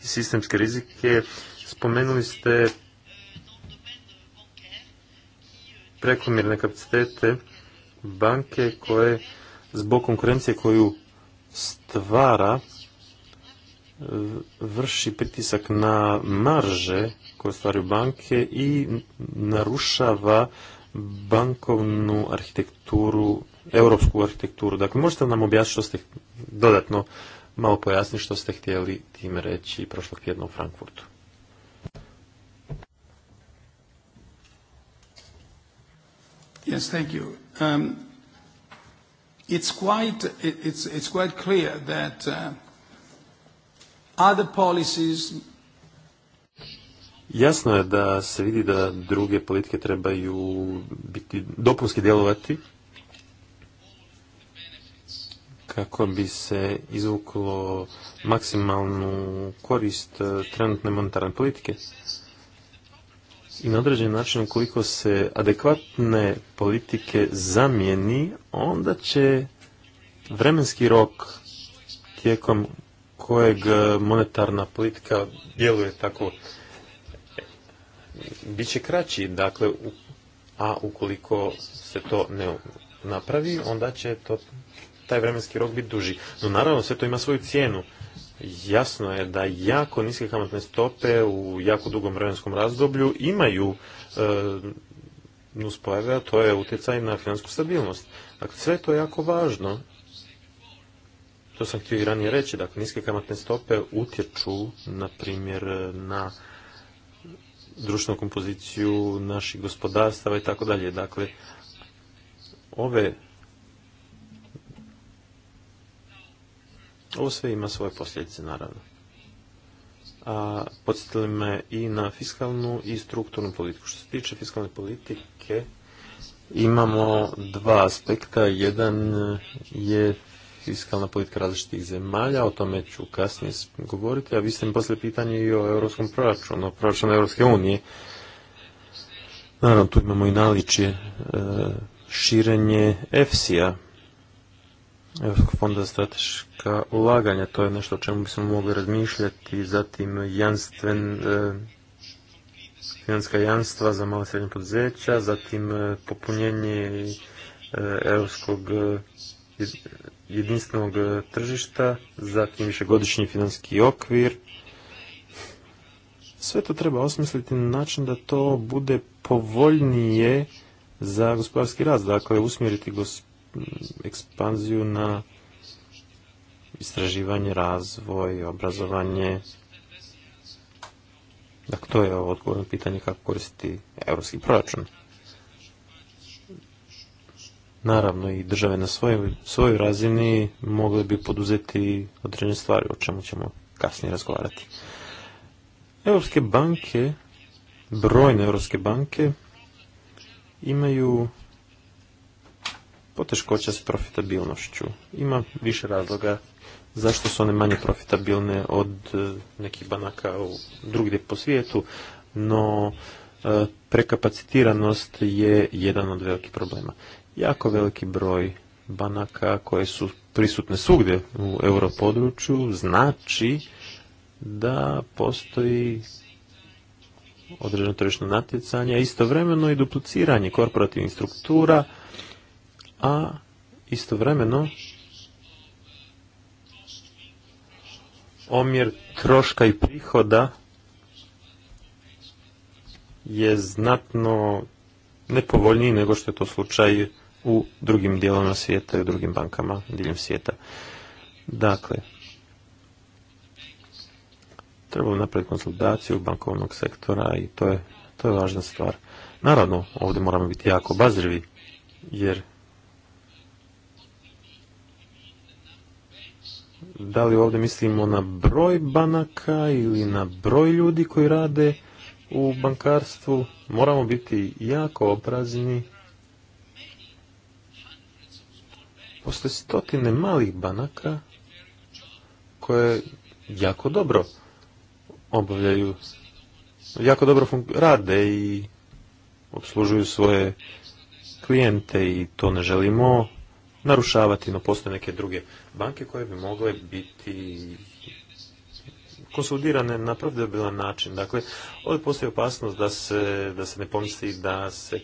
D: sistemske rizike, spomenuli ste prekomjerne kapacitete banke koje zbog konkurencije koju stvara e, vrši pritisak na marže koje stvaraju banke i narušava bankovnu arhitekturu, europsku arhitekturu. Dakle, možete nam objasniti što ste dodatno malo pojasniti što ste htjeli time reći prošlog tjedna u Frankfurtu.
A: Yes, thank you. Um it's quite, it's, it's quite clear that uh, other policies
D: Jasno je da se vidi da druge politike trebaju biti dopunski djelovati kako bi se izvuklo maksimalnu korist uh, trenutne monetarne politike i na određen način ukoliko se adekvatne politike zamijeni, onda će vremenski rok tijekom kojeg monetarna politika djeluje tako bit će kraći, dakle, a ukoliko se to ne napravi, onda će taj vremenski rok biti duži. No naravno, sve to ima svoju cijenu jasno je da jako niske kamatne stope u jako dugom vremenskom razdoblju imaju e, nuspojave, a to je utjecaj na finansku stabilnost. Dakle, sve to je jako važno. To sam htio i ranije reći, dakle, niske kamatne stope utječu, na primjer, na društvenu kompoziciju naših gospodarstava i tako dalje. Dakle, ove Ovo sve ima svoje posljedice, naravno. A podsjetili me i na fiskalnu i strukturnu politiku. Što se tiče fiskalne politike, imamo dva aspekta. Jedan je fiskalna politika različitih zemalja, o tome ću kasnije govoriti, a vi ste mi poslije pitanje i o europskom proračunu, o proračunu Europske unije. Naravno, tu imamo i naličje e, širenje EFSI-a, Europskog fonda za strateška ulaganja. To je nešto o čemu bismo mogli razmišljati. Zatim finanska eh, financijska jamstva za mala i srednja poduzeća, zatim eh, popunjenje eh, europskog jedinstvenog tržišta, zatim višegodišnji financijski okvir. Sve to treba osmisliti na način da to bude povoljnije za gospodarski rast, dakle usmjeriti gospodarski ekspanziju na istraživanje, razvoj, obrazovanje. Dakle, to je odgovor na pitanje kako koristiti europski proračun. Naravno, i države na svojoj, svojoj razini mogle bi poduzeti određene stvari, o čemu ćemo kasnije razgovarati. Europske banke, brojne europske banke, imaju poteškoća s profitabilnošću. Ima više razloga zašto su one manje profitabilne od e, nekih banaka u drugdje po svijetu, no e, prekapacitiranost je jedan od velikih problema. Jako veliki broj banaka koje su prisutne svugdje u europodručju znači da postoji određeno tržišno natjecanje, a istovremeno i dupliciranje korporativnih struktura a istovremeno omjer troška i prihoda je znatno nepovoljniji nego što je to slučaj u drugim dijelovima svijeta i u drugim bankama diljem svijeta. Dakle, treba napraviti konsolidaciju bankovnog sektora i to je, to je važna stvar. Naravno, ovdje moramo biti jako bazrivi, jer da li ovdje mislimo na broj banaka ili na broj ljudi koji rade u bankarstvu, moramo biti jako oprazni. Postoje stotine malih banaka koje jako dobro obavljaju, jako dobro rade i obslužuju svoje klijente i to ne želimo narušavati, no postoje neke druge banke koje bi mogle biti konsolidirane na pravdobilan način. Dakle, ovdje postoji opasnost da se, da se ne pomisli da se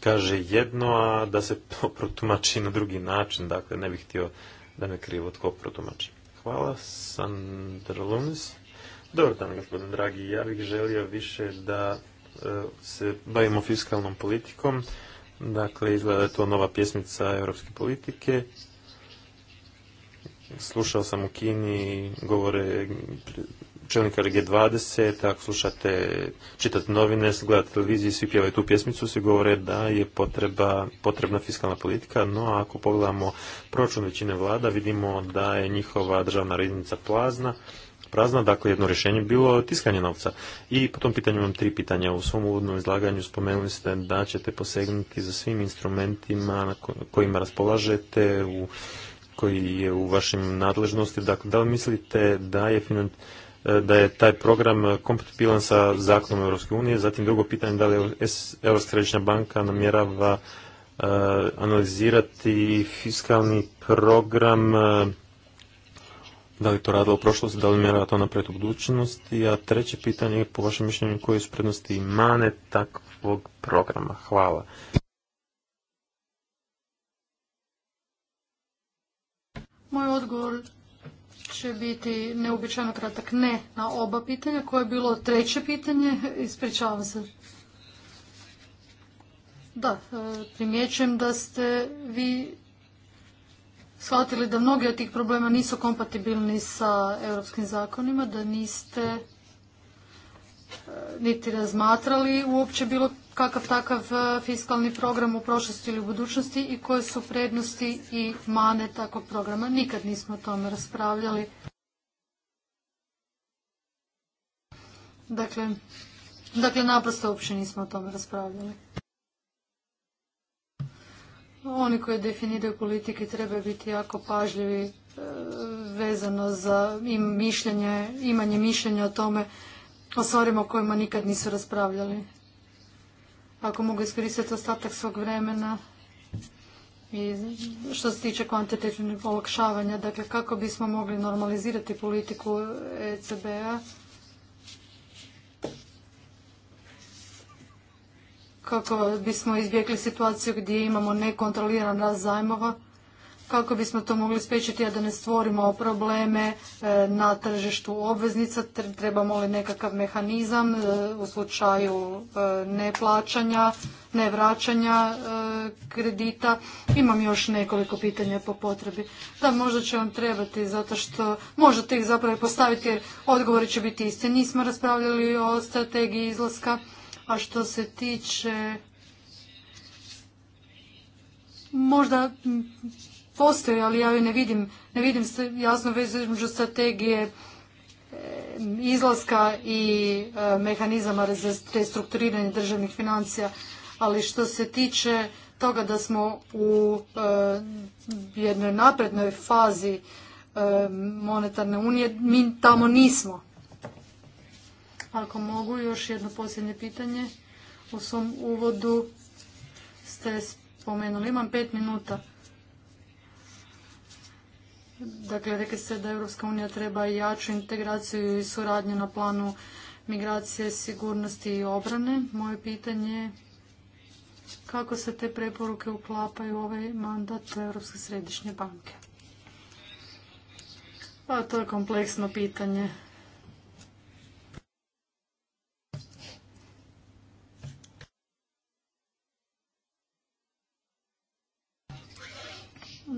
D: kaže jedno, a da se to protumači na drugi način. Dakle, ne bih htio da me krivo tko protumači. Hvala, Sandr Lunis. Dobar dan, gospodin dragi. Ja bih želio više da e, se bavimo fiskalnom politikom Dakle, izgleda je to nova pjesmica europske politike. Slušao sam u Kini govore čelnika G20, ako slušate, čitate novine, gledate televiziju, svi pjevaju tu pjesmicu, svi govore da je potrebna fiskalna politika, no ako pogledamo proračun većine vlada, vidimo da je njihova državna riznica plazna, prazna, dakle jedno rješenje bilo tiskanje novca. I po tom pitanju imam tri pitanja. U svom uvodnom izlaganju spomenuli ste da ćete posegnuti za svim instrumentima kojima raspolažete, koji je u vašim nadležnosti. Dakle, da li mislite da je da je taj program kompatibilan sa zakonom Europske unije. Zatim drugo pitanje da li Europska središnja banka namjerava eh, analizirati fiskalni program eh, da li to radilo u prošlosti, da li mjera to ono napred u budućnosti, a treće pitanje je po vašem mišljenju koje su prednosti i mane takvog programa. Hvala.
B: Moj odgovor će biti neobičajno kratak ne na oba pitanja. Koje je bilo treće pitanje? Ispričavam se. Da, e, primjećujem da ste vi shvatili da mnogi od tih problema nisu kompatibilni sa europskim zakonima, da niste e, niti razmatrali uopće bilo kakav takav e, fiskalni program u prošlosti ili u budućnosti i koje su prednosti i mane takvog programa. Nikad nismo o tome raspravljali. Dakle, dakle naprosto uopće nismo o tome raspravljali. Oni koji definiraju politike treba biti jako pažljivi e, vezano za im mišljenje, imanje mišljenja o tome, o stvarima o kojima nikad nisu raspravljali. Ako mogu iskoristiti ostatak svog vremena i što se tiče kvantitativnog olakšavanja, dakle kako bismo mogli normalizirati politiku ECB-a, kako bismo izbjegli situaciju gdje imamo nekontroliran rast zajmova, kako bismo to mogli spriječiti, a da ne stvorimo probleme e, na tržištu obveznica, trebamo li nekakav mehanizam e, u slučaju e, neplaćanja, nevraćanja kredita. Imam još nekoliko pitanja po potrebi. Da, možda će vam trebati, zato što možete ih zapravo postaviti jer odgovori će biti iste. Nismo raspravljali o strategiji izlaska a što se tiče možda postoji, ali ja ne vidim. Ne vidim jasno vezu između strategije e, izlaska i e, mehanizama za restrukturiranje državnih financija. Ali što se tiče toga da smo u e, jednoj naprednoj fazi monetarne unije, mi tamo nismo. Ako mogu, još jedno posljednje pitanje. U svom uvodu ste spomenuli, imam pet minuta. Dakle, rekli ste da Europska unija treba jaču integraciju i suradnju na planu migracije, sigurnosti i obrane. Moje pitanje je kako se te preporuke uklapaju u ovaj mandat Europske središnje banke. Pa to je kompleksno pitanje.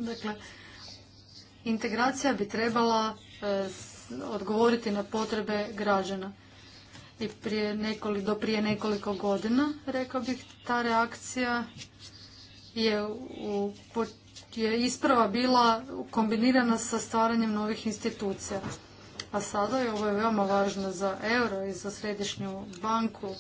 B: Dakle, integracija bi trebala e, odgovoriti na potrebe građana. I prije nekoliko, do prije nekoliko godina, rekao bih, ta reakcija je, u, isprava bila kombinirana sa stvaranjem novih institucija. A sada je ovo je veoma važno za euro i za središnju banku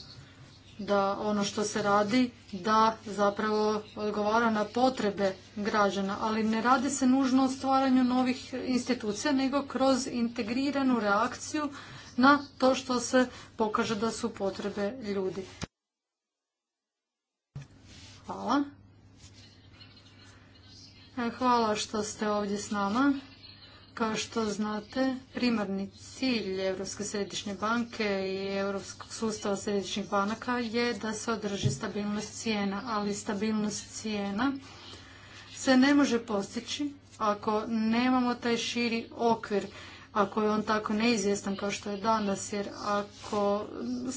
B: da ono što se radi da zapravo odgovara na potrebe građana, ali ne radi se nužno o stvaranju novih institucija, nego kroz integriranu reakciju na to što se pokaže da su potrebe ljudi. Hvala. E, hvala što ste ovdje s nama. Kao što znate, primarni cilj Europske središnje banke i Europskog sustava središnjih banaka je da se održi stabilnost cijena, ali stabilnost cijena se ne može postići ako nemamo taj širi okvir, ako je on tako neizvjestan kao što je danas, jer ako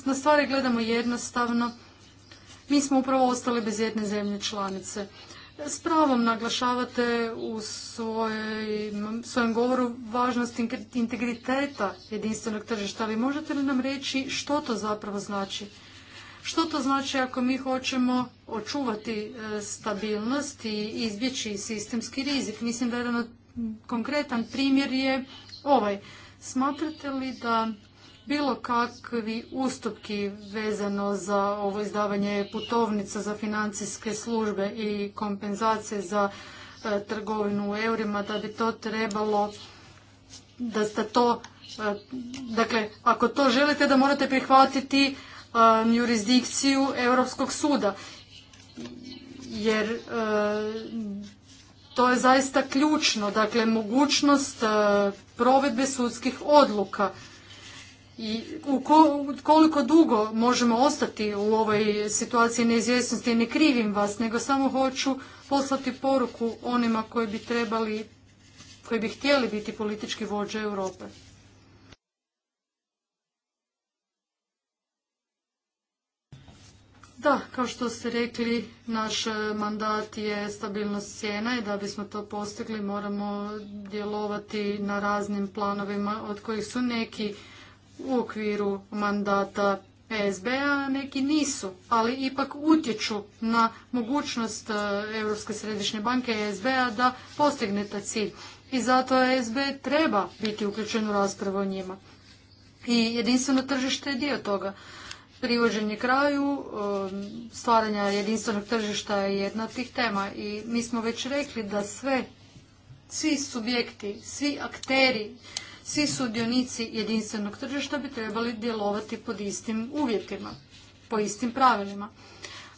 B: na stvari gledamo jednostavno, mi smo upravo ostali bez jedne zemlje članice. S pravom naglašavate u svojem govoru važnost integriteta jedinstvenog tržišta, ali možete li nam reći što to zapravo znači? Što to znači ako mi hoćemo očuvati e, stabilnost i izbjeći sistemski rizik? Mislim da jedan konkretan primjer je ovaj. Smatrate li da bilo kakvi ustupki vezano za ovo izdavanje putovnica za financijske službe i kompenzacije za e, trgovinu u eurima, da bi to trebalo, da ste to, e, dakle, ako to želite da morate prihvatiti e, jurisdikciju Europskog suda, jer to je zaista ključno, dakle, mogućnost provedbe sudskih odluka i koliko dugo možemo ostati u ovoj situaciji neizvjesnosti, ne krivim vas, nego samo hoću poslati poruku onima koji bi trebali, koji bi htjeli biti politički vođe Europe. Da, kao što ste rekli, naš mandat je stabilnost cijena i da bismo to postigli moramo djelovati na raznim planovima od kojih su neki u okviru mandata ESB-a, neki nisu, ali ipak utječu na mogućnost e, Europske središnje banke ESB-a da postigne taj cilj. I zato ESB treba biti uključen u raspravu o njima. I jedinstveno tržište je dio toga. Privođenje kraju, e, stvaranja jedinstvenog tržišta je jedna od tih tema i mi smo već rekli da sve, svi subjekti, svi akteri, svi sudionici jedinstvenog tržišta bi trebali djelovati pod istim uvjetima, po istim pravilima.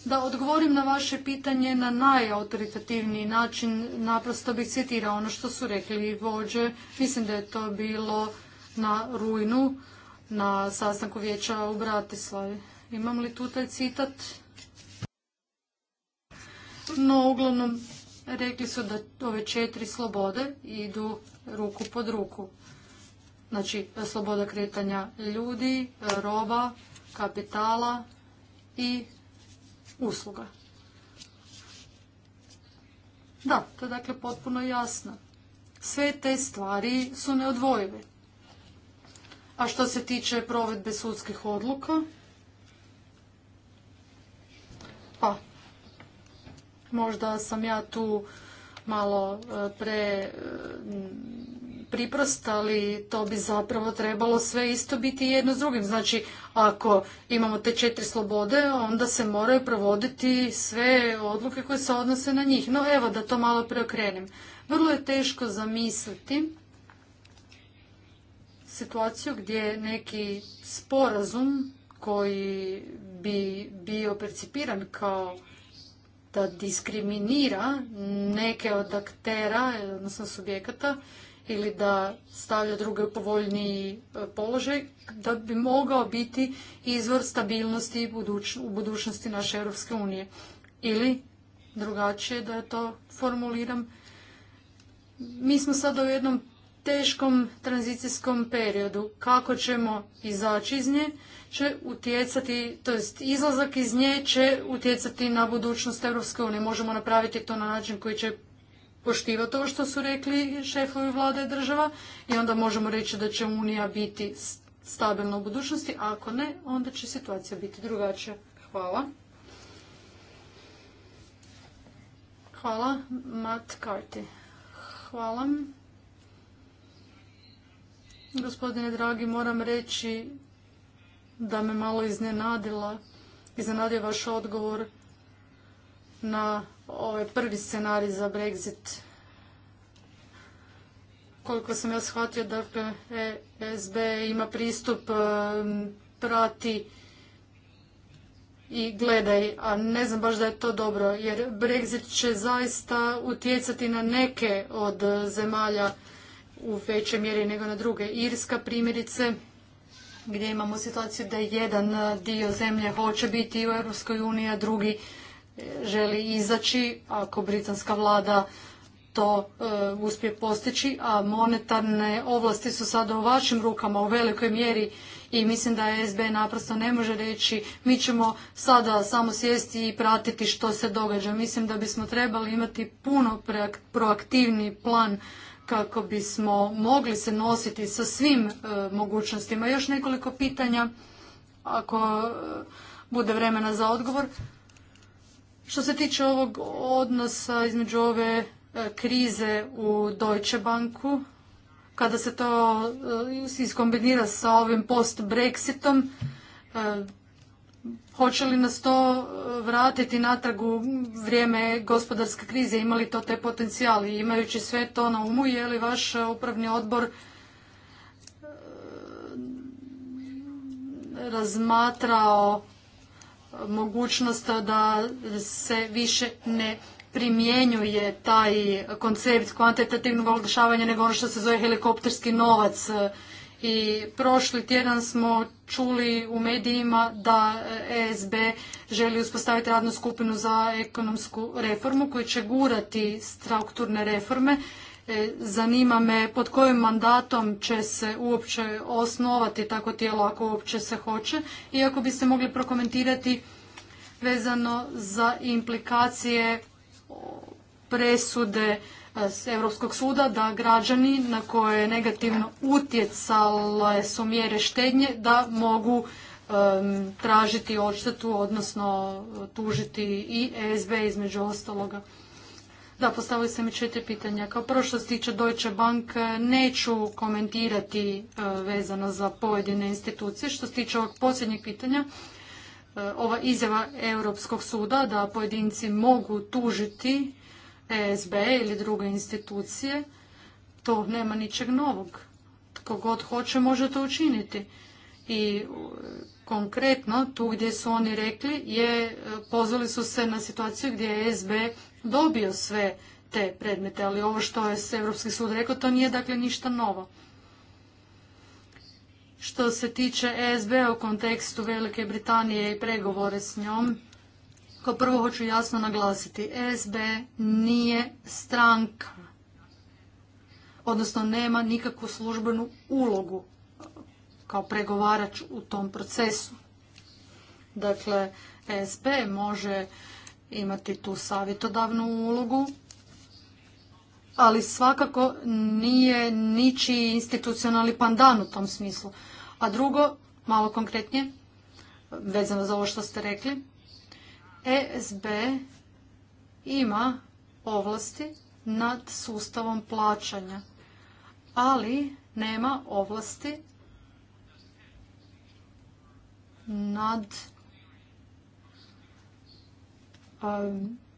B: Da odgovorim na vaše pitanje na najautoritativniji način, naprosto bih citirao ono što su rekli vođe. Mislim da je to bilo na rujnu, na sastanku vijeća u Bratislavi. Imam li tu taj citat? No, uglavnom, rekli su da ove četiri slobode idu ruku pod ruku. Znači, sloboda kretanja ljudi, roba, kapitala i usluga. Da, to je dakle potpuno jasno. Sve te stvari su neodvojive. A što se tiče provedbe sudskih odluka, pa možda sam ja tu malo e, pre e, priprostali to bi zapravo trebalo sve isto biti jedno s drugim. Znači, ako imamo te četiri slobode, onda se moraju provoditi sve odluke koje se odnose na njih. No evo, da to malo preokrenem. Vrlo je teško zamisliti situaciju gdje neki sporazum koji bi bio percipiran kao da diskriminira neke od aktera, odnosno subjekata, ili da stavlja druge u povoljniji e, položaj, da bi mogao biti izvor stabilnosti u budućnosti naše Europske unije. Ili, drugačije da to formuliram, mi smo sada u jednom teškom tranzicijskom periodu. Kako ćemo izaći iz nje će utjecati, to jest izlazak iz nje će utjecati na budućnost Europske unije. Možemo napraviti to na način koji će poštivati to što su rekli šefovi vlade država i onda možemo reći da će Unija biti stabilna u budućnosti, a ako ne, onda će situacija biti drugačija. Hvala. Hvala, Matt Carty. Hvala. Gospodine dragi, moram reći da me malo iznenadila, iznenadio vaš odgovor na ovaj prvi scenarij za Brexit. Koliko sam ja shvatio, dakle, e SB ima pristup, um, prati i gledaj, a ne znam baš da je to dobro, jer Brexit će zaista utjecati na neke od zemalja u većoj mjeri nego na druge. Irska primjerice, gdje imamo situaciju da jedan dio zemlje hoće biti u EU, uniji, a drugi želi izaći ako britanska vlada to e, uspije postići, a monetarne ovlasti su sada u vašim rukama u velikoj mjeri i mislim da SB naprosto ne može reći mi ćemo sada samo sjesti i pratiti što se događa. Mislim da bismo trebali imati puno proaktivni plan kako bismo mogli se nositi sa svim e, mogućnostima. Još nekoliko pitanja ako e, bude vremena za odgovor. Što se tiče ovog odnosa između ove e, krize u Deutsche Banku, kada se to e, iskombinira sa ovim post-Brexitom, e, hoće li nas to vratiti natrag u vrijeme gospodarske krize, ima li to te potencijali? Imajući sve to na umu, je li vaš upravni odbor razmatrao mogućnost da se više ne primjenjuje taj koncept kvantitativnog oglašavanja nego ono što se zove helikopterski novac. I prošli tjedan smo čuli u medijima da ESB želi uspostaviti radnu skupinu za ekonomsku reformu koja će gurati strukturne reforme E, zanima me pod kojim mandatom će se uopće osnovati tako tijelo ako uopće se hoće i ako biste mogli prokomentirati vezano za implikacije presude e, s Europskog suda da građani na koje je negativno utjecale su mjere štednje da mogu tražiti odštetu, odnosno tužiti i e SB između ostaloga. Da, postavili sam mi četiri pitanja. Kao prvo što se tiče Deutsche Bank, neću komentirati e, vezano za pojedine institucije. Što se tiče ovog posljednjeg pitanja, e, ova izjava Europskog suda da pojedinci mogu tužiti ESB ili druge institucije, to nema ničeg novog. Tko god hoće može to učiniti. I e, konkretno tu gdje su oni rekli je pozvali su se na situaciju gdje je SB dobio sve te predmete, ali ovo što je Europski sud rekao, to nije dakle ništa novo. Što se tiče ESB u kontekstu Velike Britanije i pregovore s njom, kao prvo hoću jasno naglasiti, ESB nije stranka, odnosno nema nikakvu službenu ulogu kao pregovarač u tom procesu. Dakle, ESB može imati tu savjetodavnu ulogu, ali svakako nije ničiji institucionalni pandan u tom smislu. A drugo, malo konkretnije, vezano za ovo što ste rekli, ESB ima ovlasti nad sustavom plaćanja, ali nema ovlasti nad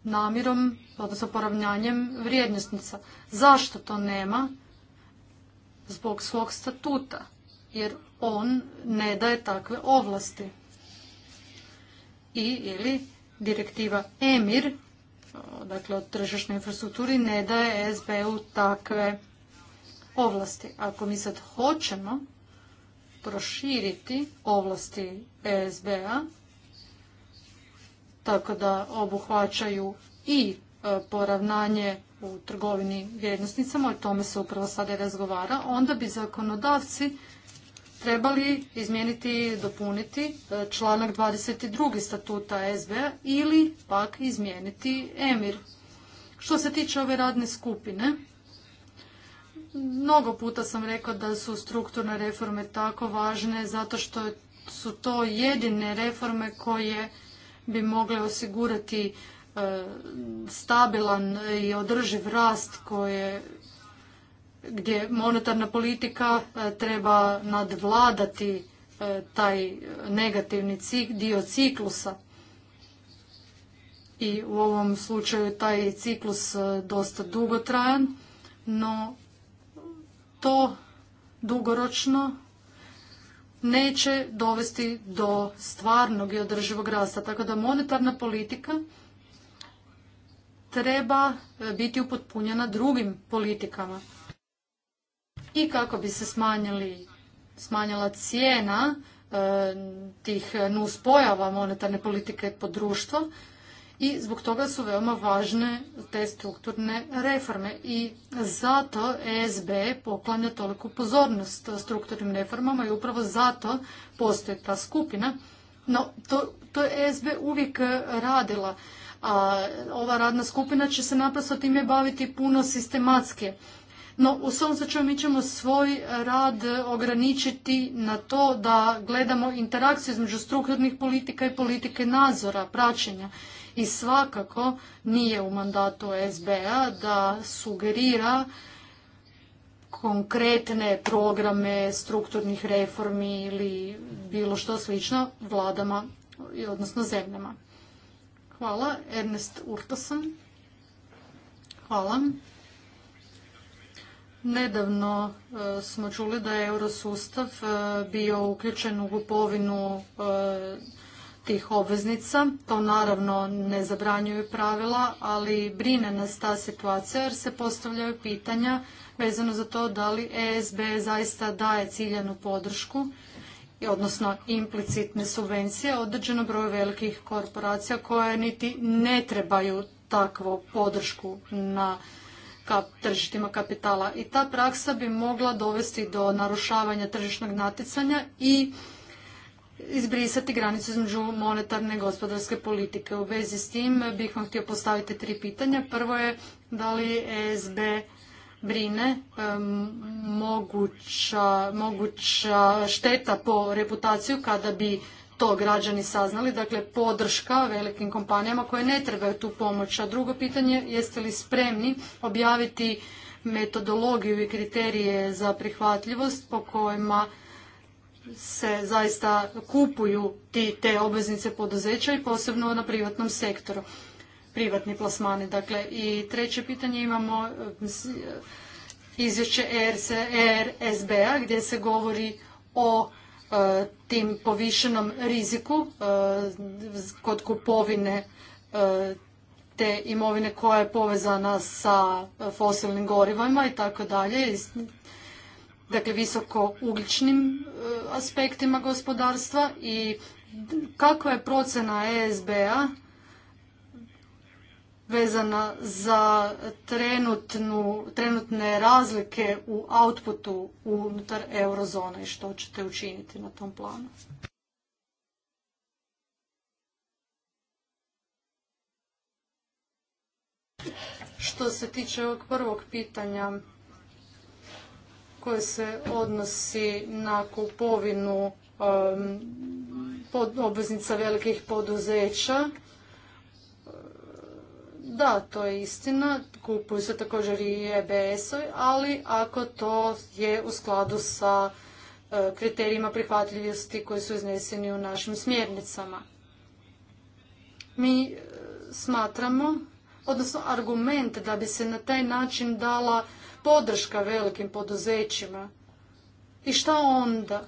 B: namjerom, odnosno poravnjanjem vrijednostnica. Zašto to nema? Zbog svog statuta, jer on ne daje takve ovlasti. I ili direktiva EMIR, dakle od tržišnoj infrastrukturi, ne daje SBU takve ovlasti. Ako mi sad hoćemo proširiti ovlasti ESB-a, tako da obuhvaćaju i e, poravnanje u trgovini vrijednosnicama, o tome se upravo sada razgovara, onda bi zakonodavci trebali izmijeniti i dopuniti e, članak 22. statuta SBA ili pak izmijeniti EMIR. Što se tiče ove radne skupine, mnogo puta sam rekao da su strukturne reforme tako važne zato što su to jedine reforme koje bi mogle osigurati e, stabilan i održiv rast koje gdje monetarna politika e, treba nadvladati e, taj negativni dio ciklusa. I u ovom slučaju taj ciklus dosta dugotrajan, no to dugoročno neće dovesti do stvarnog i održivog rasta. Tako da monetarna politika treba e, biti upotpunjena drugim politikama. I kako bi se smanjili, smanjila cijena e, tih nuspojava monetarne politike pod društvo, i zbog toga su veoma važne te strukturne reforme i zato ESB poklanja toliku pozornost strukturnim reformama i upravo zato postoji ta skupina. No, to, to je ESB uvijek radila, a ova radna skupina će se naprosto time baviti puno sistematske no, u svom slučaju mi ćemo svoj rad ograničiti na to da gledamo interakciju između strukturnih politika i politike nadzora, praćenja. I svakako nije u mandatu SBA da sugerira konkretne programe strukturnih reformi ili bilo što slično vladama, odnosno zemljama. Hvala. Ernest Urtason. Hvala. Nedavno e, smo čuli da je eurosustav e, bio uključen u kupovinu e, tih obveznica. To naravno ne zabranjuju pravila, ali brine nas ta situacija jer se postavljaju pitanja vezano za to da li ESB zaista daje ciljanu podršku odnosno implicitne subvencije određeno broju velikih korporacija koje niti ne trebaju takvu podršku na tržištima kapitala. I ta praksa bi mogla dovesti do narušavanja tržišnog natjecanja i izbrisati granicu između monetarne i gospodarske politike. U vezi s tim bih vam htio postaviti tri pitanja. Prvo je da li ESB brine moguća, moguća šteta po reputaciju kada bi to građani saznali, dakle podrška velikim kompanijama koje ne trebaju tu pomoć. A drugo pitanje, jeste li spremni objaviti metodologiju i kriterije za prihvatljivost po kojima se zaista kupuju te obveznice poduzeća i posebno na privatnom sektoru, privatni plasmani. Dakle, i treće pitanje imamo e, izvješće ERSB-a gdje se govori o tim povišenom riziku e, kod kupovine e, te imovine koja je povezana sa fosilnim gorivama i tako dalje, dakle visoko ugljičnim e, aspektima gospodarstva i kakva je procena ESB-a vezana za trenutnu, trenutne razlike u outputu unutar eurozone i što ćete učiniti na tom planu? Što se tiče ovog prvog pitanja koje se odnosi na kupovinu um, obveznica velikih poduzeća, da, to je istina, kupuju se također i EBS-ovi, ali ako to je u skladu sa e, kriterijima prihvatljivosti koji su izneseni u našim smjernicama. Mi e, smatramo, odnosno argument da bi se na taj način dala podrška velikim poduzećima. I šta onda?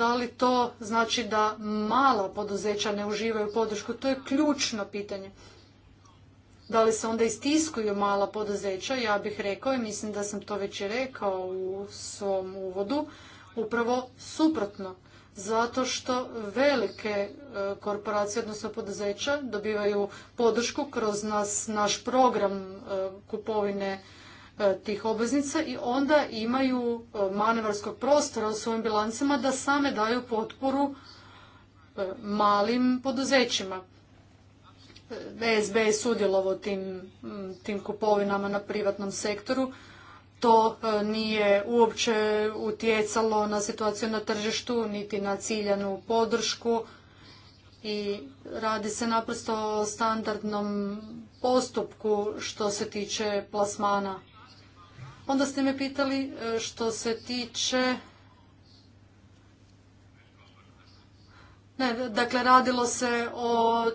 B: Da li to znači da mala poduzeća ne uživaju podršku? To je ključno pitanje da li se onda istiskuju mala poduzeća, ja bih rekao i mislim da sam to već i rekao u svom uvodu, upravo suprotno. Zato što velike e, korporacije, odnosno poduzeća, dobivaju podršku kroz nas, naš program e, kupovine e, tih obveznica i onda imaju manevarskog prostora u svojim bilancima da same daju potporu malim poduzećima. ESB je sudjelovao tim, tim kupovinama na privatnom sektoru. To e, nije uopće utjecalo na situaciju na tržištu, niti na ciljanu podršku i radi se naprosto o standardnom postupku što se tiče plasmana. Onda ste me pitali e, što se tiče ne, dakle radilo se o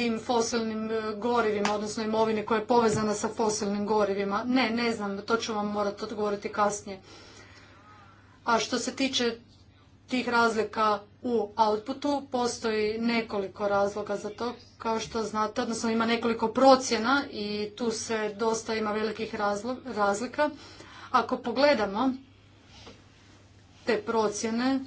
B: tim fosilnim e, gorivima, odnosno imovine koja je povezana sa fosilnim gorivima. Ne, ne znam, to ću vam morati odgovoriti kasnije. A što se tiče tih razlika u outputu postoji nekoliko razloga za to, kao što znate, odnosno ima nekoliko procjena i tu se dosta ima velikih razlika. Ako pogledamo te procjene,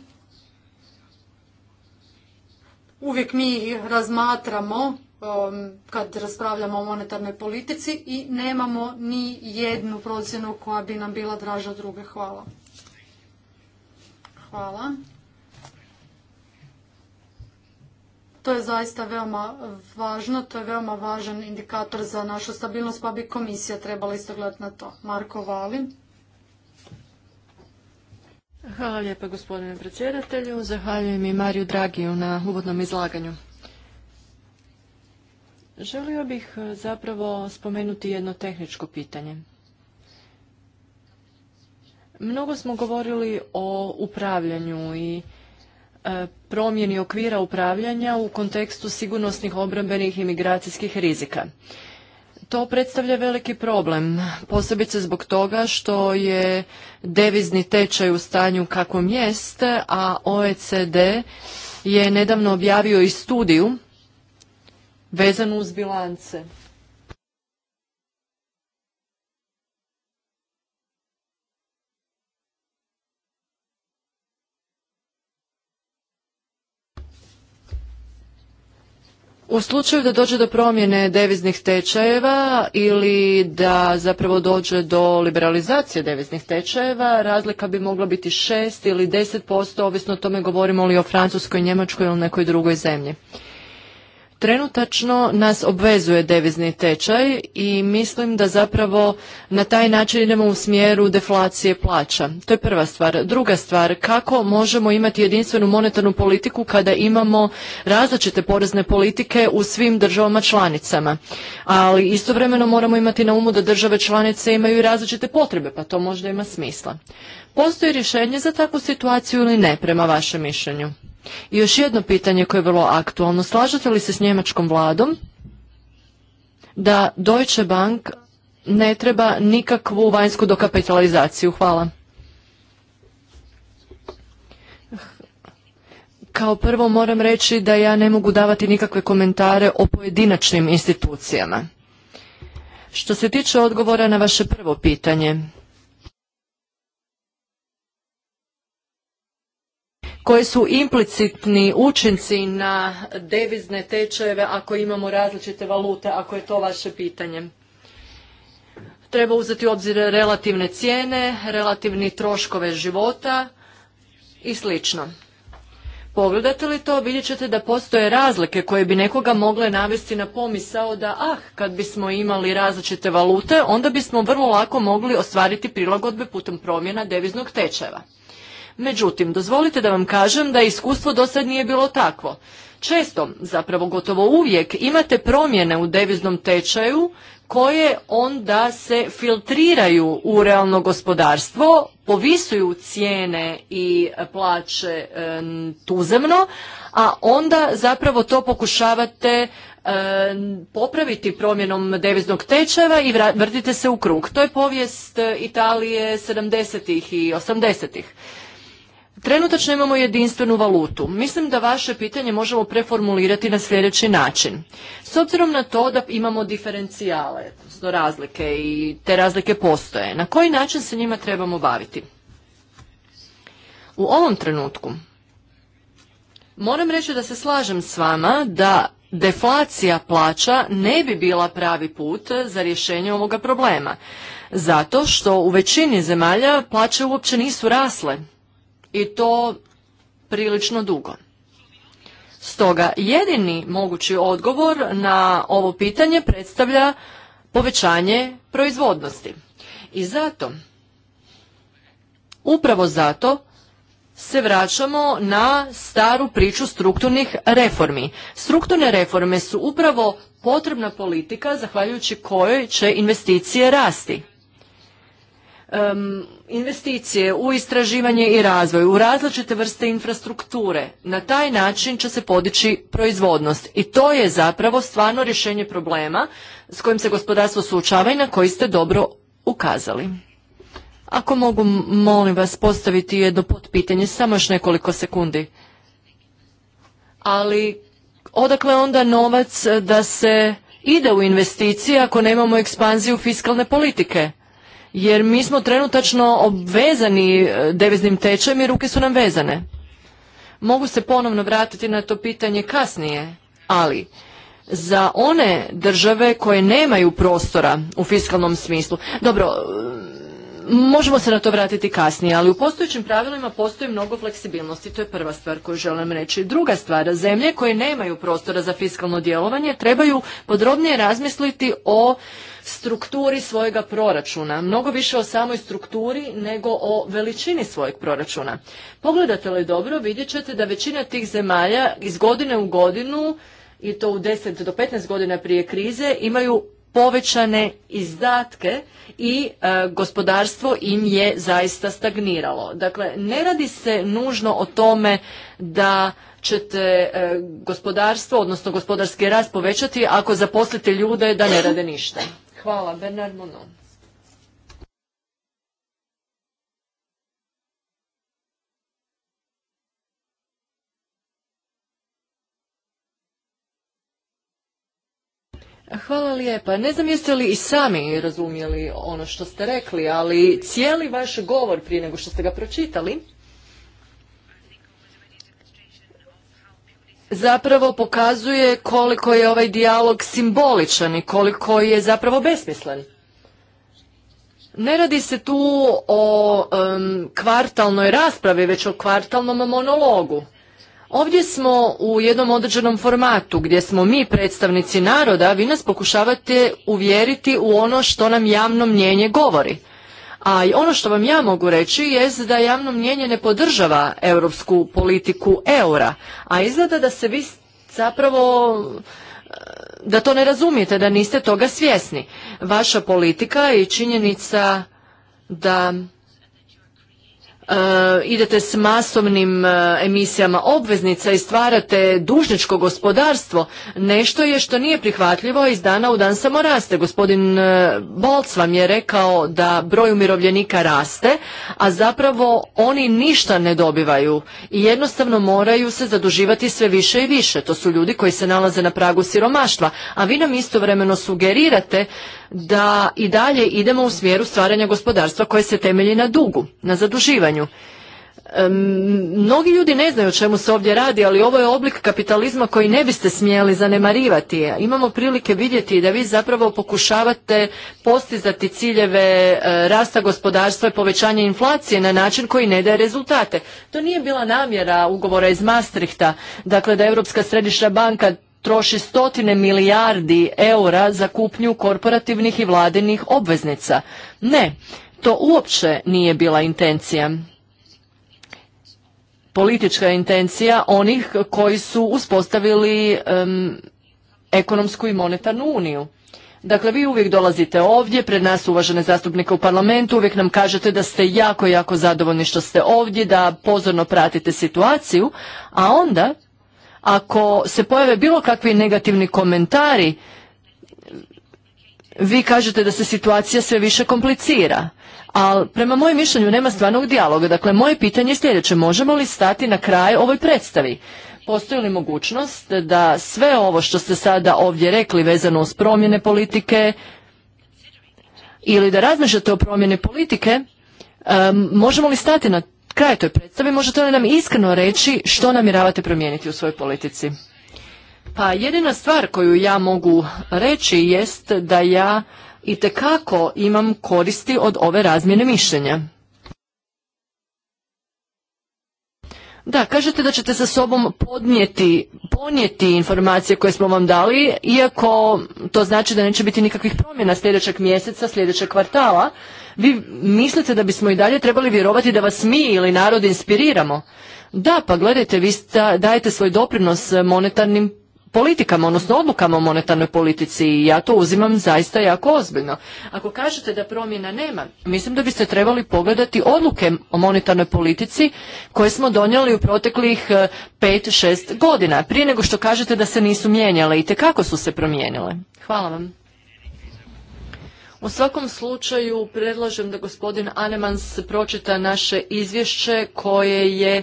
B: uvijek mi ih razmatramo Um, kad raspravljamo o monetarnoj politici i nemamo ni jednu procjenu koja bi nam bila draža od druge. Hvala. Hvala. To je zaista veoma važno, to je veoma važan indikator za našu stabilnost, pa bi komisija trebala isto gledati na to. Marko Vali.
C: Hvala lijepa gospodine predsjedatelju, zahvaljujem i Mariju Dragiju na uvodnom izlaganju. Želio bih e, zapravo spomenuti jedno tehničko pitanje. Mnogo smo govorili o upravljanju i e, promjeni okvira upravljanja u kontekstu sigurnosnih, obrambenih i migracijskih rizika. To predstavlja veliki problem, posebice zbog toga što je devizni tečaj u stanju kakvom jest, a OECD je nedavno objavio i studiju vezano uz bilance. U slučaju da dođe do promjene deviznih tečajeva ili da zapravo dođe do liberalizacije deviznih tečajeva, razlika bi mogla biti 6 ili 10%, ovisno o tome govorimo li o Francuskoj, Njemačkoj ili nekoj drugoj zemlji. Trenutačno nas obvezuje devizni tečaj i mislim da zapravo na taj način idemo u smjeru deflacije plaća. To je prva stvar. Druga stvar, kako možemo imati jedinstvenu monetarnu politiku kada imamo različite porezne politike u svim državama članicama. Ali istovremeno moramo imati na umu da države članice imaju različite potrebe, pa to možda ima smisla. Postoji rješenje za takvu situaciju ili ne prema vašem mišljenju? I još jedno pitanje koje je vrlo aktualno. Slažete li se s njemačkom vladom da Deutsche Bank ne treba nikakvu vanjsku dokapitalizaciju? Hvala. Kao prvo moram reći da ja ne mogu davati nikakve komentare o pojedinačnim institucijama. Što se tiče odgovora na vaše prvo pitanje, koji su implicitni učinci na devizne tečajeve ako imamo različite valute, ako je to vaše pitanje. Treba uzeti u obzir relativne cijene, relativni troškove života i slično. Pogledate li to, vidjet ćete da postoje razlike koje bi nekoga mogle navesti na pomisao da ah, kad bismo imali različite valute, onda bismo vrlo lako mogli ostvariti prilagodbe putem promjena deviznog tečaja. Međutim, dozvolite da vam kažem da iskustvo do sad nije bilo takvo. Često, zapravo gotovo uvijek, imate promjene u deviznom tečaju koje onda se filtriraju u realno gospodarstvo, povisuju cijene i plaće tuzemno, a onda zapravo to pokušavate popraviti promjenom deviznog tečaja i vrtite se u krug. To je povijest eh, Italije 70. i 80. Trenutačno imamo jedinstvenu valutu. Mislim da vaše pitanje možemo preformulirati na sljedeći način. S obzirom na to da imamo diferencijale, odnosno razlike i te razlike postoje, na koji način se njima trebamo baviti? U ovom trenutku moram reći da se slažem s vama da deflacija plaća ne bi bila pravi put za rješenje ovoga problema. Zato što u većini zemalja plaće uopće nisu rasle i to prilično dugo. Stoga jedini mogući odgovor na ovo pitanje predstavlja povećanje proizvodnosti. I zato, upravo zato, se vraćamo na staru priču strukturnih reformi. Strukturne reforme su upravo potrebna politika zahvaljujući kojoj će investicije rasti investicije u istraživanje i razvoj, u različite vrste infrastrukture. Na taj način će se podići proizvodnost i to je zapravo stvarno rješenje problema s kojim se gospodarstvo suočava i na koji ste dobro ukazali. Ako mogu, molim vas, postaviti jedno potpitanje, samo još nekoliko sekundi. Ali odakle onda novac da se ide u investicije ako nemamo ekspanziju fiskalne politike? jer mi smo trenutačno obvezani e, deviznim tečajem i ruke su nam vezane. Mogu se ponovno vratiti na to pitanje kasnije, ali za one države koje nemaju prostora u fiskalnom smislu, dobro, e, možemo se na to vratiti kasnije, ali u postojećim pravilima postoji mnogo fleksibilnosti, to je prva stvar koju želim reći. Druga stvar, zemlje koje nemaju prostora za fiskalno djelovanje trebaju podrobnije razmisliti o strukturi svojega proračuna, mnogo više o samoj strukturi nego o veličini svojeg proračuna. Pogledate li dobro, vidjet ćete da većina tih zemalja iz godine u godinu i to u 10 do 15 godina prije krize imaju povećane izdatke i e, gospodarstvo im je zaista stagniralo. Dakle, ne radi se nužno o tome da ćete e, gospodarstvo, odnosno gospodarski rast povećati ako zaposlite ljude da ne rade ništa. Hvala, Bernard Monon. Hvala lijepa. Ne znam jeste li i sami razumjeli ono što ste rekli, ali cijeli vaš govor prije nego što ste ga pročitali zapravo pokazuje koliko je ovaj dijalog simboličan i koliko je zapravo besmislen. Ne radi se tu o kvartalnoj raspravi, već o kvartalnom monologu. Ovdje smo u jednom određenom formatu gdje smo mi predstavnici naroda, vi nas pokušavate uvjeriti u ono što nam javno mnjenje govori. A ono što vam ja mogu reći je da javno mnjenje ne podržava europsku politiku eura, a izgleda da se vi zapravo eh, da to ne razumijete, da niste toga svjesni. Vaša politika i činjenica da Uh, idete s masovnim e, emisijama obveznica i stvarate dužničko gospodarstvo, nešto je što nije prihvatljivo iz dana u dan samo raste. Gospodin uh, e, Bolc vam je rekao da broj umirovljenika raste, a zapravo oni ništa ne dobivaju i jednostavno moraju se zaduživati sve više i više. To su ljudi koji se nalaze na pragu siromaštva, a vi nam istovremeno sugerirate da i dalje idemo u smjeru stvaranja gospodarstva koje se temelji na dugu, na zaduživanju Mnogi ljudi ne znaju o čemu se ovdje radi, ali ovo je oblik kapitalizma koji ne biste smjeli zanemarivati. Imamo prilike vidjeti da vi zapravo pokušavate postizati ciljeve e, rasta gospodarstva i povećanja inflacije na način koji ne daje rezultate. To nije bila namjera ugovora iz Maastrichta, dakle da Europska središnja banka troši stotine milijardi eura za kupnju korporativnih i vladinih obveznica. Ne, to uopće nije bila intencija politička intencija onih koji su uspostavili ekonomsku i monetarnu uniju. Dakle, vi uvijek dolazite ovdje, pred nas uvažene zastupnike u parlamentu, uvijek nam kažete da ste jako, jako zadovoljni što ste ovdje, da pozorno pratite situaciju, a onda, ako se pojave bilo kakvi negativni komentari, vi kažete da se situacija sve više komplicira ali prema mojem mišljenju nema stvarnog dijaloga. Dakle, moje pitanje je sljedeće. Možemo li stati na kraj ovoj predstavi? Postoji li mogućnost da sve ovo što ste sada ovdje rekli vezano uz promjene politike ili da razmišljate o promjene politike, možemo li stati na kraj toj predstavi? Možete li nam iskreno reći što namjeravate promijeniti u svojoj politici? Pa jedina stvar koju ja mogu reći jest da ja i kako imam koristi od ove razmjene mišljenja. Da, kažete da ćete sa sobom podnijeti, ponijeti informacije koje smo vam dali, iako to znači da neće biti nikakvih promjena sljedećeg mjeseca, sljedećeg kvartala. Vi mislite da bismo i dalje trebali vjerovati da vas mi ili narod inspiriramo? Da, pa gledajte, vi dajete svoj doprinos monetarnim politikama, odnosno odlukama o monetarnoj politici i ja to uzimam zaista jako ozbiljno. Ako kažete da promjena nema, mislim da biste trebali pogledati odluke o monetarnoj politici koje smo donijeli u proteklih 5-6 e, godina, prije nego što kažete da se nisu mijenjale i kako su se promijenile. Hvala vam. U svakom slučaju predlažem da gospodin Anemans pročita naše izvješće koje je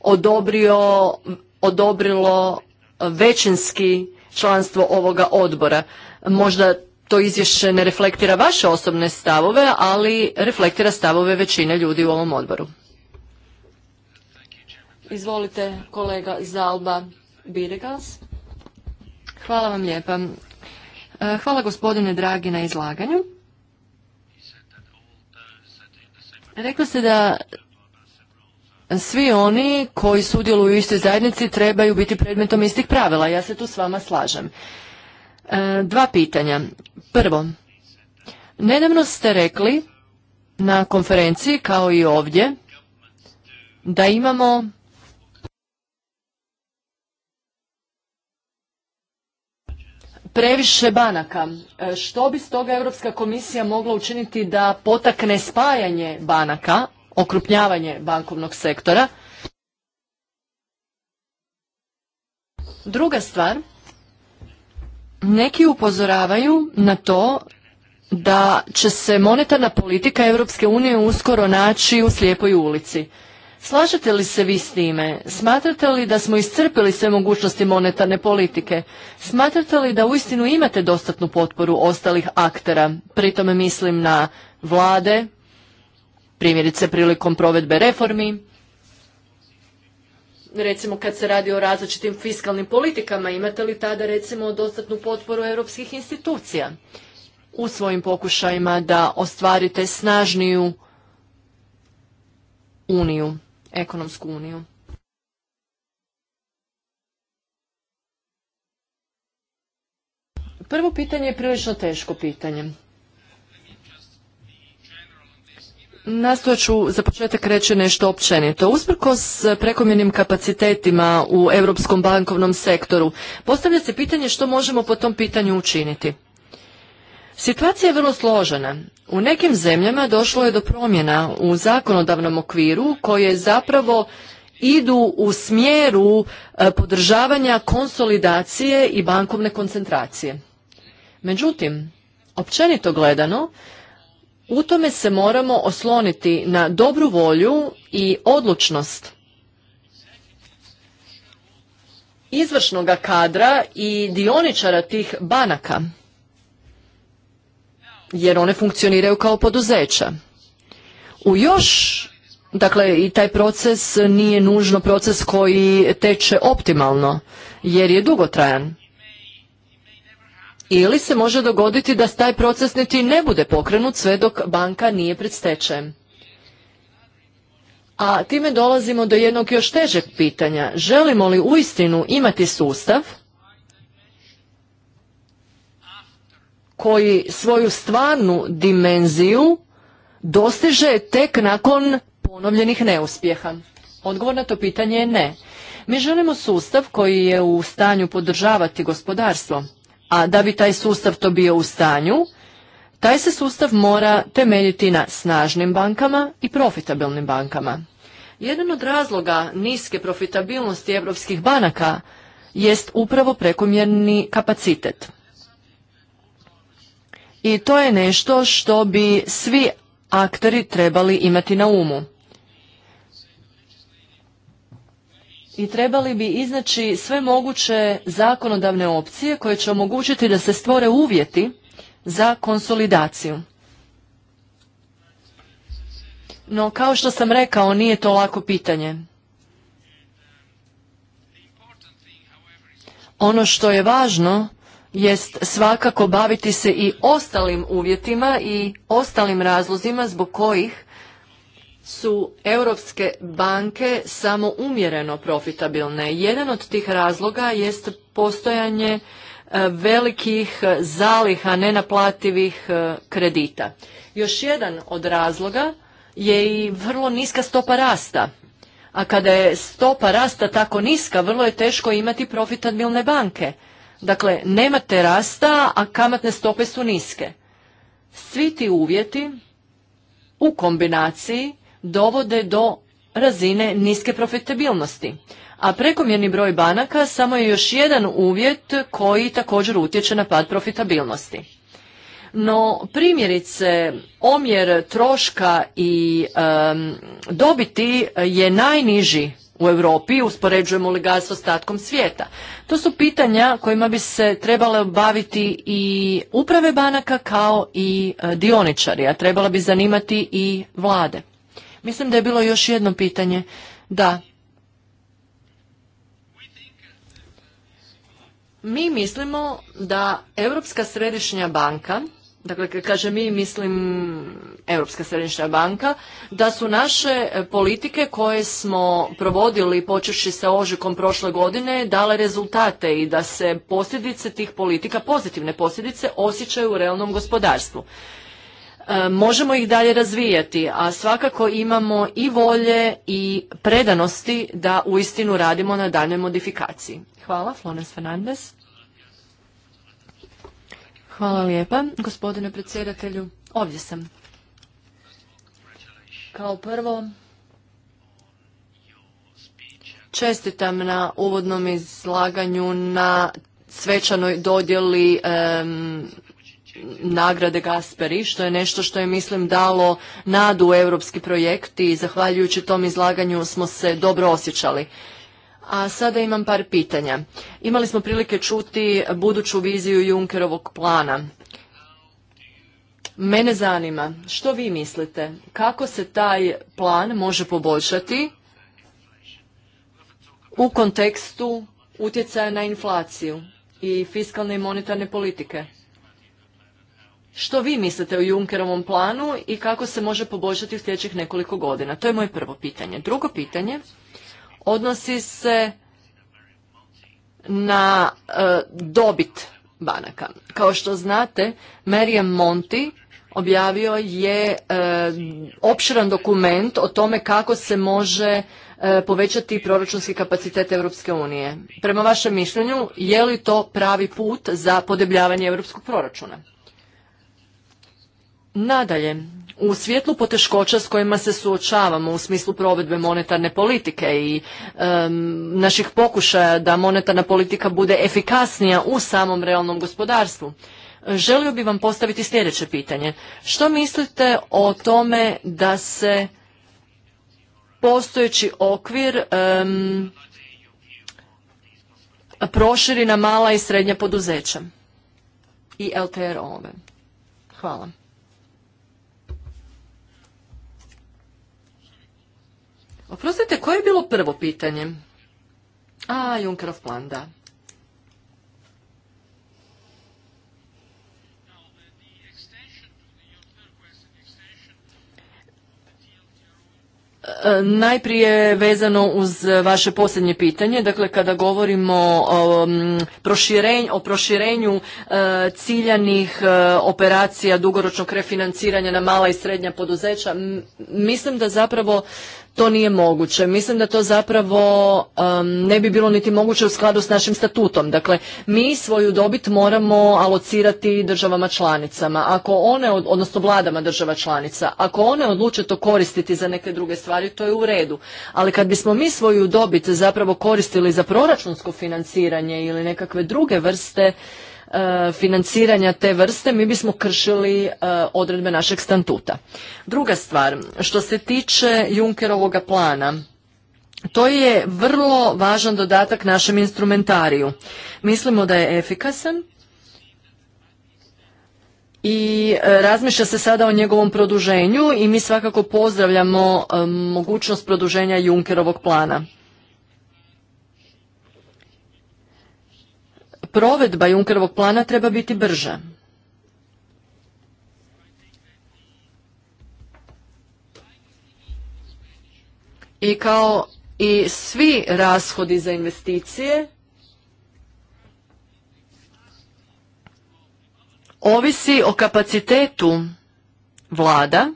C: odobrio odobrilo većinski članstvo ovoga odbora. Možda to izvješće ne reflektira vaše osobne stavove, ali reflektira stavove većine ljudi u ovom odboru. Izvolite kolega Zalba Biregas. Hvala vam lijepa. E, hvala gospodine Dragi na izlaganju. Rekli ste da svi oni koji sudjeluju u istoj zajednici trebaju biti predmetom istih pravila. Ja se tu s vama slažem. E, dva pitanja. Prvo, nedavno ste rekli na konferenciji kao i ovdje da imamo previše banaka. E, što bi toga Europska komisija mogla učiniti da potakne spajanje banaka okrupnjavanje bankovnog sektora. Druga stvar, neki upozoravaju na to da će se monetarna politika Europske unije uskoro naći u slijepoj ulici. Slažete li se vi s time? Smatrate li da smo iscrpili sve mogućnosti monetarne politike? Smatrate li da uistinu imate dostatnu potporu ostalih aktera? tome mislim na vlade, primjerice prilikom provedbe reformi, recimo kad se radi o različitim fiskalnim politikama, imate li tada recimo dostatnu potporu europskih institucija u svojim pokušajima da ostvarite snažniju uniju, ekonomsku uniju? Prvo pitanje je prilično teško pitanje. Nastojat ću za početak reći nešto općenito. s prekomjernim kapacitetima u europskom bankovnom sektoru, postavlja se pitanje što možemo po tom pitanju učiniti. Situacija je vrlo složena. U nekim zemljama došlo je do promjena u zakonodavnom okviru koje zapravo idu u smjeru e, podržavanja konsolidacije i bankovne koncentracije. Međutim, općenito gledano, u tome se moramo osloniti na dobru volju i odlučnost izvršnoga kadra i dioničara tih banaka, jer one funkcioniraju kao poduzeća. U još, dakle, i taj proces nije nužno proces koji teče optimalno, jer je dugotrajan ili se može dogoditi da taj proces niti ne bude pokrenut sve dok banka nije pred stečajem. A time dolazimo do jednog još težeg pitanja. Želimo li uistinu imati sustav koji svoju stvarnu dimenziju dostiže tek nakon ponovljenih neuspjeha? Odgovor na to pitanje je ne. Mi želimo sustav koji je u stanju podržavati gospodarstvo a da bi taj sustav to bio u stanju, taj se sustav mora temeljiti na snažnim bankama i profitabilnim bankama. Jedan od razloga niske profitabilnosti europskih banaka jest upravo prekomjerni kapacitet. I to je nešto što bi svi akteri trebali imati na umu. i trebali bi iznaći sve moguće zakonodavne opcije koje će omogućiti da se stvore uvjeti za konsolidaciju. No, kao što sam rekao, nije to lako pitanje. Ono što je važno jest svakako baviti se i ostalim uvjetima i ostalim razlozima zbog kojih su europske banke samo umjereno profitabilne. Jedan od tih razloga jest postojanje e, velikih zaliha nenaplativih e, kredita. Još jedan od razloga je i vrlo niska stopa rasta. A kada je stopa rasta tako niska, vrlo je teško imati profitabilne banke. Dakle, nemate rasta, a kamatne stope su niske. Svi ti uvjeti u kombinaciji dovode do razine niske profitabilnosti. A prekomjerni broj banaka samo je još jedan uvjet koji također utječe na pad profitabilnosti. No primjerice omjer troška i dobiti je najniži u Europi, uspoređujemo li ga s ostatkom svijeta. To su pitanja kojima bi se trebale baviti i uprave banaka kao i e, dioničari, a trebala bi zanimati i vlade. Mislim da je bilo još jedno pitanje. Da. Mi mislimo da Europska središnja banka, dakle kaže mi mislim Europska središnja banka, da su naše politike koje smo provodili počevši sa ožikom prošle godine dale rezultate i da se posljedice tih politika, pozitivne posljedice, osjećaju u realnom gospodarstvu. E, možemo ih dalje razvijati, a svakako imamo i volje i predanosti da uistinu radimo na daljnoj modifikaciji. Hvala, Flores Fernandez. Hvala lijepa, gospodine predsjedatelju. Ovdje sam. Kao prvo, čestitam na uvodnom izlaganju na svečanoj dodjeli nagrade Gasperi, što je nešto što je, mislim, dalo nadu u europski projekt i zahvaljujući tom izlaganju smo se dobro osjećali. A sada imam par pitanja. Imali smo prilike čuti buduću viziju Junkerovog plana. Mene zanima, što vi mislite, kako se taj plan može poboljšati u kontekstu utjecaja na inflaciju i fiskalne i monetarne politike? što vi mislite o Junkerovom planu i kako se može poboljšati u sljedećih nekoliko godina? To je moje prvo pitanje. Drugo pitanje odnosi se na e, dobit banaka. Kao što znate, Merijem Monti objavio je e, opširan dokument o tome kako se može e, povećati proračunski kapacitet Europske unije. Prema vašem mišljenju, je li to pravi put za podebljavanje europskog proračuna? Nadalje, u svjetlu poteškoća s kojima se suočavamo u smislu provedbe monetarne politike i naših pokušaja da monetarna politika bude efikasnija u samom realnom gospodarstvu, želio bi vam postaviti sljedeće pitanje. Što mislite o tome da se postojeći okvir proširi na mala i srednja poduzeća i LTR-ove? Hvala. Oprostite, koje je bilo prvo pitanje? A, Junkerov plan, da. E, najprije vezano uz vaše posljednje pitanje, dakle kada govorimo o, proširenju e, ciljanih e, operacija dugoročnog refinanciranja na mala i srednja poduzeća, mislim da zapravo to nije moguće. Mislim da to zapravo ne bi bilo niti moguće u skladu s našim statutom. Dakle, mi svoju dobit moramo alocirati državama članicama. Ako one, odnosno vladama država članica, ako one odluče to koristiti za neke druge stvari, to je u redu. Ali kad bismo mi svoju dobit zapravo koristili za proračunsko financiranje ili nekakve druge vrste E, financiranja te vrste mi bismo kršili e, odredbe našeg statuta. Druga stvar, što se tiče Junkerovog plana, to je vrlo važan dodatak našem instrumentariju. Mislimo da je efikasan i e, razmišlja se sada o njegovom produženju i mi svakako pozdravljamo mogućnost produženja Junkerovog plana. provedba Junkerovog plana treba biti brža. I kao i svi rashodi za investicije ovisi o kapacitetu vlada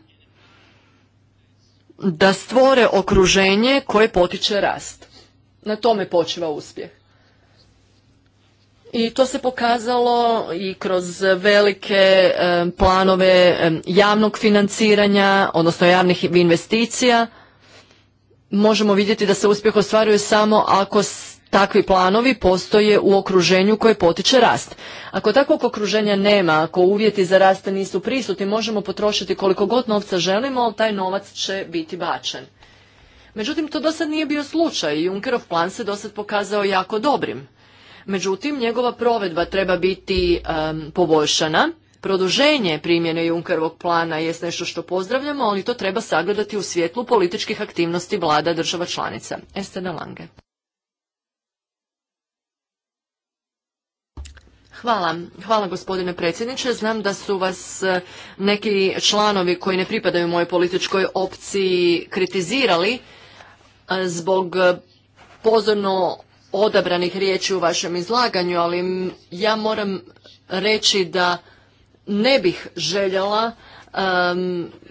C: da stvore okruženje koje potiče rast. Na tome počiva uspjeh i to se pokazalo i kroz velike planove javnog financiranja, odnosno javnih investicija. Možemo vidjeti da se uspjeh ostvaruje samo ako takvi planovi postoje u okruženju koje potiče rast. Ako takvog okruženja nema, ako uvjeti za raste nisu prisutni, možemo potrošiti koliko god novca želimo, ali taj novac će biti bačen. Međutim, to do sad nije bio slučaj i Junkerov plan se do sad pokazao jako dobrim. Međutim, njegova provedba treba biti poboljšana. Produženje primjene Junkerovog plana je nešto što pozdravljamo, ali to treba sagledati u svjetlu političkih aktivnosti vlada država članica. Estena Lange. Hvala. Hvala gospodine predsjedniče. Znam da su vas e, neki članovi koji ne pripadaju mojoj političkoj opciji kritizirali e, zbog e, pozorno odabranih riječi u vašem izlaganju, ali ja moram reći da ne bih željela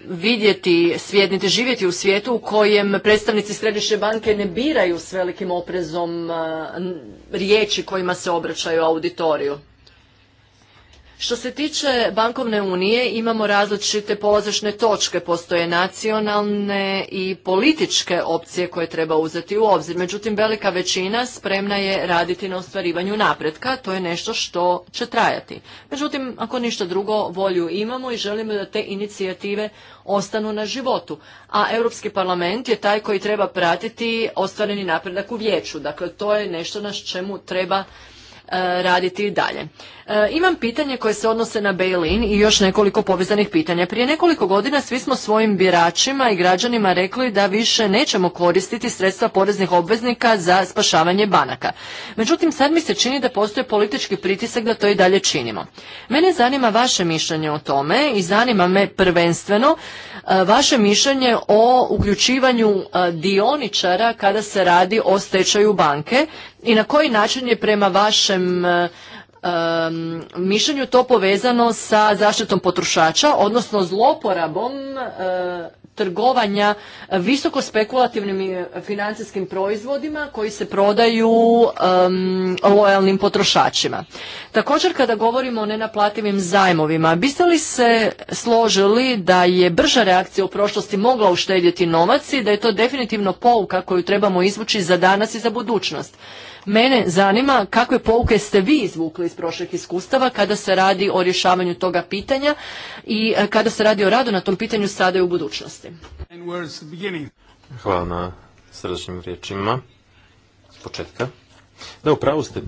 C: vidjeti, svijedniti, živjeti u svijetu u kojem predstavnici Središnje banke ne biraju s velikim oprezom riječi kojima se obraćaju auditoriju. Što se tiče bankovne unije, imamo različite polazišne točke. Postoje nacionalne i političke opcije koje treba uzeti u obzir. Međutim, velika većina spremna je raditi na ostvarivanju napretka. To je nešto što će trajati. Međutim, ako ništa drugo, volju imamo i želimo da te inicijative ostanu na životu. A Europski parlament je taj koji treba pratiti ostvareni napredak u vijeću. Dakle, to je nešto na čemu treba E, raditi i dalje. E, imam pitanje koje se odnose na Bejlin i još nekoliko povezanih pitanja. Prije nekoliko godina svi smo svojim biračima i građanima rekli da više nećemo koristiti sredstva poreznih obveznika za spašavanje banaka. Međutim, sad mi se čini da postoji politički pritisak da to i dalje činimo. Mene zanima vaše mišljenje o tome i zanima me prvenstveno E, vaše mišljenje o uključivanju e, dioničara kada se radi o stečaju banke i na koji način je prema vašem e, mišljenju to povezano sa zaštitom potrošača, odnosno zloporabom trgovanja e, visoko spekulativnim e, financijskim proizvodima koji se prodaju lojalnim potrošačima. Također kada govorimo o nenaplativim zajmovima, biste li se složili da je brža reakcija u prošlosti mogla uštedjeti novac i da je to definitivno pouka koju trebamo izvući za danas i za budućnost? Mene zanima kakve pouke ste vi izvukli iz prošlih iskustava kada se radi o rješavanju toga pitanja i e, kada se radi o radu na tom pitanju sada i u budućnosti.
A: Hvala
D: na srdačnim riječima. početka. Da, upravo ste.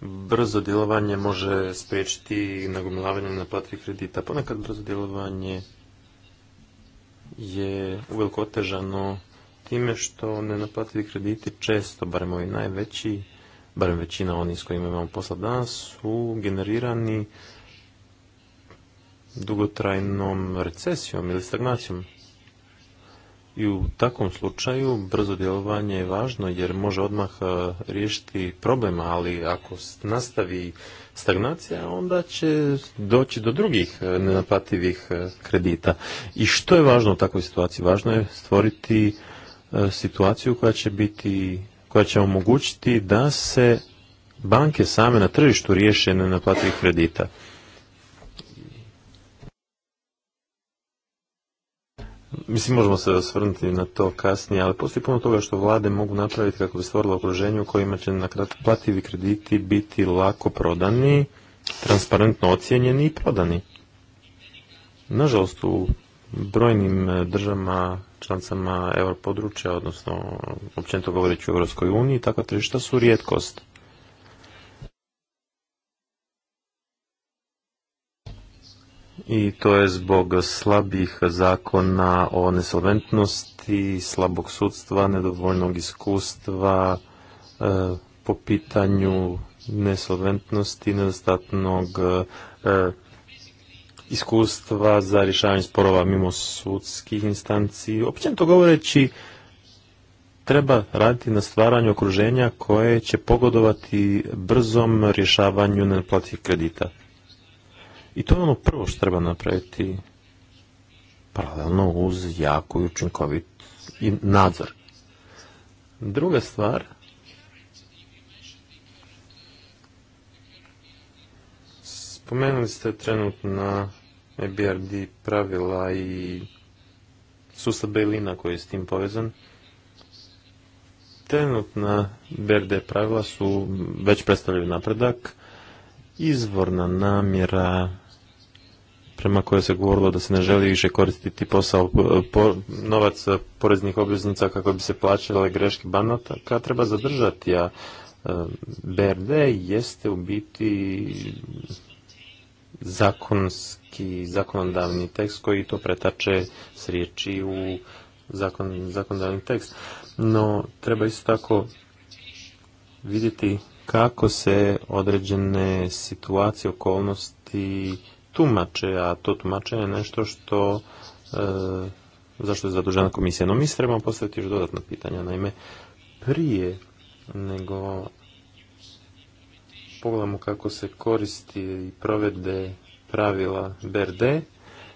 D: Brzo djelovanje može spriječiti nagomilavanje na platvi kredita. Ponekad brzo djelovanje je uveliko otežano time što nenaplativi krediti često, barem ovi najveći, barem većina onih s kojima imamo posla danas, su generirani dugotrajnom recesijom ili stagnacijom. I u takvom slučaju brzo djelovanje je važno jer može odmah e, riješiti problem, ali ako nastavi stagnacija, onda će doći do drugih e, nenaplativih e, kredita. I što je važno u takvoj situaciji? Važno je stvoriti E, situaciju koja će biti, koja će omogućiti da se banke same na tržištu riješe nenaplativih kredita. Mislim, možemo se osvrnuti na to kasnije, ali postoji puno toga što vlade mogu napraviti kako bi stvorilo okruženje u kojima će plativi krediti biti lako prodani, transparentno ocijenjeni i prodani. Nažalost, u brojnim e, državama članicama područja, odnosno općenito govoreći u Europskoj uniji, takva tržišta su rijetkost. I to je zbog slabih zakona o nesolventnosti, slabog sudstva, nedovoljnog iskustva e, po pitanju nesolventnosti, nedostatnog e, iskustva za rješavanje sporova mimo sudskih instanci. Općenito govoreći, treba raditi na stvaranju okruženja koje će pogodovati brzom rješavanju neplatnih kredita. I to je ono prvo što treba napraviti paralelno uz jako i učinkovit nadzor. Druga stvar Spomenuli ste trenutna EBRD pravila i sustav Bejlina koji je s tim povezan. Trenutna BRD pravila su, već predstavljaju napredak, izvorna namjera prema kojoj se govorilo da se ne želi više koristiti posao, novac poreznih obveznica kako bi se plaćale greške banaka, treba zadržati, a e, BRD jeste u biti zakonski, zakonodavni tekst koji to pretače s riječi u zakon, zakonodavni tekst. No, treba isto tako vidjeti kako se određene situacije, okolnosti tumače, a to tumačenje je nešto što e, zašto je zadužena komisija. No mi se trebamo postaviti još dodatna pitanja. Naime, prije nego pogledamo kako se koristi i provede pravila BRD,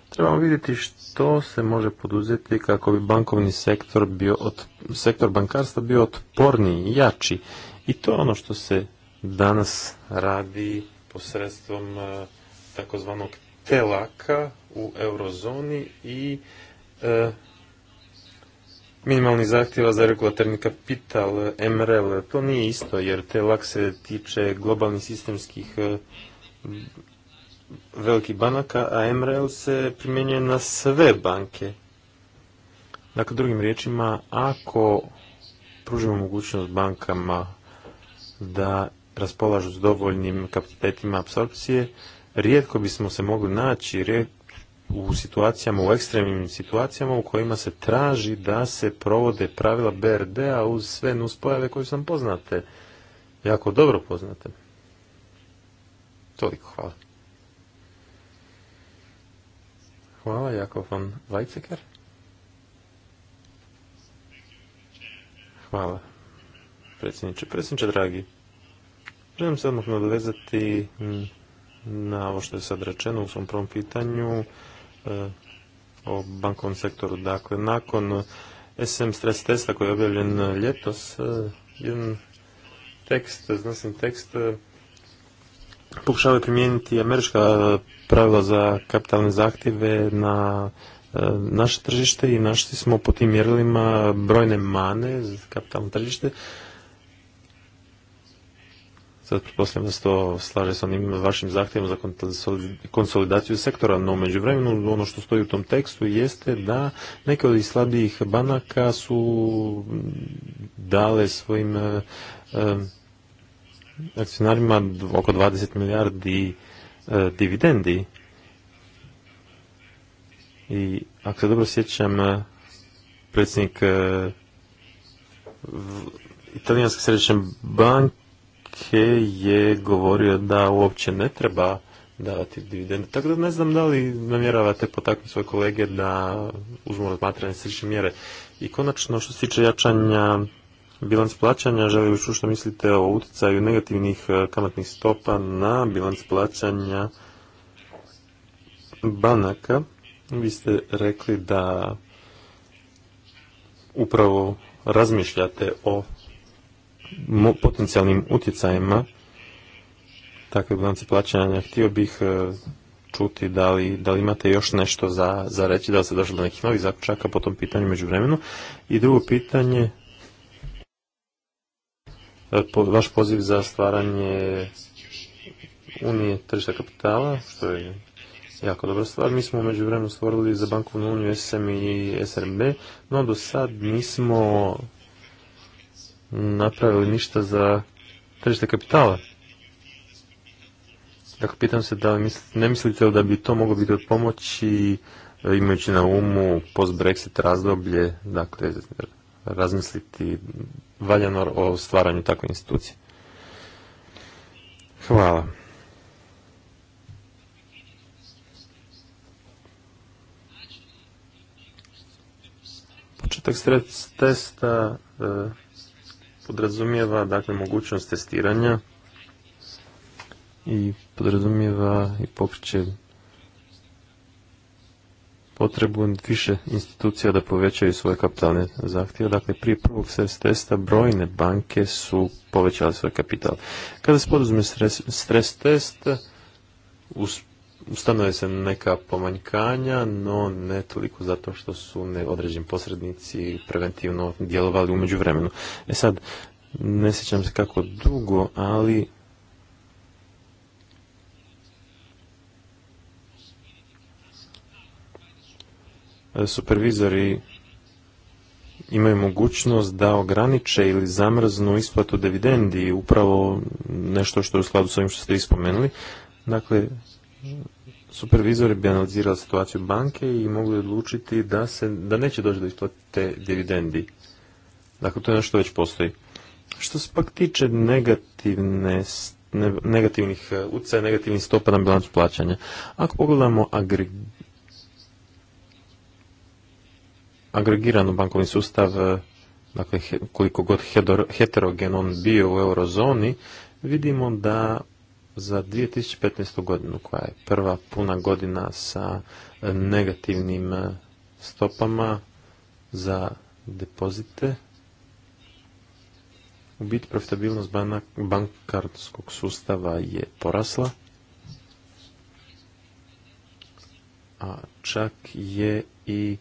D: trebamo vidjeti što se može poduzeti kako bi bankovni sektor bio od, sektor bankarstva bio otporniji, jači. I to je ono što se danas radi posredstvom e, takozvanog telaka u eurozoni i e, minimalnih zahtjeva za regulatorni kapital, eh, MRL, to nije isto jer te lakse tiče globalnih sistemskih eh, velikih banaka, a MRL se primjenjuje na sve banke. Dakle, drugim riječima, ako pružimo mogućnost bankama da raspolažu s dovoljnim kapacitetima apsorpcije, rijetko bismo se mogli naći u situacijama, u ekstremnim situacijama u kojima se traži da se provode pravila BRD-a uz sve nuspojave koje sam poznate, jako dobro poznate. Toliko, hvala. Hvala, Jakov von Weizsäcker. Hvala, predsjedniče. Predsjedniče, dragi, želim se odmah nadovezati na ovo što je sad rečeno u svom prvom pitanju E, o bankovnom sektoru. Dakle, nakon SM stres testa koji je objavljen ljetos, e, jedan tekst, znači tekst, e, pokušavaju primijeniti američka pravila za kapitalne zahtjeve na naše tržište i našli smo po tim mjerilima brojne mane za kapitalno tržište Sad pretpostavljam da se to slaže sa onim vašim zahtjevom za konsolidaciju sektora, no među vremenu ono što stoji u tom tekstu jeste da neke od slabijih banaka su dale svojim e, e, akcionarima oko 20 milijardi e, dividendi. I ako se dobro sjećam, predsjednik Italijanske središnje banke je je govorio da uopće ne treba davati dividende. Tako da ne znam da li namjeravate potaknuti svoje kolege da uzmu razmatranje slične mjere. I konačno što se tiče jačanja bilans plaćanja, želim još što mislite o utjecaju negativnih e, kamatnih stopa na bilans plaćanja banaka. Vi ste rekli da upravo razmišljate o potencijalnim utjecajima takve bilance plaćanja, htio bih e, čuti da li, da imate još nešto za, za reći, da li ste došli do nekih novih zaključaka po tom pitanju među vremenu. I drugo pitanje, e, vaš poziv za stvaranje unije tržišta kapitala, što je jako dobra stvar. Mi smo među vremenu stvorili za bankovnu uniju SM i SRB, no do sad nismo napravili ništa za tržište kapitala. Dakle, pitam se da li ne mislite da bi to moglo biti od pomoći e, imajući na umu post-Brexit razdoblje, dakle, razmisliti valjano o stvaranju takve institucije. Hvala. Početak stres testa e, podrazumijeva dakle mogućnost testiranja i podrazumijeva i pokriče potrebu više institucija da povećaju svoje kapitalne zahtjeve. Dakle, prije prvog stres testa brojne banke su povećale svoj kapital. Kada se poduzme stres, stres test, uz Ustanove se neka pomanjkanja, no ne toliko zato što su neodređeni posrednici preventivno djelovali umeđu vremenu. E sad, ne sjećam se kako dugo, ali supervizori imaju mogućnost da ograniče ili zamrznu isplatu dividendi, upravo nešto što je u skladu s ovim što ste ispomenuli. Dakle, supervizori bi analizirali situaciju banke i mogli odlučiti da, se, da neće doći do isplate dividendi. Dakle, to je nešto već postoji. Što se pak tiče negativne negativnih e, utjecaja, negativnih stopa na bilancu plaćanja. Ako pogledamo agregirano bankovni sustav, e, dakle koliko god heterogen on bio u eurozoni, vidimo da za 2015. godinu koja je prva puna godina sa negativnim e, stopama za depozite u biti profitabilnost bankarskog sustava je porasla a čak je i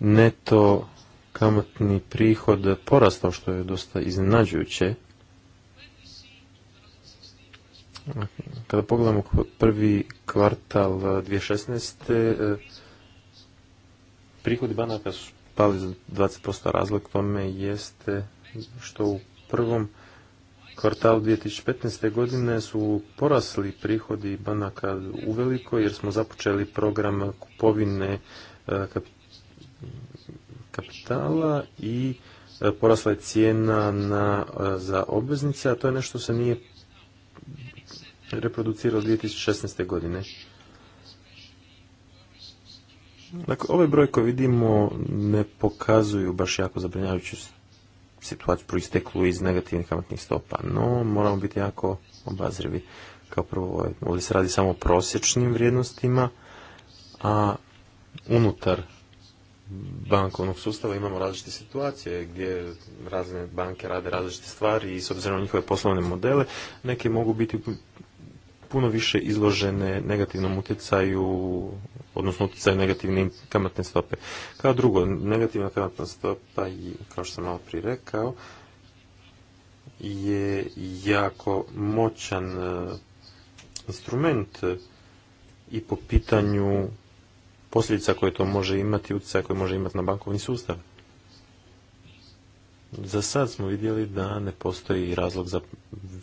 D: neto kamatni prihod porastao što je dosta iznenađujuće kada pogledamo prvi kvartal 2016. Eh, eh, prihodi banaka su pali za 20%, razlog tome jeste što u prvom kvartalu 2015. godine su porasli prihodi banaka uveliko jer smo započeli program kupovine eh, kapitala i porasla je cijena za obveznice, a to je nešto se nije reproducirao 2016. godine. Dakle, ove brojke koje vidimo ne pokazuju baš jako zabrinjavajuću situaciju proisteklu iz negativnih kamatnih stopa, no moramo biti jako obazrivi. Kao prvo, ovaj, ovdje se radi samo o prosječnim vrijednostima, a unutar bankovnog sustava imamo različite situacije gdje razne banke rade različite stvari i s obzirom na njihove poslovne modele neke mogu biti puno više izložene negativnom utjecaju, odnosno utjecaju negativne kamatne stope. Kao drugo, negativna kamatna stopa, kao što sam malo prije rekao, je jako moćan e, instrument e, i po pitanju posljedica koje to može imati, utjecaja koje može imati na bankovni sustav za sad smo vidjeli da ne postoji razlog za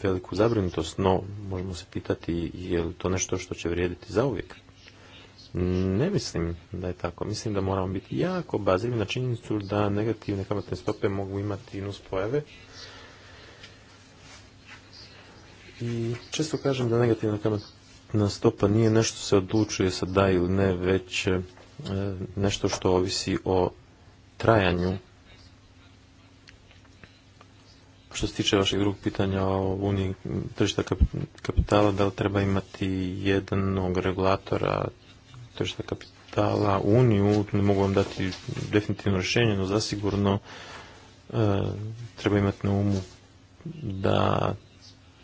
D: veliku zabrinutost, no možemo se pitati je li to nešto što će vrijediti za uvijek. Ne mislim da je tako. Mislim da moramo biti jako bazirni na činjenicu da negativne kamatne stope mogu imati nus pojave. I često kažem da negativna kamatna stopa nije nešto se odlučuje sa da ili ne, već e, nešto što ovisi o trajanju što se tiče vašeg drugog pitanja o uniji tržišta kapitala, da li treba imati jednog regulatora tržišta kapitala uniju, ne mogu vam dati definitivno rješenje, no zasigurno e, treba imati na umu da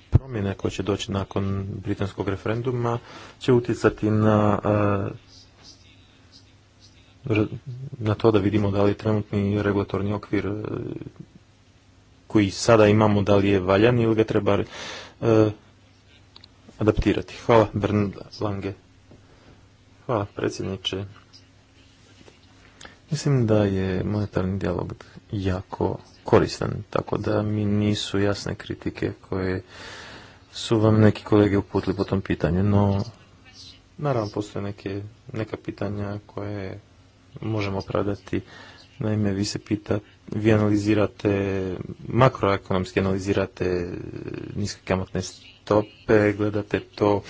D: promjene koje će doći nakon britanskog referenduma će utjecati na e, na to da vidimo da li trenutni regulatorni okvir e, koji sada imamo, da li je valjan ili ga treba e, adaptirati. Hvala, Bernd Lange. Hvala, predsjedniče. Mislim da je monetarni dijalog jako koristan, tako da mi nisu jasne kritike koje su vam neki kolege uputili po tom pitanju, no naravno postoje neke, neka pitanja koje možemo opravdati Naime, vi se pita, vi analizirate, makroekonomski analizirate niske kamatne stope, gledate to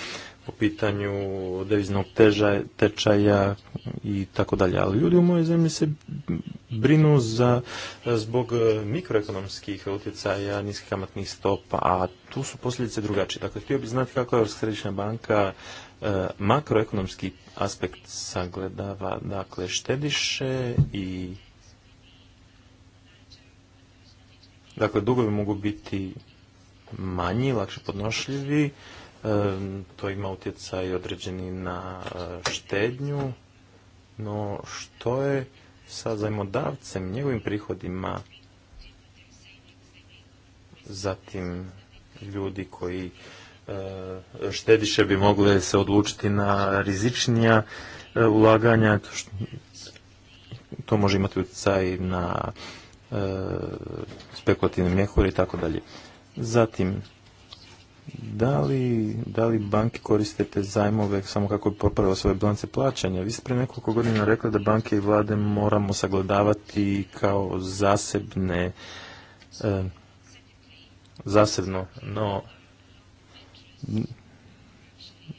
D: po pitanju deviznog tečaja i tako dalje. Ali ljudi u mojoj zemlji se brinu za, zbog mikroekonomskih utjecaja niskih kamatnih stopa, a tu su posljedice drugačije. Dakle, htio bih znati kako je Središnja banka e, makroekonomski aspekt sagledava, dakle, štediše i Dakle, dugovi mogu biti manji, lakše podnošljivi, e, to ima utjecaj određeni na e, štednju, no što je sa zajmodavcem, njegovim prihodima, zatim ljudi koji e, štediše bi mogle se odlučiti na rizičnija ulaganja, to može imati utjecaj na špekulativni mjehuri i tako dalje. Zatim, da li, da li banke koristite zajmove samo kako bi popravila svoje bilance plaćanja? Vi ste pre nekoliko godina rekli da banke i vlade moramo sagledavati kao zasebne, eh, zasebno, no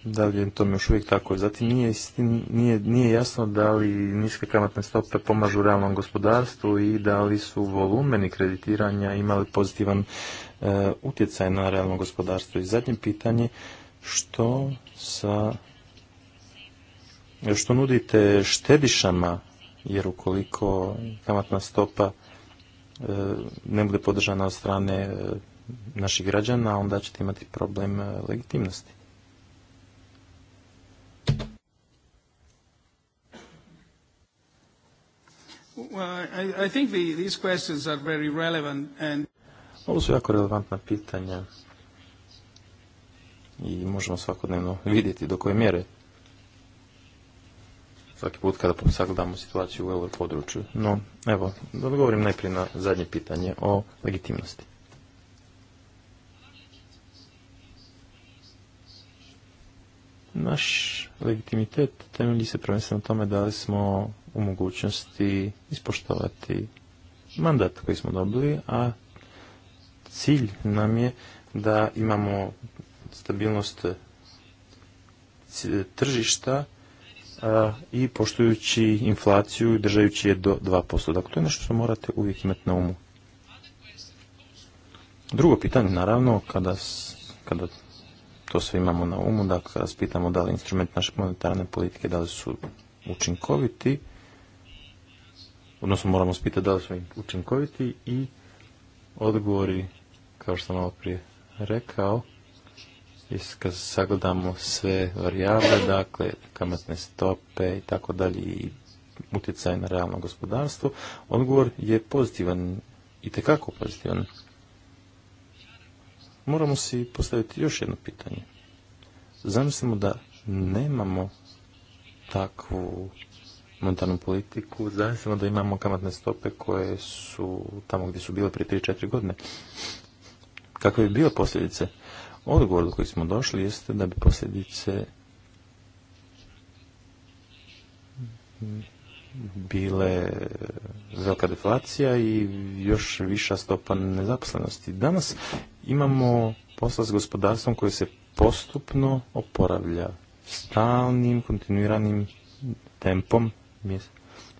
D: da li je tome još uvijek tako. Zatim nije, nije, jasno da li niske kamatne stope pomažu realnom gospodarstvu i da li su volumeni kreditiranja imali pozitivan e, utjecaj na realno gospodarstvo. I zadnje pitanje, što sa što nudite štedišama, jer ukoliko kamatna stopa e, ne bude podržana od strane e, naših građana, onda ćete imati problem legitimnosti. Ovo su jako relevantna pitanja i možemo svakodnevno vidjeti do koje mjere svaki put kada sagledamo situaciju u području, No, evo, da odgovorim najprije na zadnje pitanje o legitimnosti. Naš legitimitet temelji se prvenstveno tome da li smo u mogućnosti ispoštovati mandat koji smo dobili, a cilj nam je da imamo stabilnost e, tržišta e, i poštujući inflaciju i držajući je do 2%. Dakle, to je nešto što morate uvijek imati na umu. Drugo pitanje, naravno, kada, kada to sve imamo na umu, dakle kada da li instrument naše monetarne politike, da li su učinkoviti, odnosno moramo spitati da li su učinkoviti i odgovori, kao što sam malo prije rekao, kad sagledamo sve varijable, dakle kamatne stope i tako dalje i utjecaj na realno gospodarstvo, odgovor je pozitivan i tekako pozitivan moramo si postaviti još jedno pitanje. Zamislimo da nemamo takvu monetarnu politiku, zamislimo da imamo kamatne stope koje su tamo gdje su bile prije 3-4 godine. Kakve bi bile posljedice? Odgovor do koji smo došli jeste da bi posljedice bile velika deflacija i još viša stopa nezaposlenosti. Danas imamo posla s gospodarstvom koje se postupno oporavlja stalnim, kontinuiranim tempom.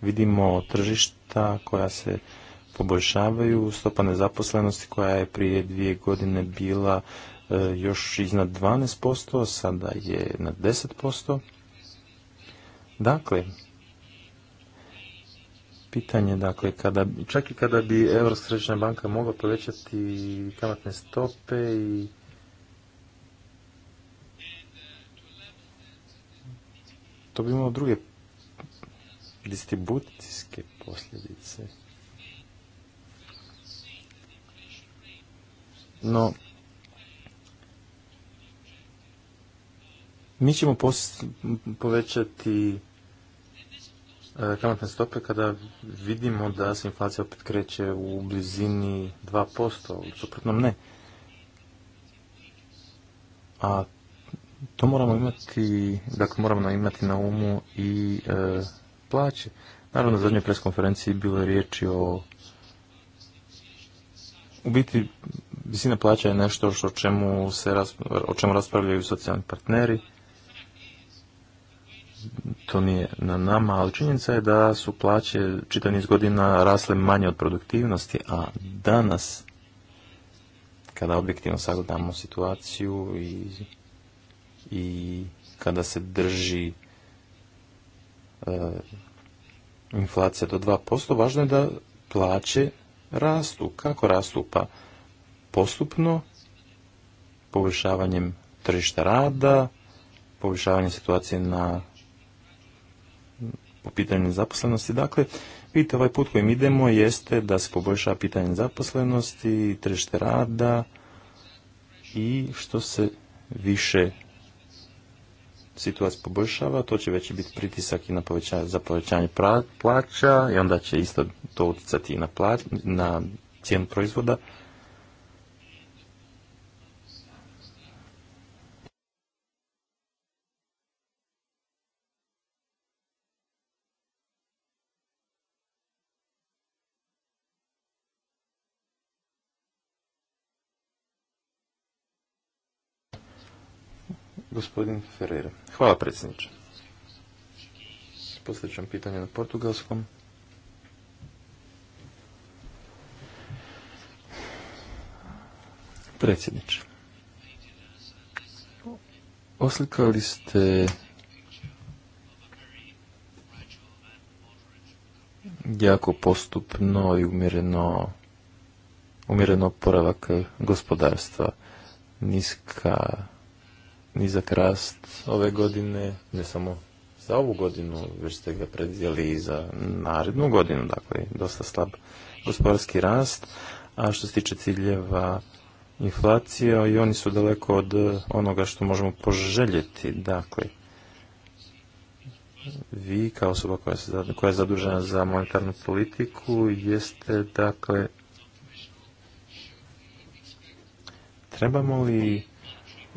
D: Vidimo tržišta koja se poboljšavaju, stopa nezaposlenosti koja je prije dvije godine bila e, još iznad 12%, sada je na 10%. Dakle, pitanje, dakle, kada, čak i kada bi Evropska središnja banka mogla povećati kamatne stope i to bi imalo druge distribucijske posljedice. No, mi ćemo povećati E, kamatne stope kada vidimo da se inflacija opet kreće u blizini 2%, u suprotnom ne. A to moramo imati, dakle moramo imati na umu i e, plaće. Naravno, na zadnjoj preskonferenciji bilo je riječi o u biti visina plaća je nešto što čemu se, o čemu raspravljaju socijalni partneri to nije na nama, ali činjenica je da su plaće čitav niz godina rasle manje od produktivnosti, a danas, kada objektivno sagledamo situaciju i, i kada se drži e, inflacija do 2%, važno je da plaće rastu. Kako rastu? Pa postupno, poboljšavanjem tržišta rada, poboljšavanjem situacije na po pitanju zaposlenosti. Dakle, vidite, ovaj put kojim idemo jeste da se poboljša pitanje zaposlenosti, tržište rada i što se više situacija poboljšava, to će već biti pritisak i na povećanje, za povećanje plaća i onda će isto to utjecati i na, na cijenu proizvoda. Gospodin Ferreira. Hvala predsjedniče. vam pitanje na portugalskom. Predsjedniče. Oslikali ste jako postupno i umjereno umjereno oporavak gospodarstva, niska nizak rast ove godine, ne samo za ovu godinu, već ste ga predvidjeli i za narednu godinu, dakle dosta slab gospodarski rast, a što se tiče ciljeva inflacija i oni su daleko od onoga što možemo poželjeti, dakle vi kao osoba koja, koja je zadužena za monetarnu politiku jeste dakle trebamo li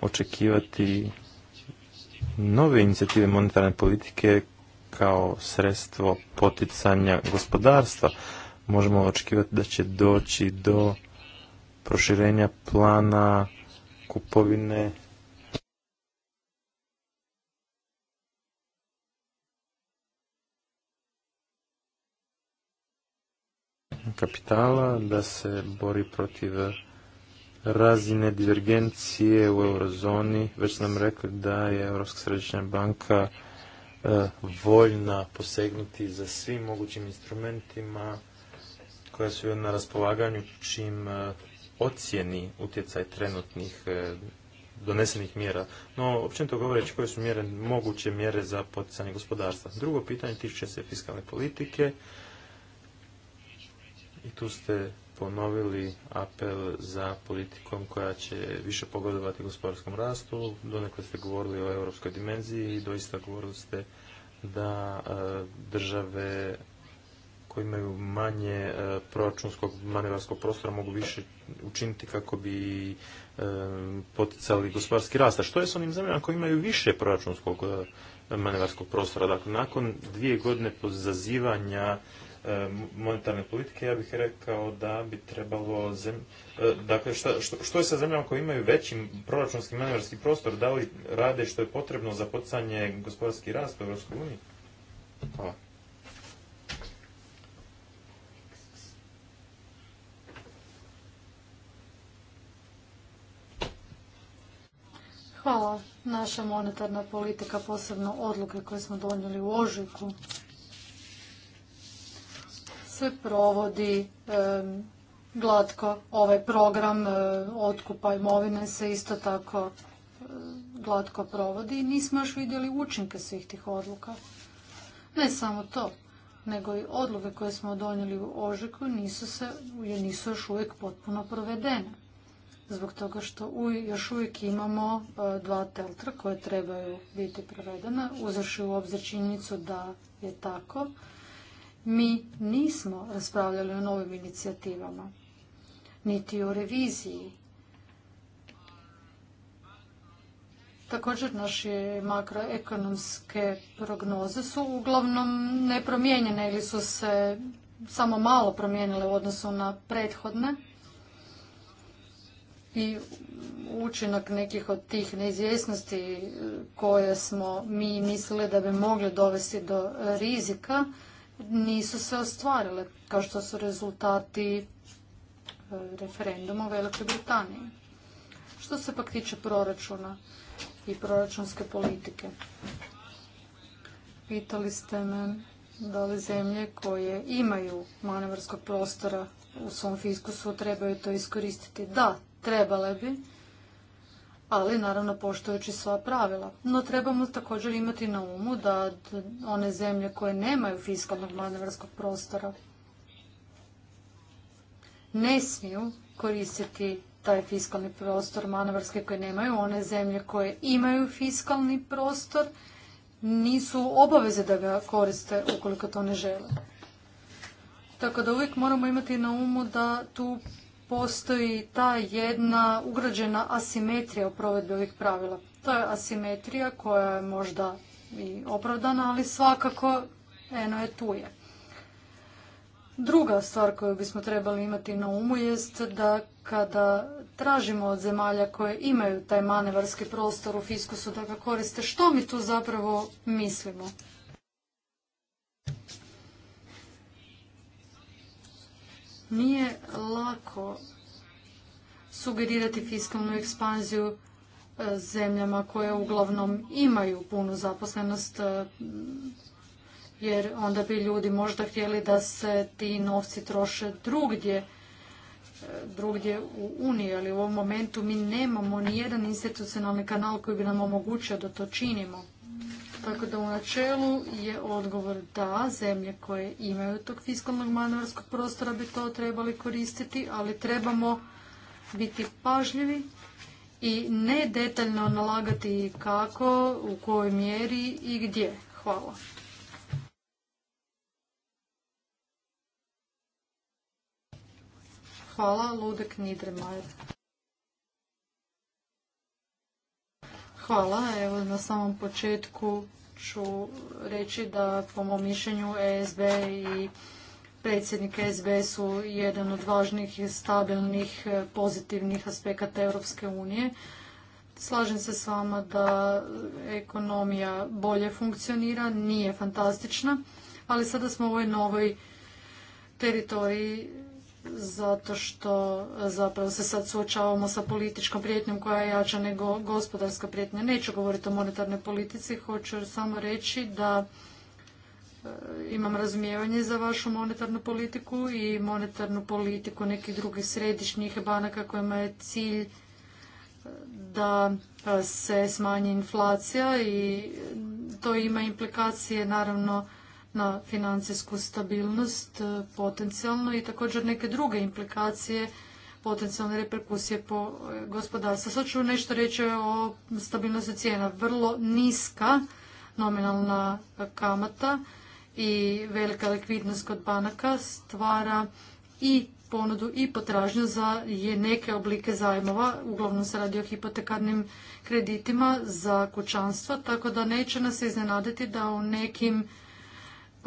D: očekivati nove inicijative monetarne politike kao sredstvo poticanja gospodarstva. Možemo očekivati da će doći do proširenja plana kupovine
A: kapitala
D: da se bori protiv razine divergencije u eurozoni, već nam rekli da je Europska središnja banka e, voljna posegnuti za svim mogućim instrumentima koja su na raspolaganju čim e, ocjeni utjecaj trenutnih e, donesenih mjera. No, općenito govoreći koje su mjere, moguće mjere za poticanje gospodarstva. Drugo pitanje tiče se fiskalne politike i tu ste ponovili apel za politikom koja će više pogodovati gospodarskom rastu. Donekle ste govorili o europskoj dimenziji i doista govorili ste da e, države koje imaju manje e, proračunskog manevarskog prostora mogu više učiniti kako bi e, poticali gospodarski rast. A što je s onim zemljama koji imaju više proračunskog manevarskog prostora? Dakle, nakon dvije godine zazivanja E, monetarne politike, ja bih rekao da bi trebalo e, Dakle, što, što je sa zemljama koje imaju veći proračunski manevarski prostor? Da li rade što je potrebno za poticanje gospodarski rast u EU? Hvala.
B: Hvala. Naša monetarna politika, posebno odluke koje smo donijeli u ožujku, se provodi glatko. Ovaj program e, otkupa imovine se isto tako e, glatko provodi i nismo još vidjeli učinke svih tih odluka. Ne samo to, nego i odluke koje smo donijeli u Ožeku nisu, se, nisu još uvijek potpuno provedene. Zbog toga što u, još uvijek imamo e, dva teltra koje trebaju biti provedena, uzavši u obzir činjenicu da je tako mi nismo raspravljali o novim inicijativama, niti o reviziji. Također naše makroekonomske prognoze su uglavnom nepromijenjene ili su se samo malo promijenile u odnosu na prethodne i učinak nekih od tih neizvjesnosti e, koje smo mi mislili da bi mogli dovesti do rizika nisu se ostvarile, kao što su rezultati e, referenduma u Velikoj Britaniji. Što se pak tiče proračuna i proračunske politike? Pitali ste me da li zemlje koje imaju manevarskog prostora u svom fiskusu trebaju to iskoristiti. Da, trebale bi ali naravno poštujući sva pravila. No trebamo također imati na umu da one zemlje koje nemaju fiskalnog manevarskog prostora ne smiju koristiti taj fiskalni prostor manevarske koje nemaju. One zemlje koje imaju fiskalni prostor nisu obaveze da ga koriste ukoliko to ne žele. Tako da uvijek moramo imati na umu da tu postoji ta jedna ugrađena asimetrija u provedbi ovih pravila. To je asimetrija koja je možda i opravdana, ali svakako eno je tu je. Druga stvar koju bismo trebali imati na umu jest da kada tražimo od zemalja koje imaju taj manevarski prostor u fiskusu da ga koriste, što mi tu zapravo mislimo? Nije lako sugerirati fiskalnu ekspanziju e, zemljama koje uglavnom imaju punu zaposlenost, e, jer onda bi ljudi možda htjeli da se ti novci troše drugdje, e, drugdje u Uniji, ali u ovom momentu mi nemamo ni jedan institucionalni kanal koji bi nam omogućio da to činimo. Tako da u načelu je odgovor da zemlje koje imaju tog fiskalnog manevarskog prostora bi to trebali koristiti, ali trebamo biti pažljivi i ne detaljno nalagati kako, u kojoj mjeri i gdje. Hvala. Hvala, Ludek Nidremajer. Hvala, evo na samom početku ću reći da po mom mišljenju ESB i predsjednik ESB su jedan od važnih i stabilnih e, pozitivnih aspekata Europske unije. Slažem se s vama da ekonomija bolje funkcionira, nije fantastična, ali sada smo u ovoj novoj teritoriji zato što zapravo se sad suočavamo sa političkom prijetnjom koja je jača nego gospodarska prijetnja. Neću govoriti o monetarnoj politici, hoću samo reći da e, imam razumijevanje za vašu monetarnu politiku i monetarnu politiku nekih drugih središnjih banaka kojima je cilj e, da e, se smanji inflacija i to ima implikacije naravno na financijsku stabilnost e, potencijalno i također neke druge implikacije potencijalne reperkusije po e, gospodarstvu. Sad ću nešto reći o stabilnosti cijena. Vrlo niska nominalna kamata i velika likvidnost kod banaka stvara i ponudu i potražnju za neke oblike zajmova, uglavnom se radi o hipotekarnim kreditima za kućanstva, tako da neće nas iznenaditi da u nekim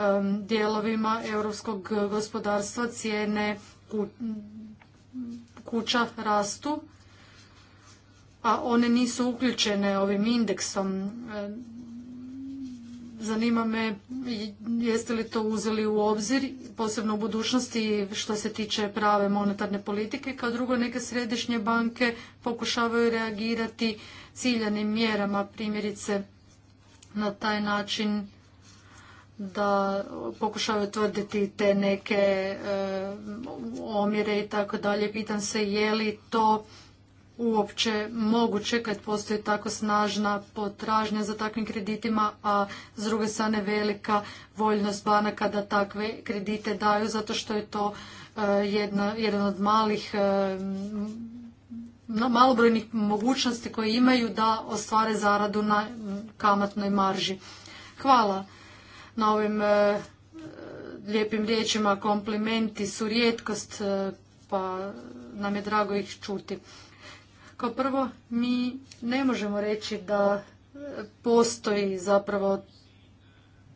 B: Um, dijelovima europskog gospodarstva cijene kuća rastu, a one nisu uključene ovim indeksom. E, zanima me jeste li to uzeli u obzir, posebno u budućnosti što se tiče prave monetarne politike. Kao drugo, neke središnje banke pokušavaju reagirati ciljanim mjerama, primjerice na taj način da pokušaju tvrditi te neke eh, omjere i tako dalje. Pitam se je li to uopće moguće kad postoji tako snažna potražnja za takvim kreditima, a s druge strane velika voljnost banaka da takve kredite daju zato što je to eh, jedna, jedan od malih eh, malobrojnih mogućnosti koje imaju da ostvare zaradu na kamatnoj marži. Hvala na ovim e, e, lijepim riječima. Komplimenti su rijetkost, e, pa nam je drago ih čuti. Kao prvo, mi ne možemo reći da postoji zapravo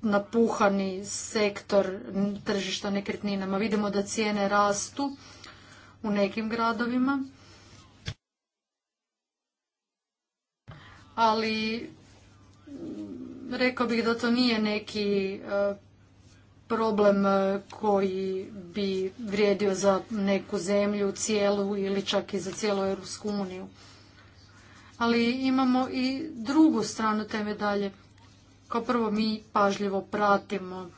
B: napuhani sektor tržišta nekretninama. Vidimo da cijene rastu u nekim gradovima, ali Rekao bih da to nije neki e, problem e, koji bi vrijedio za neku zemlju cijelu ili čak i za cijelu Europsku uniju. Ali imamo i drugu stranu te medalje. Kao prvo mi pažljivo pratimo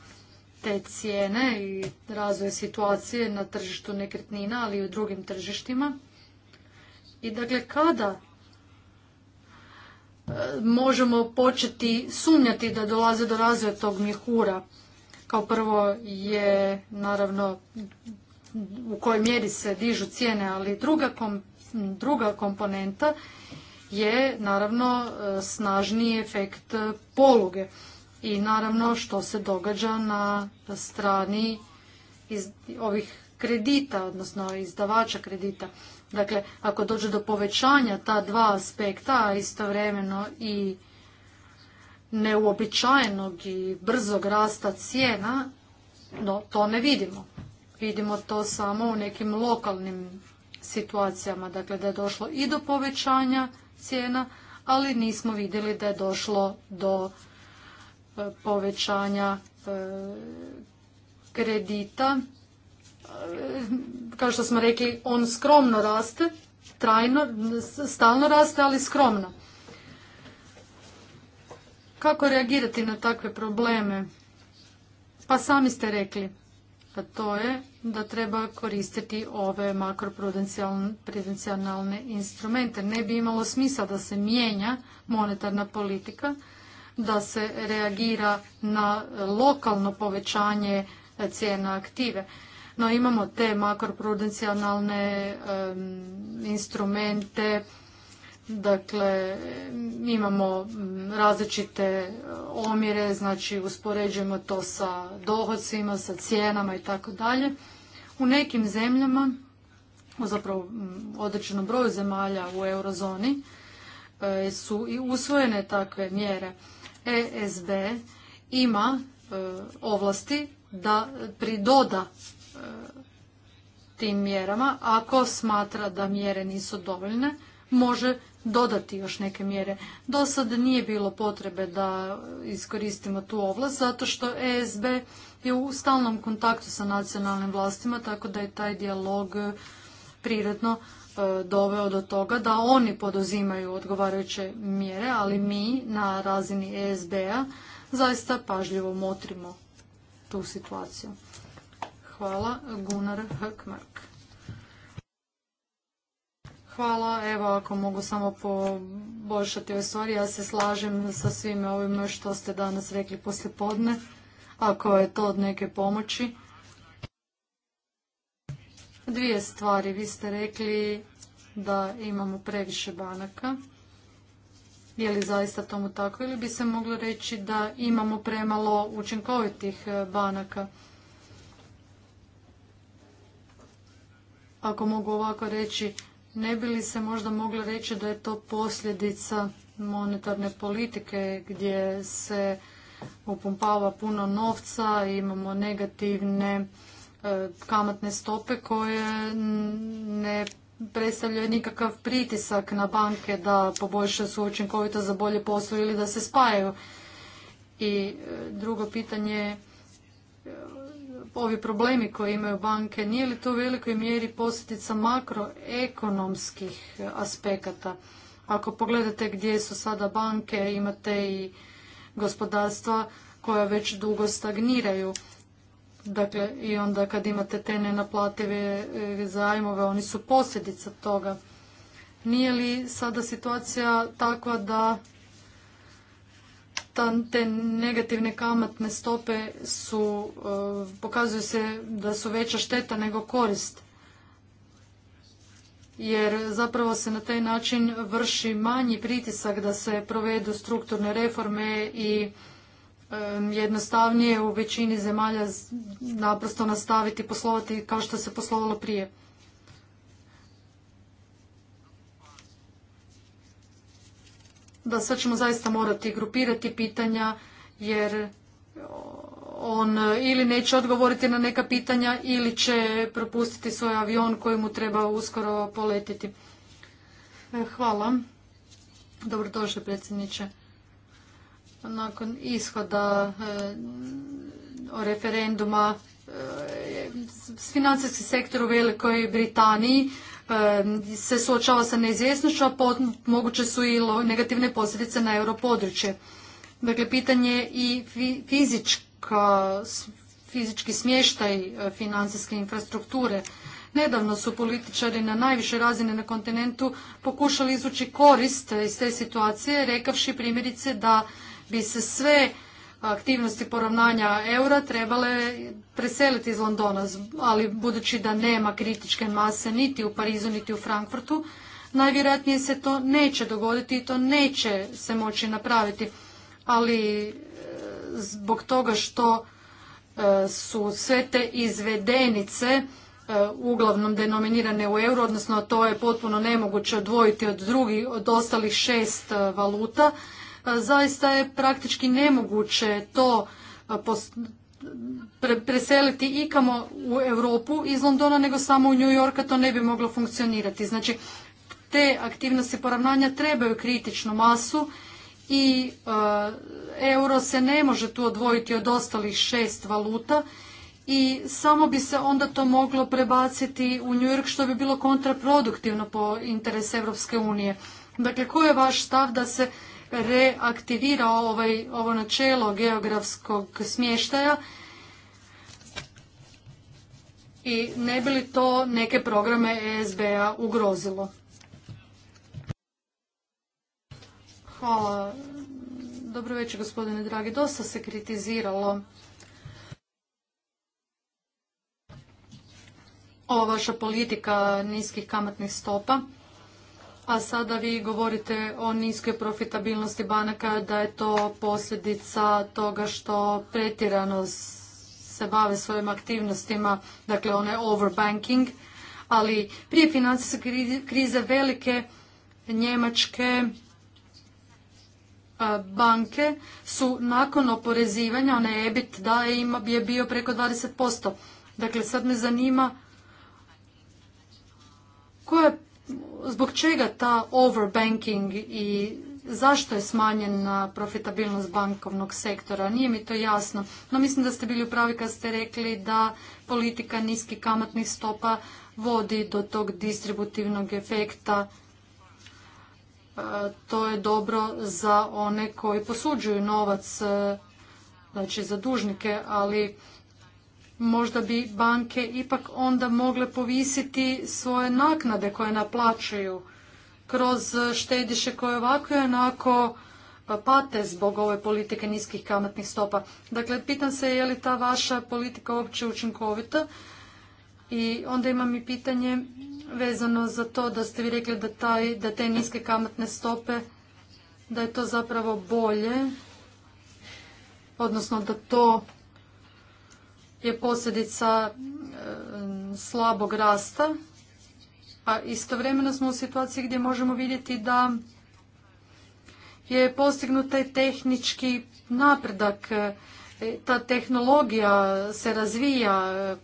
B: te cijene i razvoj situacije na tržištu nekretnina, ali i u drugim tržištima. I dakle, kada možemo početi sumnjati da dolaze do razvoja tog mjehura. Kao prvo je naravno u kojoj mjeri se dižu cijene, ali druga, druga komponenta je naravno snažniji efekt poluge i naravno što se događa na strani iz ovih kredita, odnosno izdavača kredita. Dakle, ako dođe do povećanja ta dva aspekta, a istovremeno i neuobičajenog i brzog rasta cijena, no to ne vidimo. Vidimo to samo u nekim lokalnim situacijama, dakle da je došlo i do povećanja cijena, ali nismo vidjeli da je došlo do e, povećanja e, kredita E, kao što smo rekli, on skromno raste, trajno, stalno raste, ali skromno. Kako reagirati na takve probleme? Pa sami ste rekli, pa to je da treba koristiti ove makroprudencijalne instrumente. Ne bi imalo smisla da se mijenja monetarna politika, da se reagira na lokalno povećanje cijena aktive. No imamo te makroprudencijalne instrumente, dakle imamo različite omjere, znači uspoređujemo to sa dohodcima, sa cijenama i tako dalje. U nekim zemljama, zapravo određenom broju zemalja u eurozoni, e, su i usvojene takve mjere. ESB ima e, ovlasti da pridoda tim mjerama. Ako smatra da mjere nisu dovoljne, može dodati još neke mjere. Do sada nije bilo potrebe da iskoristimo tu ovlast zato što ESB je u stalnom kontaktu sa nacionalnim vlastima tako da je taj dijalog prirodno e, doveo do toga da oni poduzimaju odgovarajuće mjere, ali mi na razini ESB-a zaista pažljivo motrimo tu situaciju. Hvala, Gunnar Hökmark. Hvala, evo ako mogu samo poboljšati ove stvari, ja se slažem sa svime ovime što ste danas rekli poslje podne, ako je to od neke pomoći. Dvije stvari, vi ste rekli da imamo previše banaka. Je li zaista tomu tako ili bi se moglo reći da imamo premalo učinkovitih banaka? ako mogu ovako reći, ne bi li se možda moglo reći da je to posljedica monetarne politike gdje se upumpava puno novca, imamo negativne e, kamatne stope koje ne predstavljaju nikakav pritisak na banke da poboljšaju svoju učinkovitost za bolje poslu ili da se spajaju. I e, drugo pitanje ovi problemi koje imaju banke, nije li to u velikoj mjeri posljedica makroekonomskih aspekata? Ako pogledate gdje su sada banke, imate i gospodarstva koja već dugo stagniraju. Dakle, i onda kad imate te nenaplative e, zajmove, oni su posljedica toga. Nije li sada situacija takva da te negativne kamatne stope su, e, pokazuju se da su veća šteta nego korist. Jer zapravo se na taj način vrši manji pritisak da se provedu strukturne reforme i e, jednostavnije u većini zemalja naprosto nastaviti poslovati kao što se poslovalo prije. da sad ćemo zaista morati grupirati pitanja jer on ili neće odgovoriti na neka pitanja ili će propustiti svoj avion koji mu treba uskoro poletiti. E, hvala. Dobrodošli predsjedniče. Nakon ishoda e, o referenduma e, financijski sektor u Velikoj Britaniji se suočava sa neizvjesnošću, a moguće su i negativne posljedice na europodručje. Dakle, pitanje i fizička, fizički smještaj e, financijske infrastrukture. Nedavno su političari na najviše razine na kontinentu pokušali izvući korist iz te situacije, rekavši primjerice da bi se sve aktivnosti poravnanja eura trebale preseliti iz Londona, ali budući da nema kritičke mase niti u Parizu niti u Frankfurtu, najvjerojatnije se to neće dogoditi i to neće se moći napraviti. Ali e, zbog toga što e, su sve te izvedenice e, uglavnom denominirane u euro, odnosno to je potpuno nemoguće odvojiti od drugih, od ostalih šest valuta, E, zaista je praktički nemoguće to e, preseliti ikamo u Europu iz Londona, nego samo u New Yorka to ne bi moglo funkcionirati. Znači, te aktivnosti poravnanja trebaju kritičnu masu i e, euro se ne može tu odvojiti od ostalih šest valuta i samo bi se onda to moglo prebaciti u New York što bi bilo kontraproduktivno po interes Europske unije. Dakle, koji je vaš stav da se reaktivira ovaj, ovo načelo geografskog smještaja i ne bi li to neke programe ESB-a ugrozilo. Hvala. Dobro večer, gospodine dragi. Dosta se kritiziralo ova vaša politika niskih kamatnih stopa a sada vi govorite o niskoj profitabilnosti banaka, da je to posljedica toga što pretjerano se bave svojim aktivnostima, dakle one overbanking, ali prije financijske krize velike njemačke banke su nakon oporezivanja, one EBIT da je bio preko 20%. Dakle, sad me zanima koja je zbog čega ta overbanking i zašto je smanjena profitabilnost bankovnog sektora. Nije mi to jasno, no mislim da ste bili u kad ste rekli da politika niskih kamatnih stopa vodi do tog distributivnog efekta. E, to je dobro za one koji posuđuju novac, e, znači za dužnike, ali možda bi banke ipak onda mogle povisiti svoje naknade koje naplaćuju kroz štediše koje ovako i onako pa pate zbog ove politike niskih kamatnih stopa. Dakle, pitam se je li ta vaša politika uopće učinkovita i onda imam i pitanje vezano za to da ste vi rekli da, taj, da te niske kamatne stope, da je to zapravo bolje, odnosno da to je posljedica e, slabog rasta, a istovremeno smo u situaciji gdje možemo vidjeti da je postignut taj tehnički napredak, e, ta tehnologija se razvija e,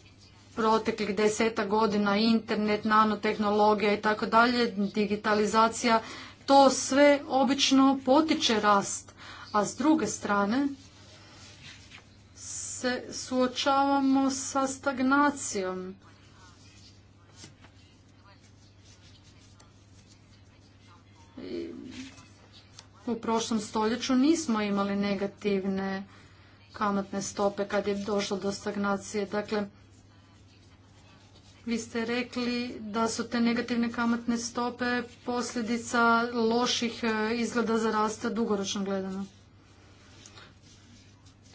B: proteklih deseta godina, internet, nanotehnologija i tako dalje, digitalizacija, to sve obično potiče rast. A s druge strane, se suočavamo sa stagnacijom. U prošlom stoljeću nismo imali negativne kamatne stope kad je došlo do stagnacije. Dakle, vi ste rekli da su te negativne kamatne stope posljedica loših e, izgleda za rasta dugoročno gledano.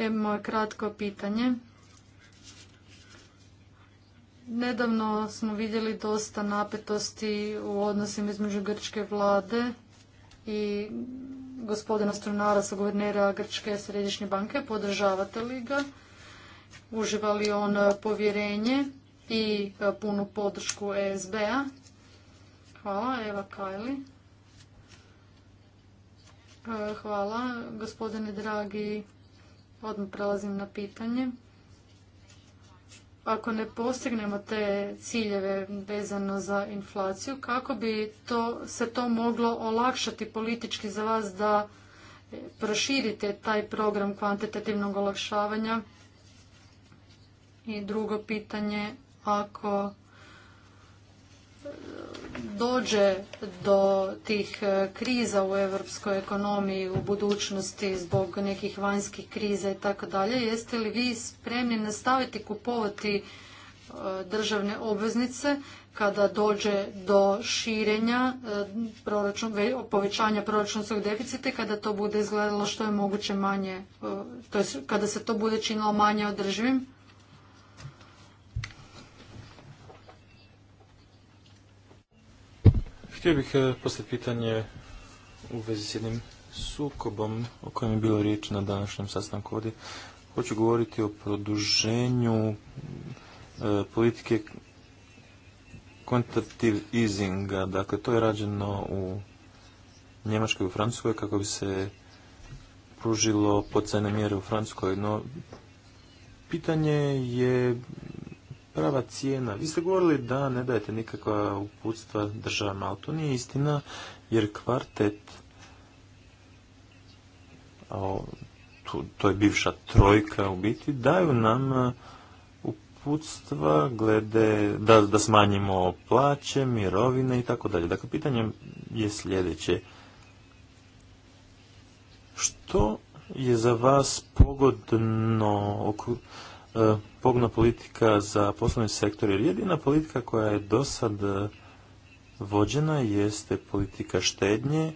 B: E, moje kratko pitanje. Nedavno smo vidjeli dosta napetosti u odnosima između grčke vlade i gospodina Strunara sa guvernera Grčke središnje banke. Podržavate li ga? Uživa li on povjerenje i e, punu podršku ESB-a? Hvala, Eva Kajli. E, hvala, gospodine dragi Odmah prelazim na pitanje. Ako ne postignemo te ciljeve vezano za inflaciju, kako bi to, se to moglo olakšati politički za vas da proširite taj program kvantitativnog olakšavanja? I drugo pitanje, ako dođe do tih e, kriza u europskoj ekonomiji u budućnosti zbog nekih vanjskih kriza i tako dalje, jeste li vi spremni nastaviti kupovati e, državne obveznice kada dođe do širenja e, povećanja proračunskog deficita kada to bude izgledalo što je moguće manje, to kada se to bude činilo manje održivim?
D: Htio bih e, postaviti pitanje u vezi s jednim sukobom o kojem je bilo riječ na današnjem sastanku ovdje. Hoću govoriti o produženju e, politike quantitative easinga. Dakle, to je rađeno u Njemačkoj i u Francuskoj kako bi se pružilo pocajne mjere u Francuskoj. No, pitanje je prava cijena. Vi ste govorili da ne dajete nikakva uputstva državama, ali to nije istina, jer kvartet, to je bivša trojka u biti, daju nam uputstva glede da, smanjimo plaće, mirovine i tako dalje. Dakle, pitanje je sljedeće. Što je za vas pogodno E, pogna politika za poslovni sektor, jer jedina politika koja je do sad e, vođena jeste politika štednje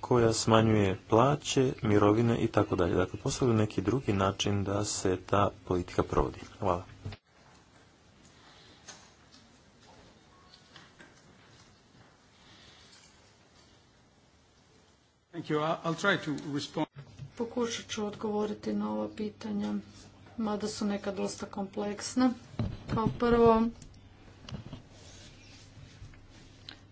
D: koja smanjuje plaće, mirovine i tako dalje. Dakle, postoji neki drugi način da se ta politika provodi. Hvala.
B: Pokušat ću odgovoriti na ova pitanja mada su nekad dosta kompleksna. Kao prvo,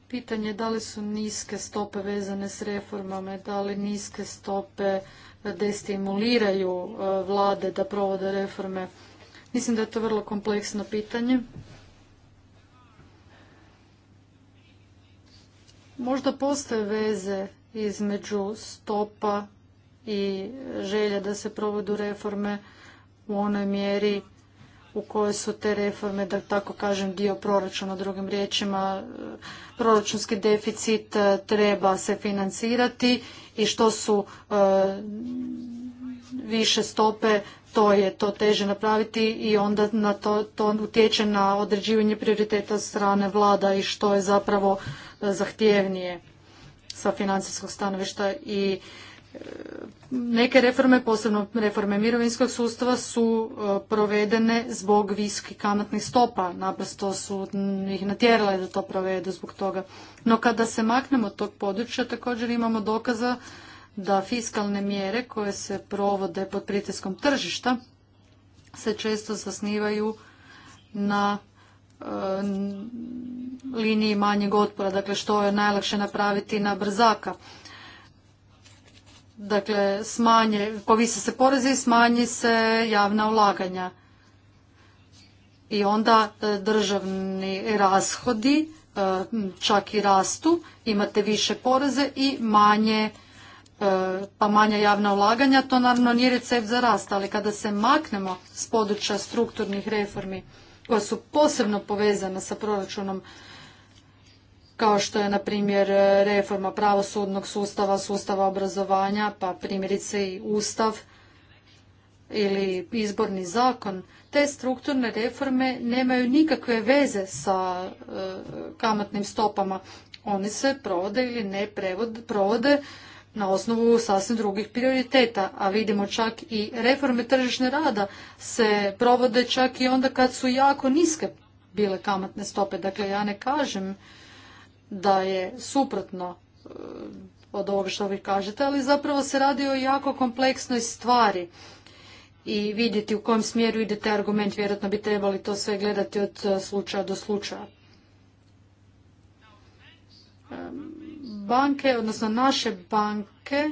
B: pitanje je da li su niske stope vezane s reformama, da li niske stope destimuliraju e, vlade da provode reforme. Mislim da je to vrlo kompleksno pitanje. Možda postoje veze između stopa i želja da se provedu reforme, u onoj mjeri u kojoj su te reforme, da tako kažem, dio proračuna, drugim riječima, proračunski deficit e, treba se financirati i što su e, više stope, to je to teže napraviti i onda na to, to utječe na određivanje prioriteta strane vlada i što je zapravo e, zahtjevnije sa financijskog stanovišta i neke reforme, posebno reforme mirovinskog sustava, su e, provedene zbog viskih kamatnih stopa. Naprosto su ih natjerale da to provedu zbog toga. No kada se maknemo od tog područja, također imamo dokaza da fiskalne mjere koje se provode pod pritiskom tržišta se često zasnivaju na e, liniji manjeg otpora, dakle što je najlakše napraviti na brzaka. Dakle, smanje, povise se porezi i smanji se javna ulaganja. I onda e, državni rashodi e, čak i rastu, imate više poreze i manje e, pa manja javna ulaganja, to naravno nije recept za rast, ali kada se maknemo s područja strukturnih reformi koja su posebno povezana sa proračunom kao što je na primjer reforma pravosudnog sustava, sustava obrazovanja, pa primjerice i ustav ili izborni zakon, te strukturne reforme nemaju nikakve veze sa e, kamatnim stopama. Oni se provode ili ne provode na osnovu sasvim drugih prioriteta, a vidimo čak i reforme tržišne rada se provode čak i onda kad su jako niske bile kamatne stope. Dakle, ja ne kažem da je suprotno e, od ovoga što vi kažete, ali zapravo se radi o jako kompleksnoj stvari i vidjeti u kojem smjeru ide taj argument. Vjerojatno bi trebali to sve gledati od e, slučaja do slučaja. E, banke, odnosno naše banke,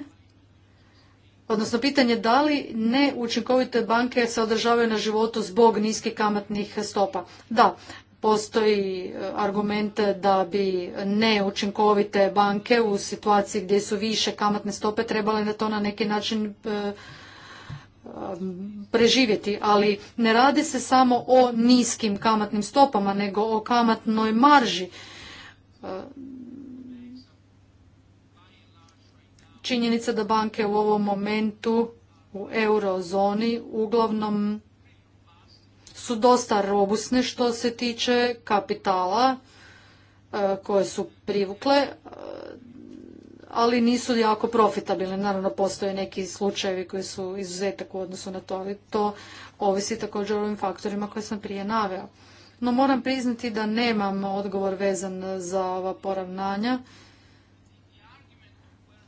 B: odnosno pitanje da li neučinkovite banke se održavaju na životu zbog niskih kamatnih stopa. Da, postoji e, argument da bi neučinkovite banke u situaciji gdje su više kamatne stope trebale na to na neki način e, e, preživjeti, ali ne radi se samo o niskim kamatnim stopama, nego o kamatnoj marži. Činjenica da banke u ovom momentu u eurozoni uglavnom su dosta robusne što se tiče kapitala e, koje su privukle, e, ali nisu jako profitabilne. Naravno, postoje neki slučajevi koji su izuzetak u odnosu na to, ali to ovisi također o ovim faktorima koje sam prije naveo. No moram priznati da nemam odgovor vezan za ova poravnanja.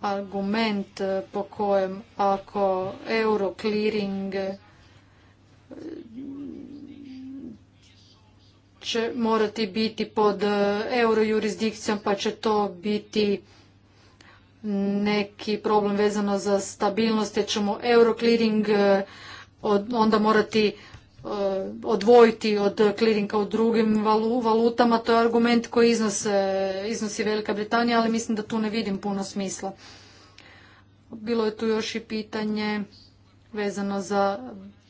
B: Argument po kojem ako euro clearing će morati biti pod e, euro jurisdikcijom pa će to biti neki problem vezano za stabilnost jer ćemo euro e, onda morati e, odvojiti od clearinga u drugim valutama. To je argument koji iznosi Velika Britanija, ali mislim da tu ne vidim puno smisla. Bilo je tu još i pitanje vezano za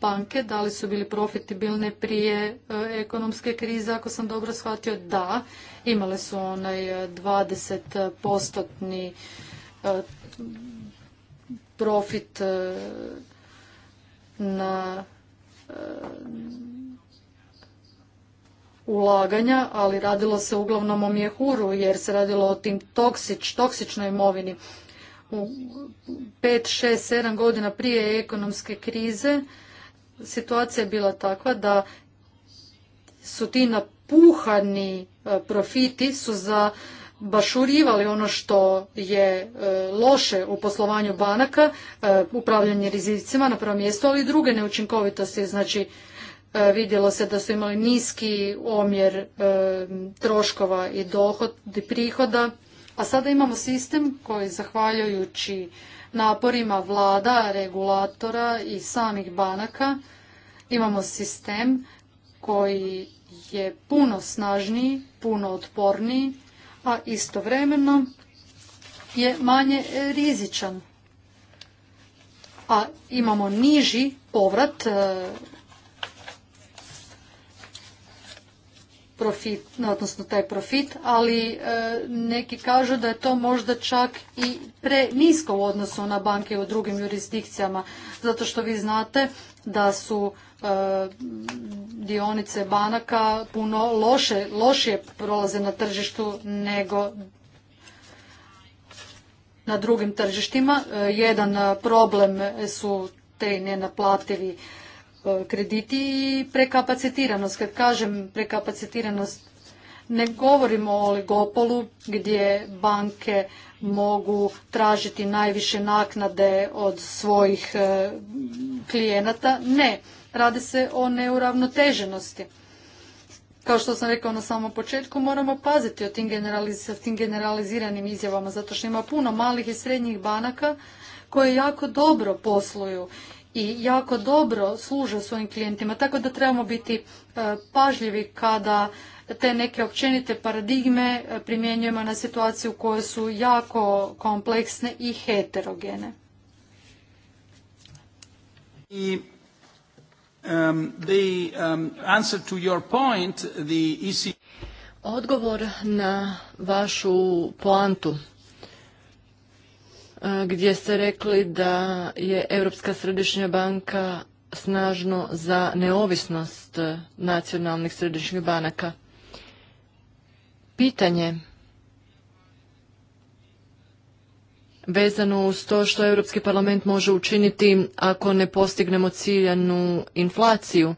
B: banke, da li su bili profitibilne prije e, ekonomske krize, ako sam dobro shvatio, da, imale su onaj 20-postotni e, profit e, na ulaganja, ali radilo se uglavnom o mjehuru jer se radilo o tim toksičnoj imovini. U 5, 6, 7 godina prije ekonomske krize situacija je bila takva da su ti napuhani e, profiti su za bašurivali ono što je e, loše u poslovanju banaka, e, upravljanje rizicima na prvom mjestu, ali i druge neučinkovitosti. Znači, vidjelo se da su imali niski omjer troškova i dohod, prihoda, a sada imamo sistem koji zahvaljujući naporima vlada, regulatora i samih banaka imamo sistem koji je puno snažniji, puno otporniji, a istovremeno je manje rizičan. A imamo niži povrat profit, odnosno taj profit, ali e, neki kažu da je to možda čak i pre nisko u odnosu na banke u drugim jurisdikcijama, zato što vi znate da su e, dionice banaka puno loše, lošije prolaze na tržištu nego na drugim tržištima. E, jedan problem su te nenaplativi E, krediti i prekapacitiranost. Kad kažem prekapacitiranost, ne govorimo o oligopolu gdje banke mogu tražiti najviše naknade od svojih e, klijenata. Ne, radi se o neuravnoteženosti. Kao što sam rekao na samom početku, moramo paziti o tim, tim generaliziranim izjavama, zato što ima puno malih i srednjih banaka koje jako dobro posluju i jako dobro služe svojim klijentima, tako da trebamo biti e, pažljivi kada te neke općenite paradigme e, primjenjujemo na situaciju koje su jako kompleksne i heterogene.
A: Um, um, I e Odgovor na
C: vašu poantu E, gdje ste rekli da je Europska središnja banka snažno za neovisnost nacionalnih središnjih banaka. Pitanje vezano uz to što Europski parlament može učiniti ako ne postignemo ciljanu inflaciju.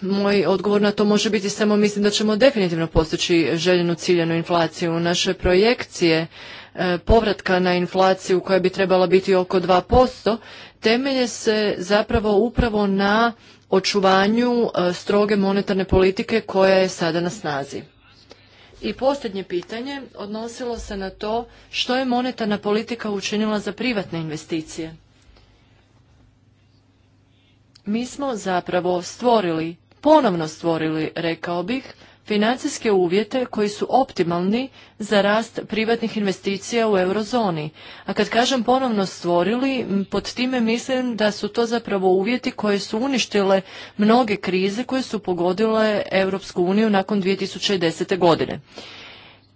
C: Moj odgovor na to može biti samo mislim da ćemo definitivno postići željenu ciljanu inflaciju. Naše projekcije E, povratka na inflaciju koja bi trebala biti oko 2%, temelje se zapravo upravo na očuvanju e, stroge monetarne politike koja je sada na snazi. I posljednje pitanje odnosilo se na to što je monetarna politika učinila za privatne investicije. Mi smo zapravo stvorili, ponovno stvorili, rekao bih, financijske uvjete koji su optimalni za rast privatnih investicija u eurozoni. A kad kažem ponovno stvorili, pod time mislim da su to zapravo uvjeti koje su uništile mnoge krize koje su pogodile Europsku uniju nakon 2010. godine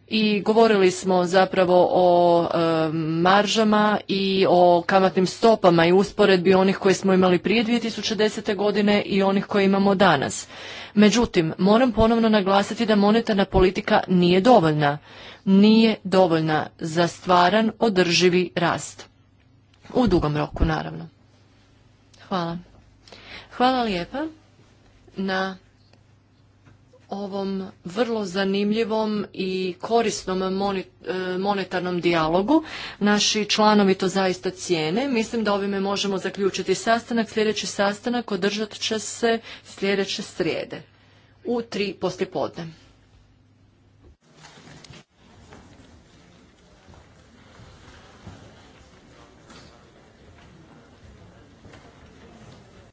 C: i govorili smo zapravo o e, maržama i o kamatnim stopama i usporedbi onih koje smo imali prije 2010. godine i onih koje imamo danas. Međutim, moram ponovno naglasiti da monetarna politika nije dovoljna. Nije dovoljna za stvaran održivi rast. U dugom roku, naravno. Hvala. Hvala lijepa na ovom vrlo zanimljivom i korisnom e, monetarnom dijalogu. Naši članovi to zaista cijene. Mislim da ovime možemo zaključiti sastanak. Sljedeći sastanak održat će se sljedeće srijede u tri poslijepodne.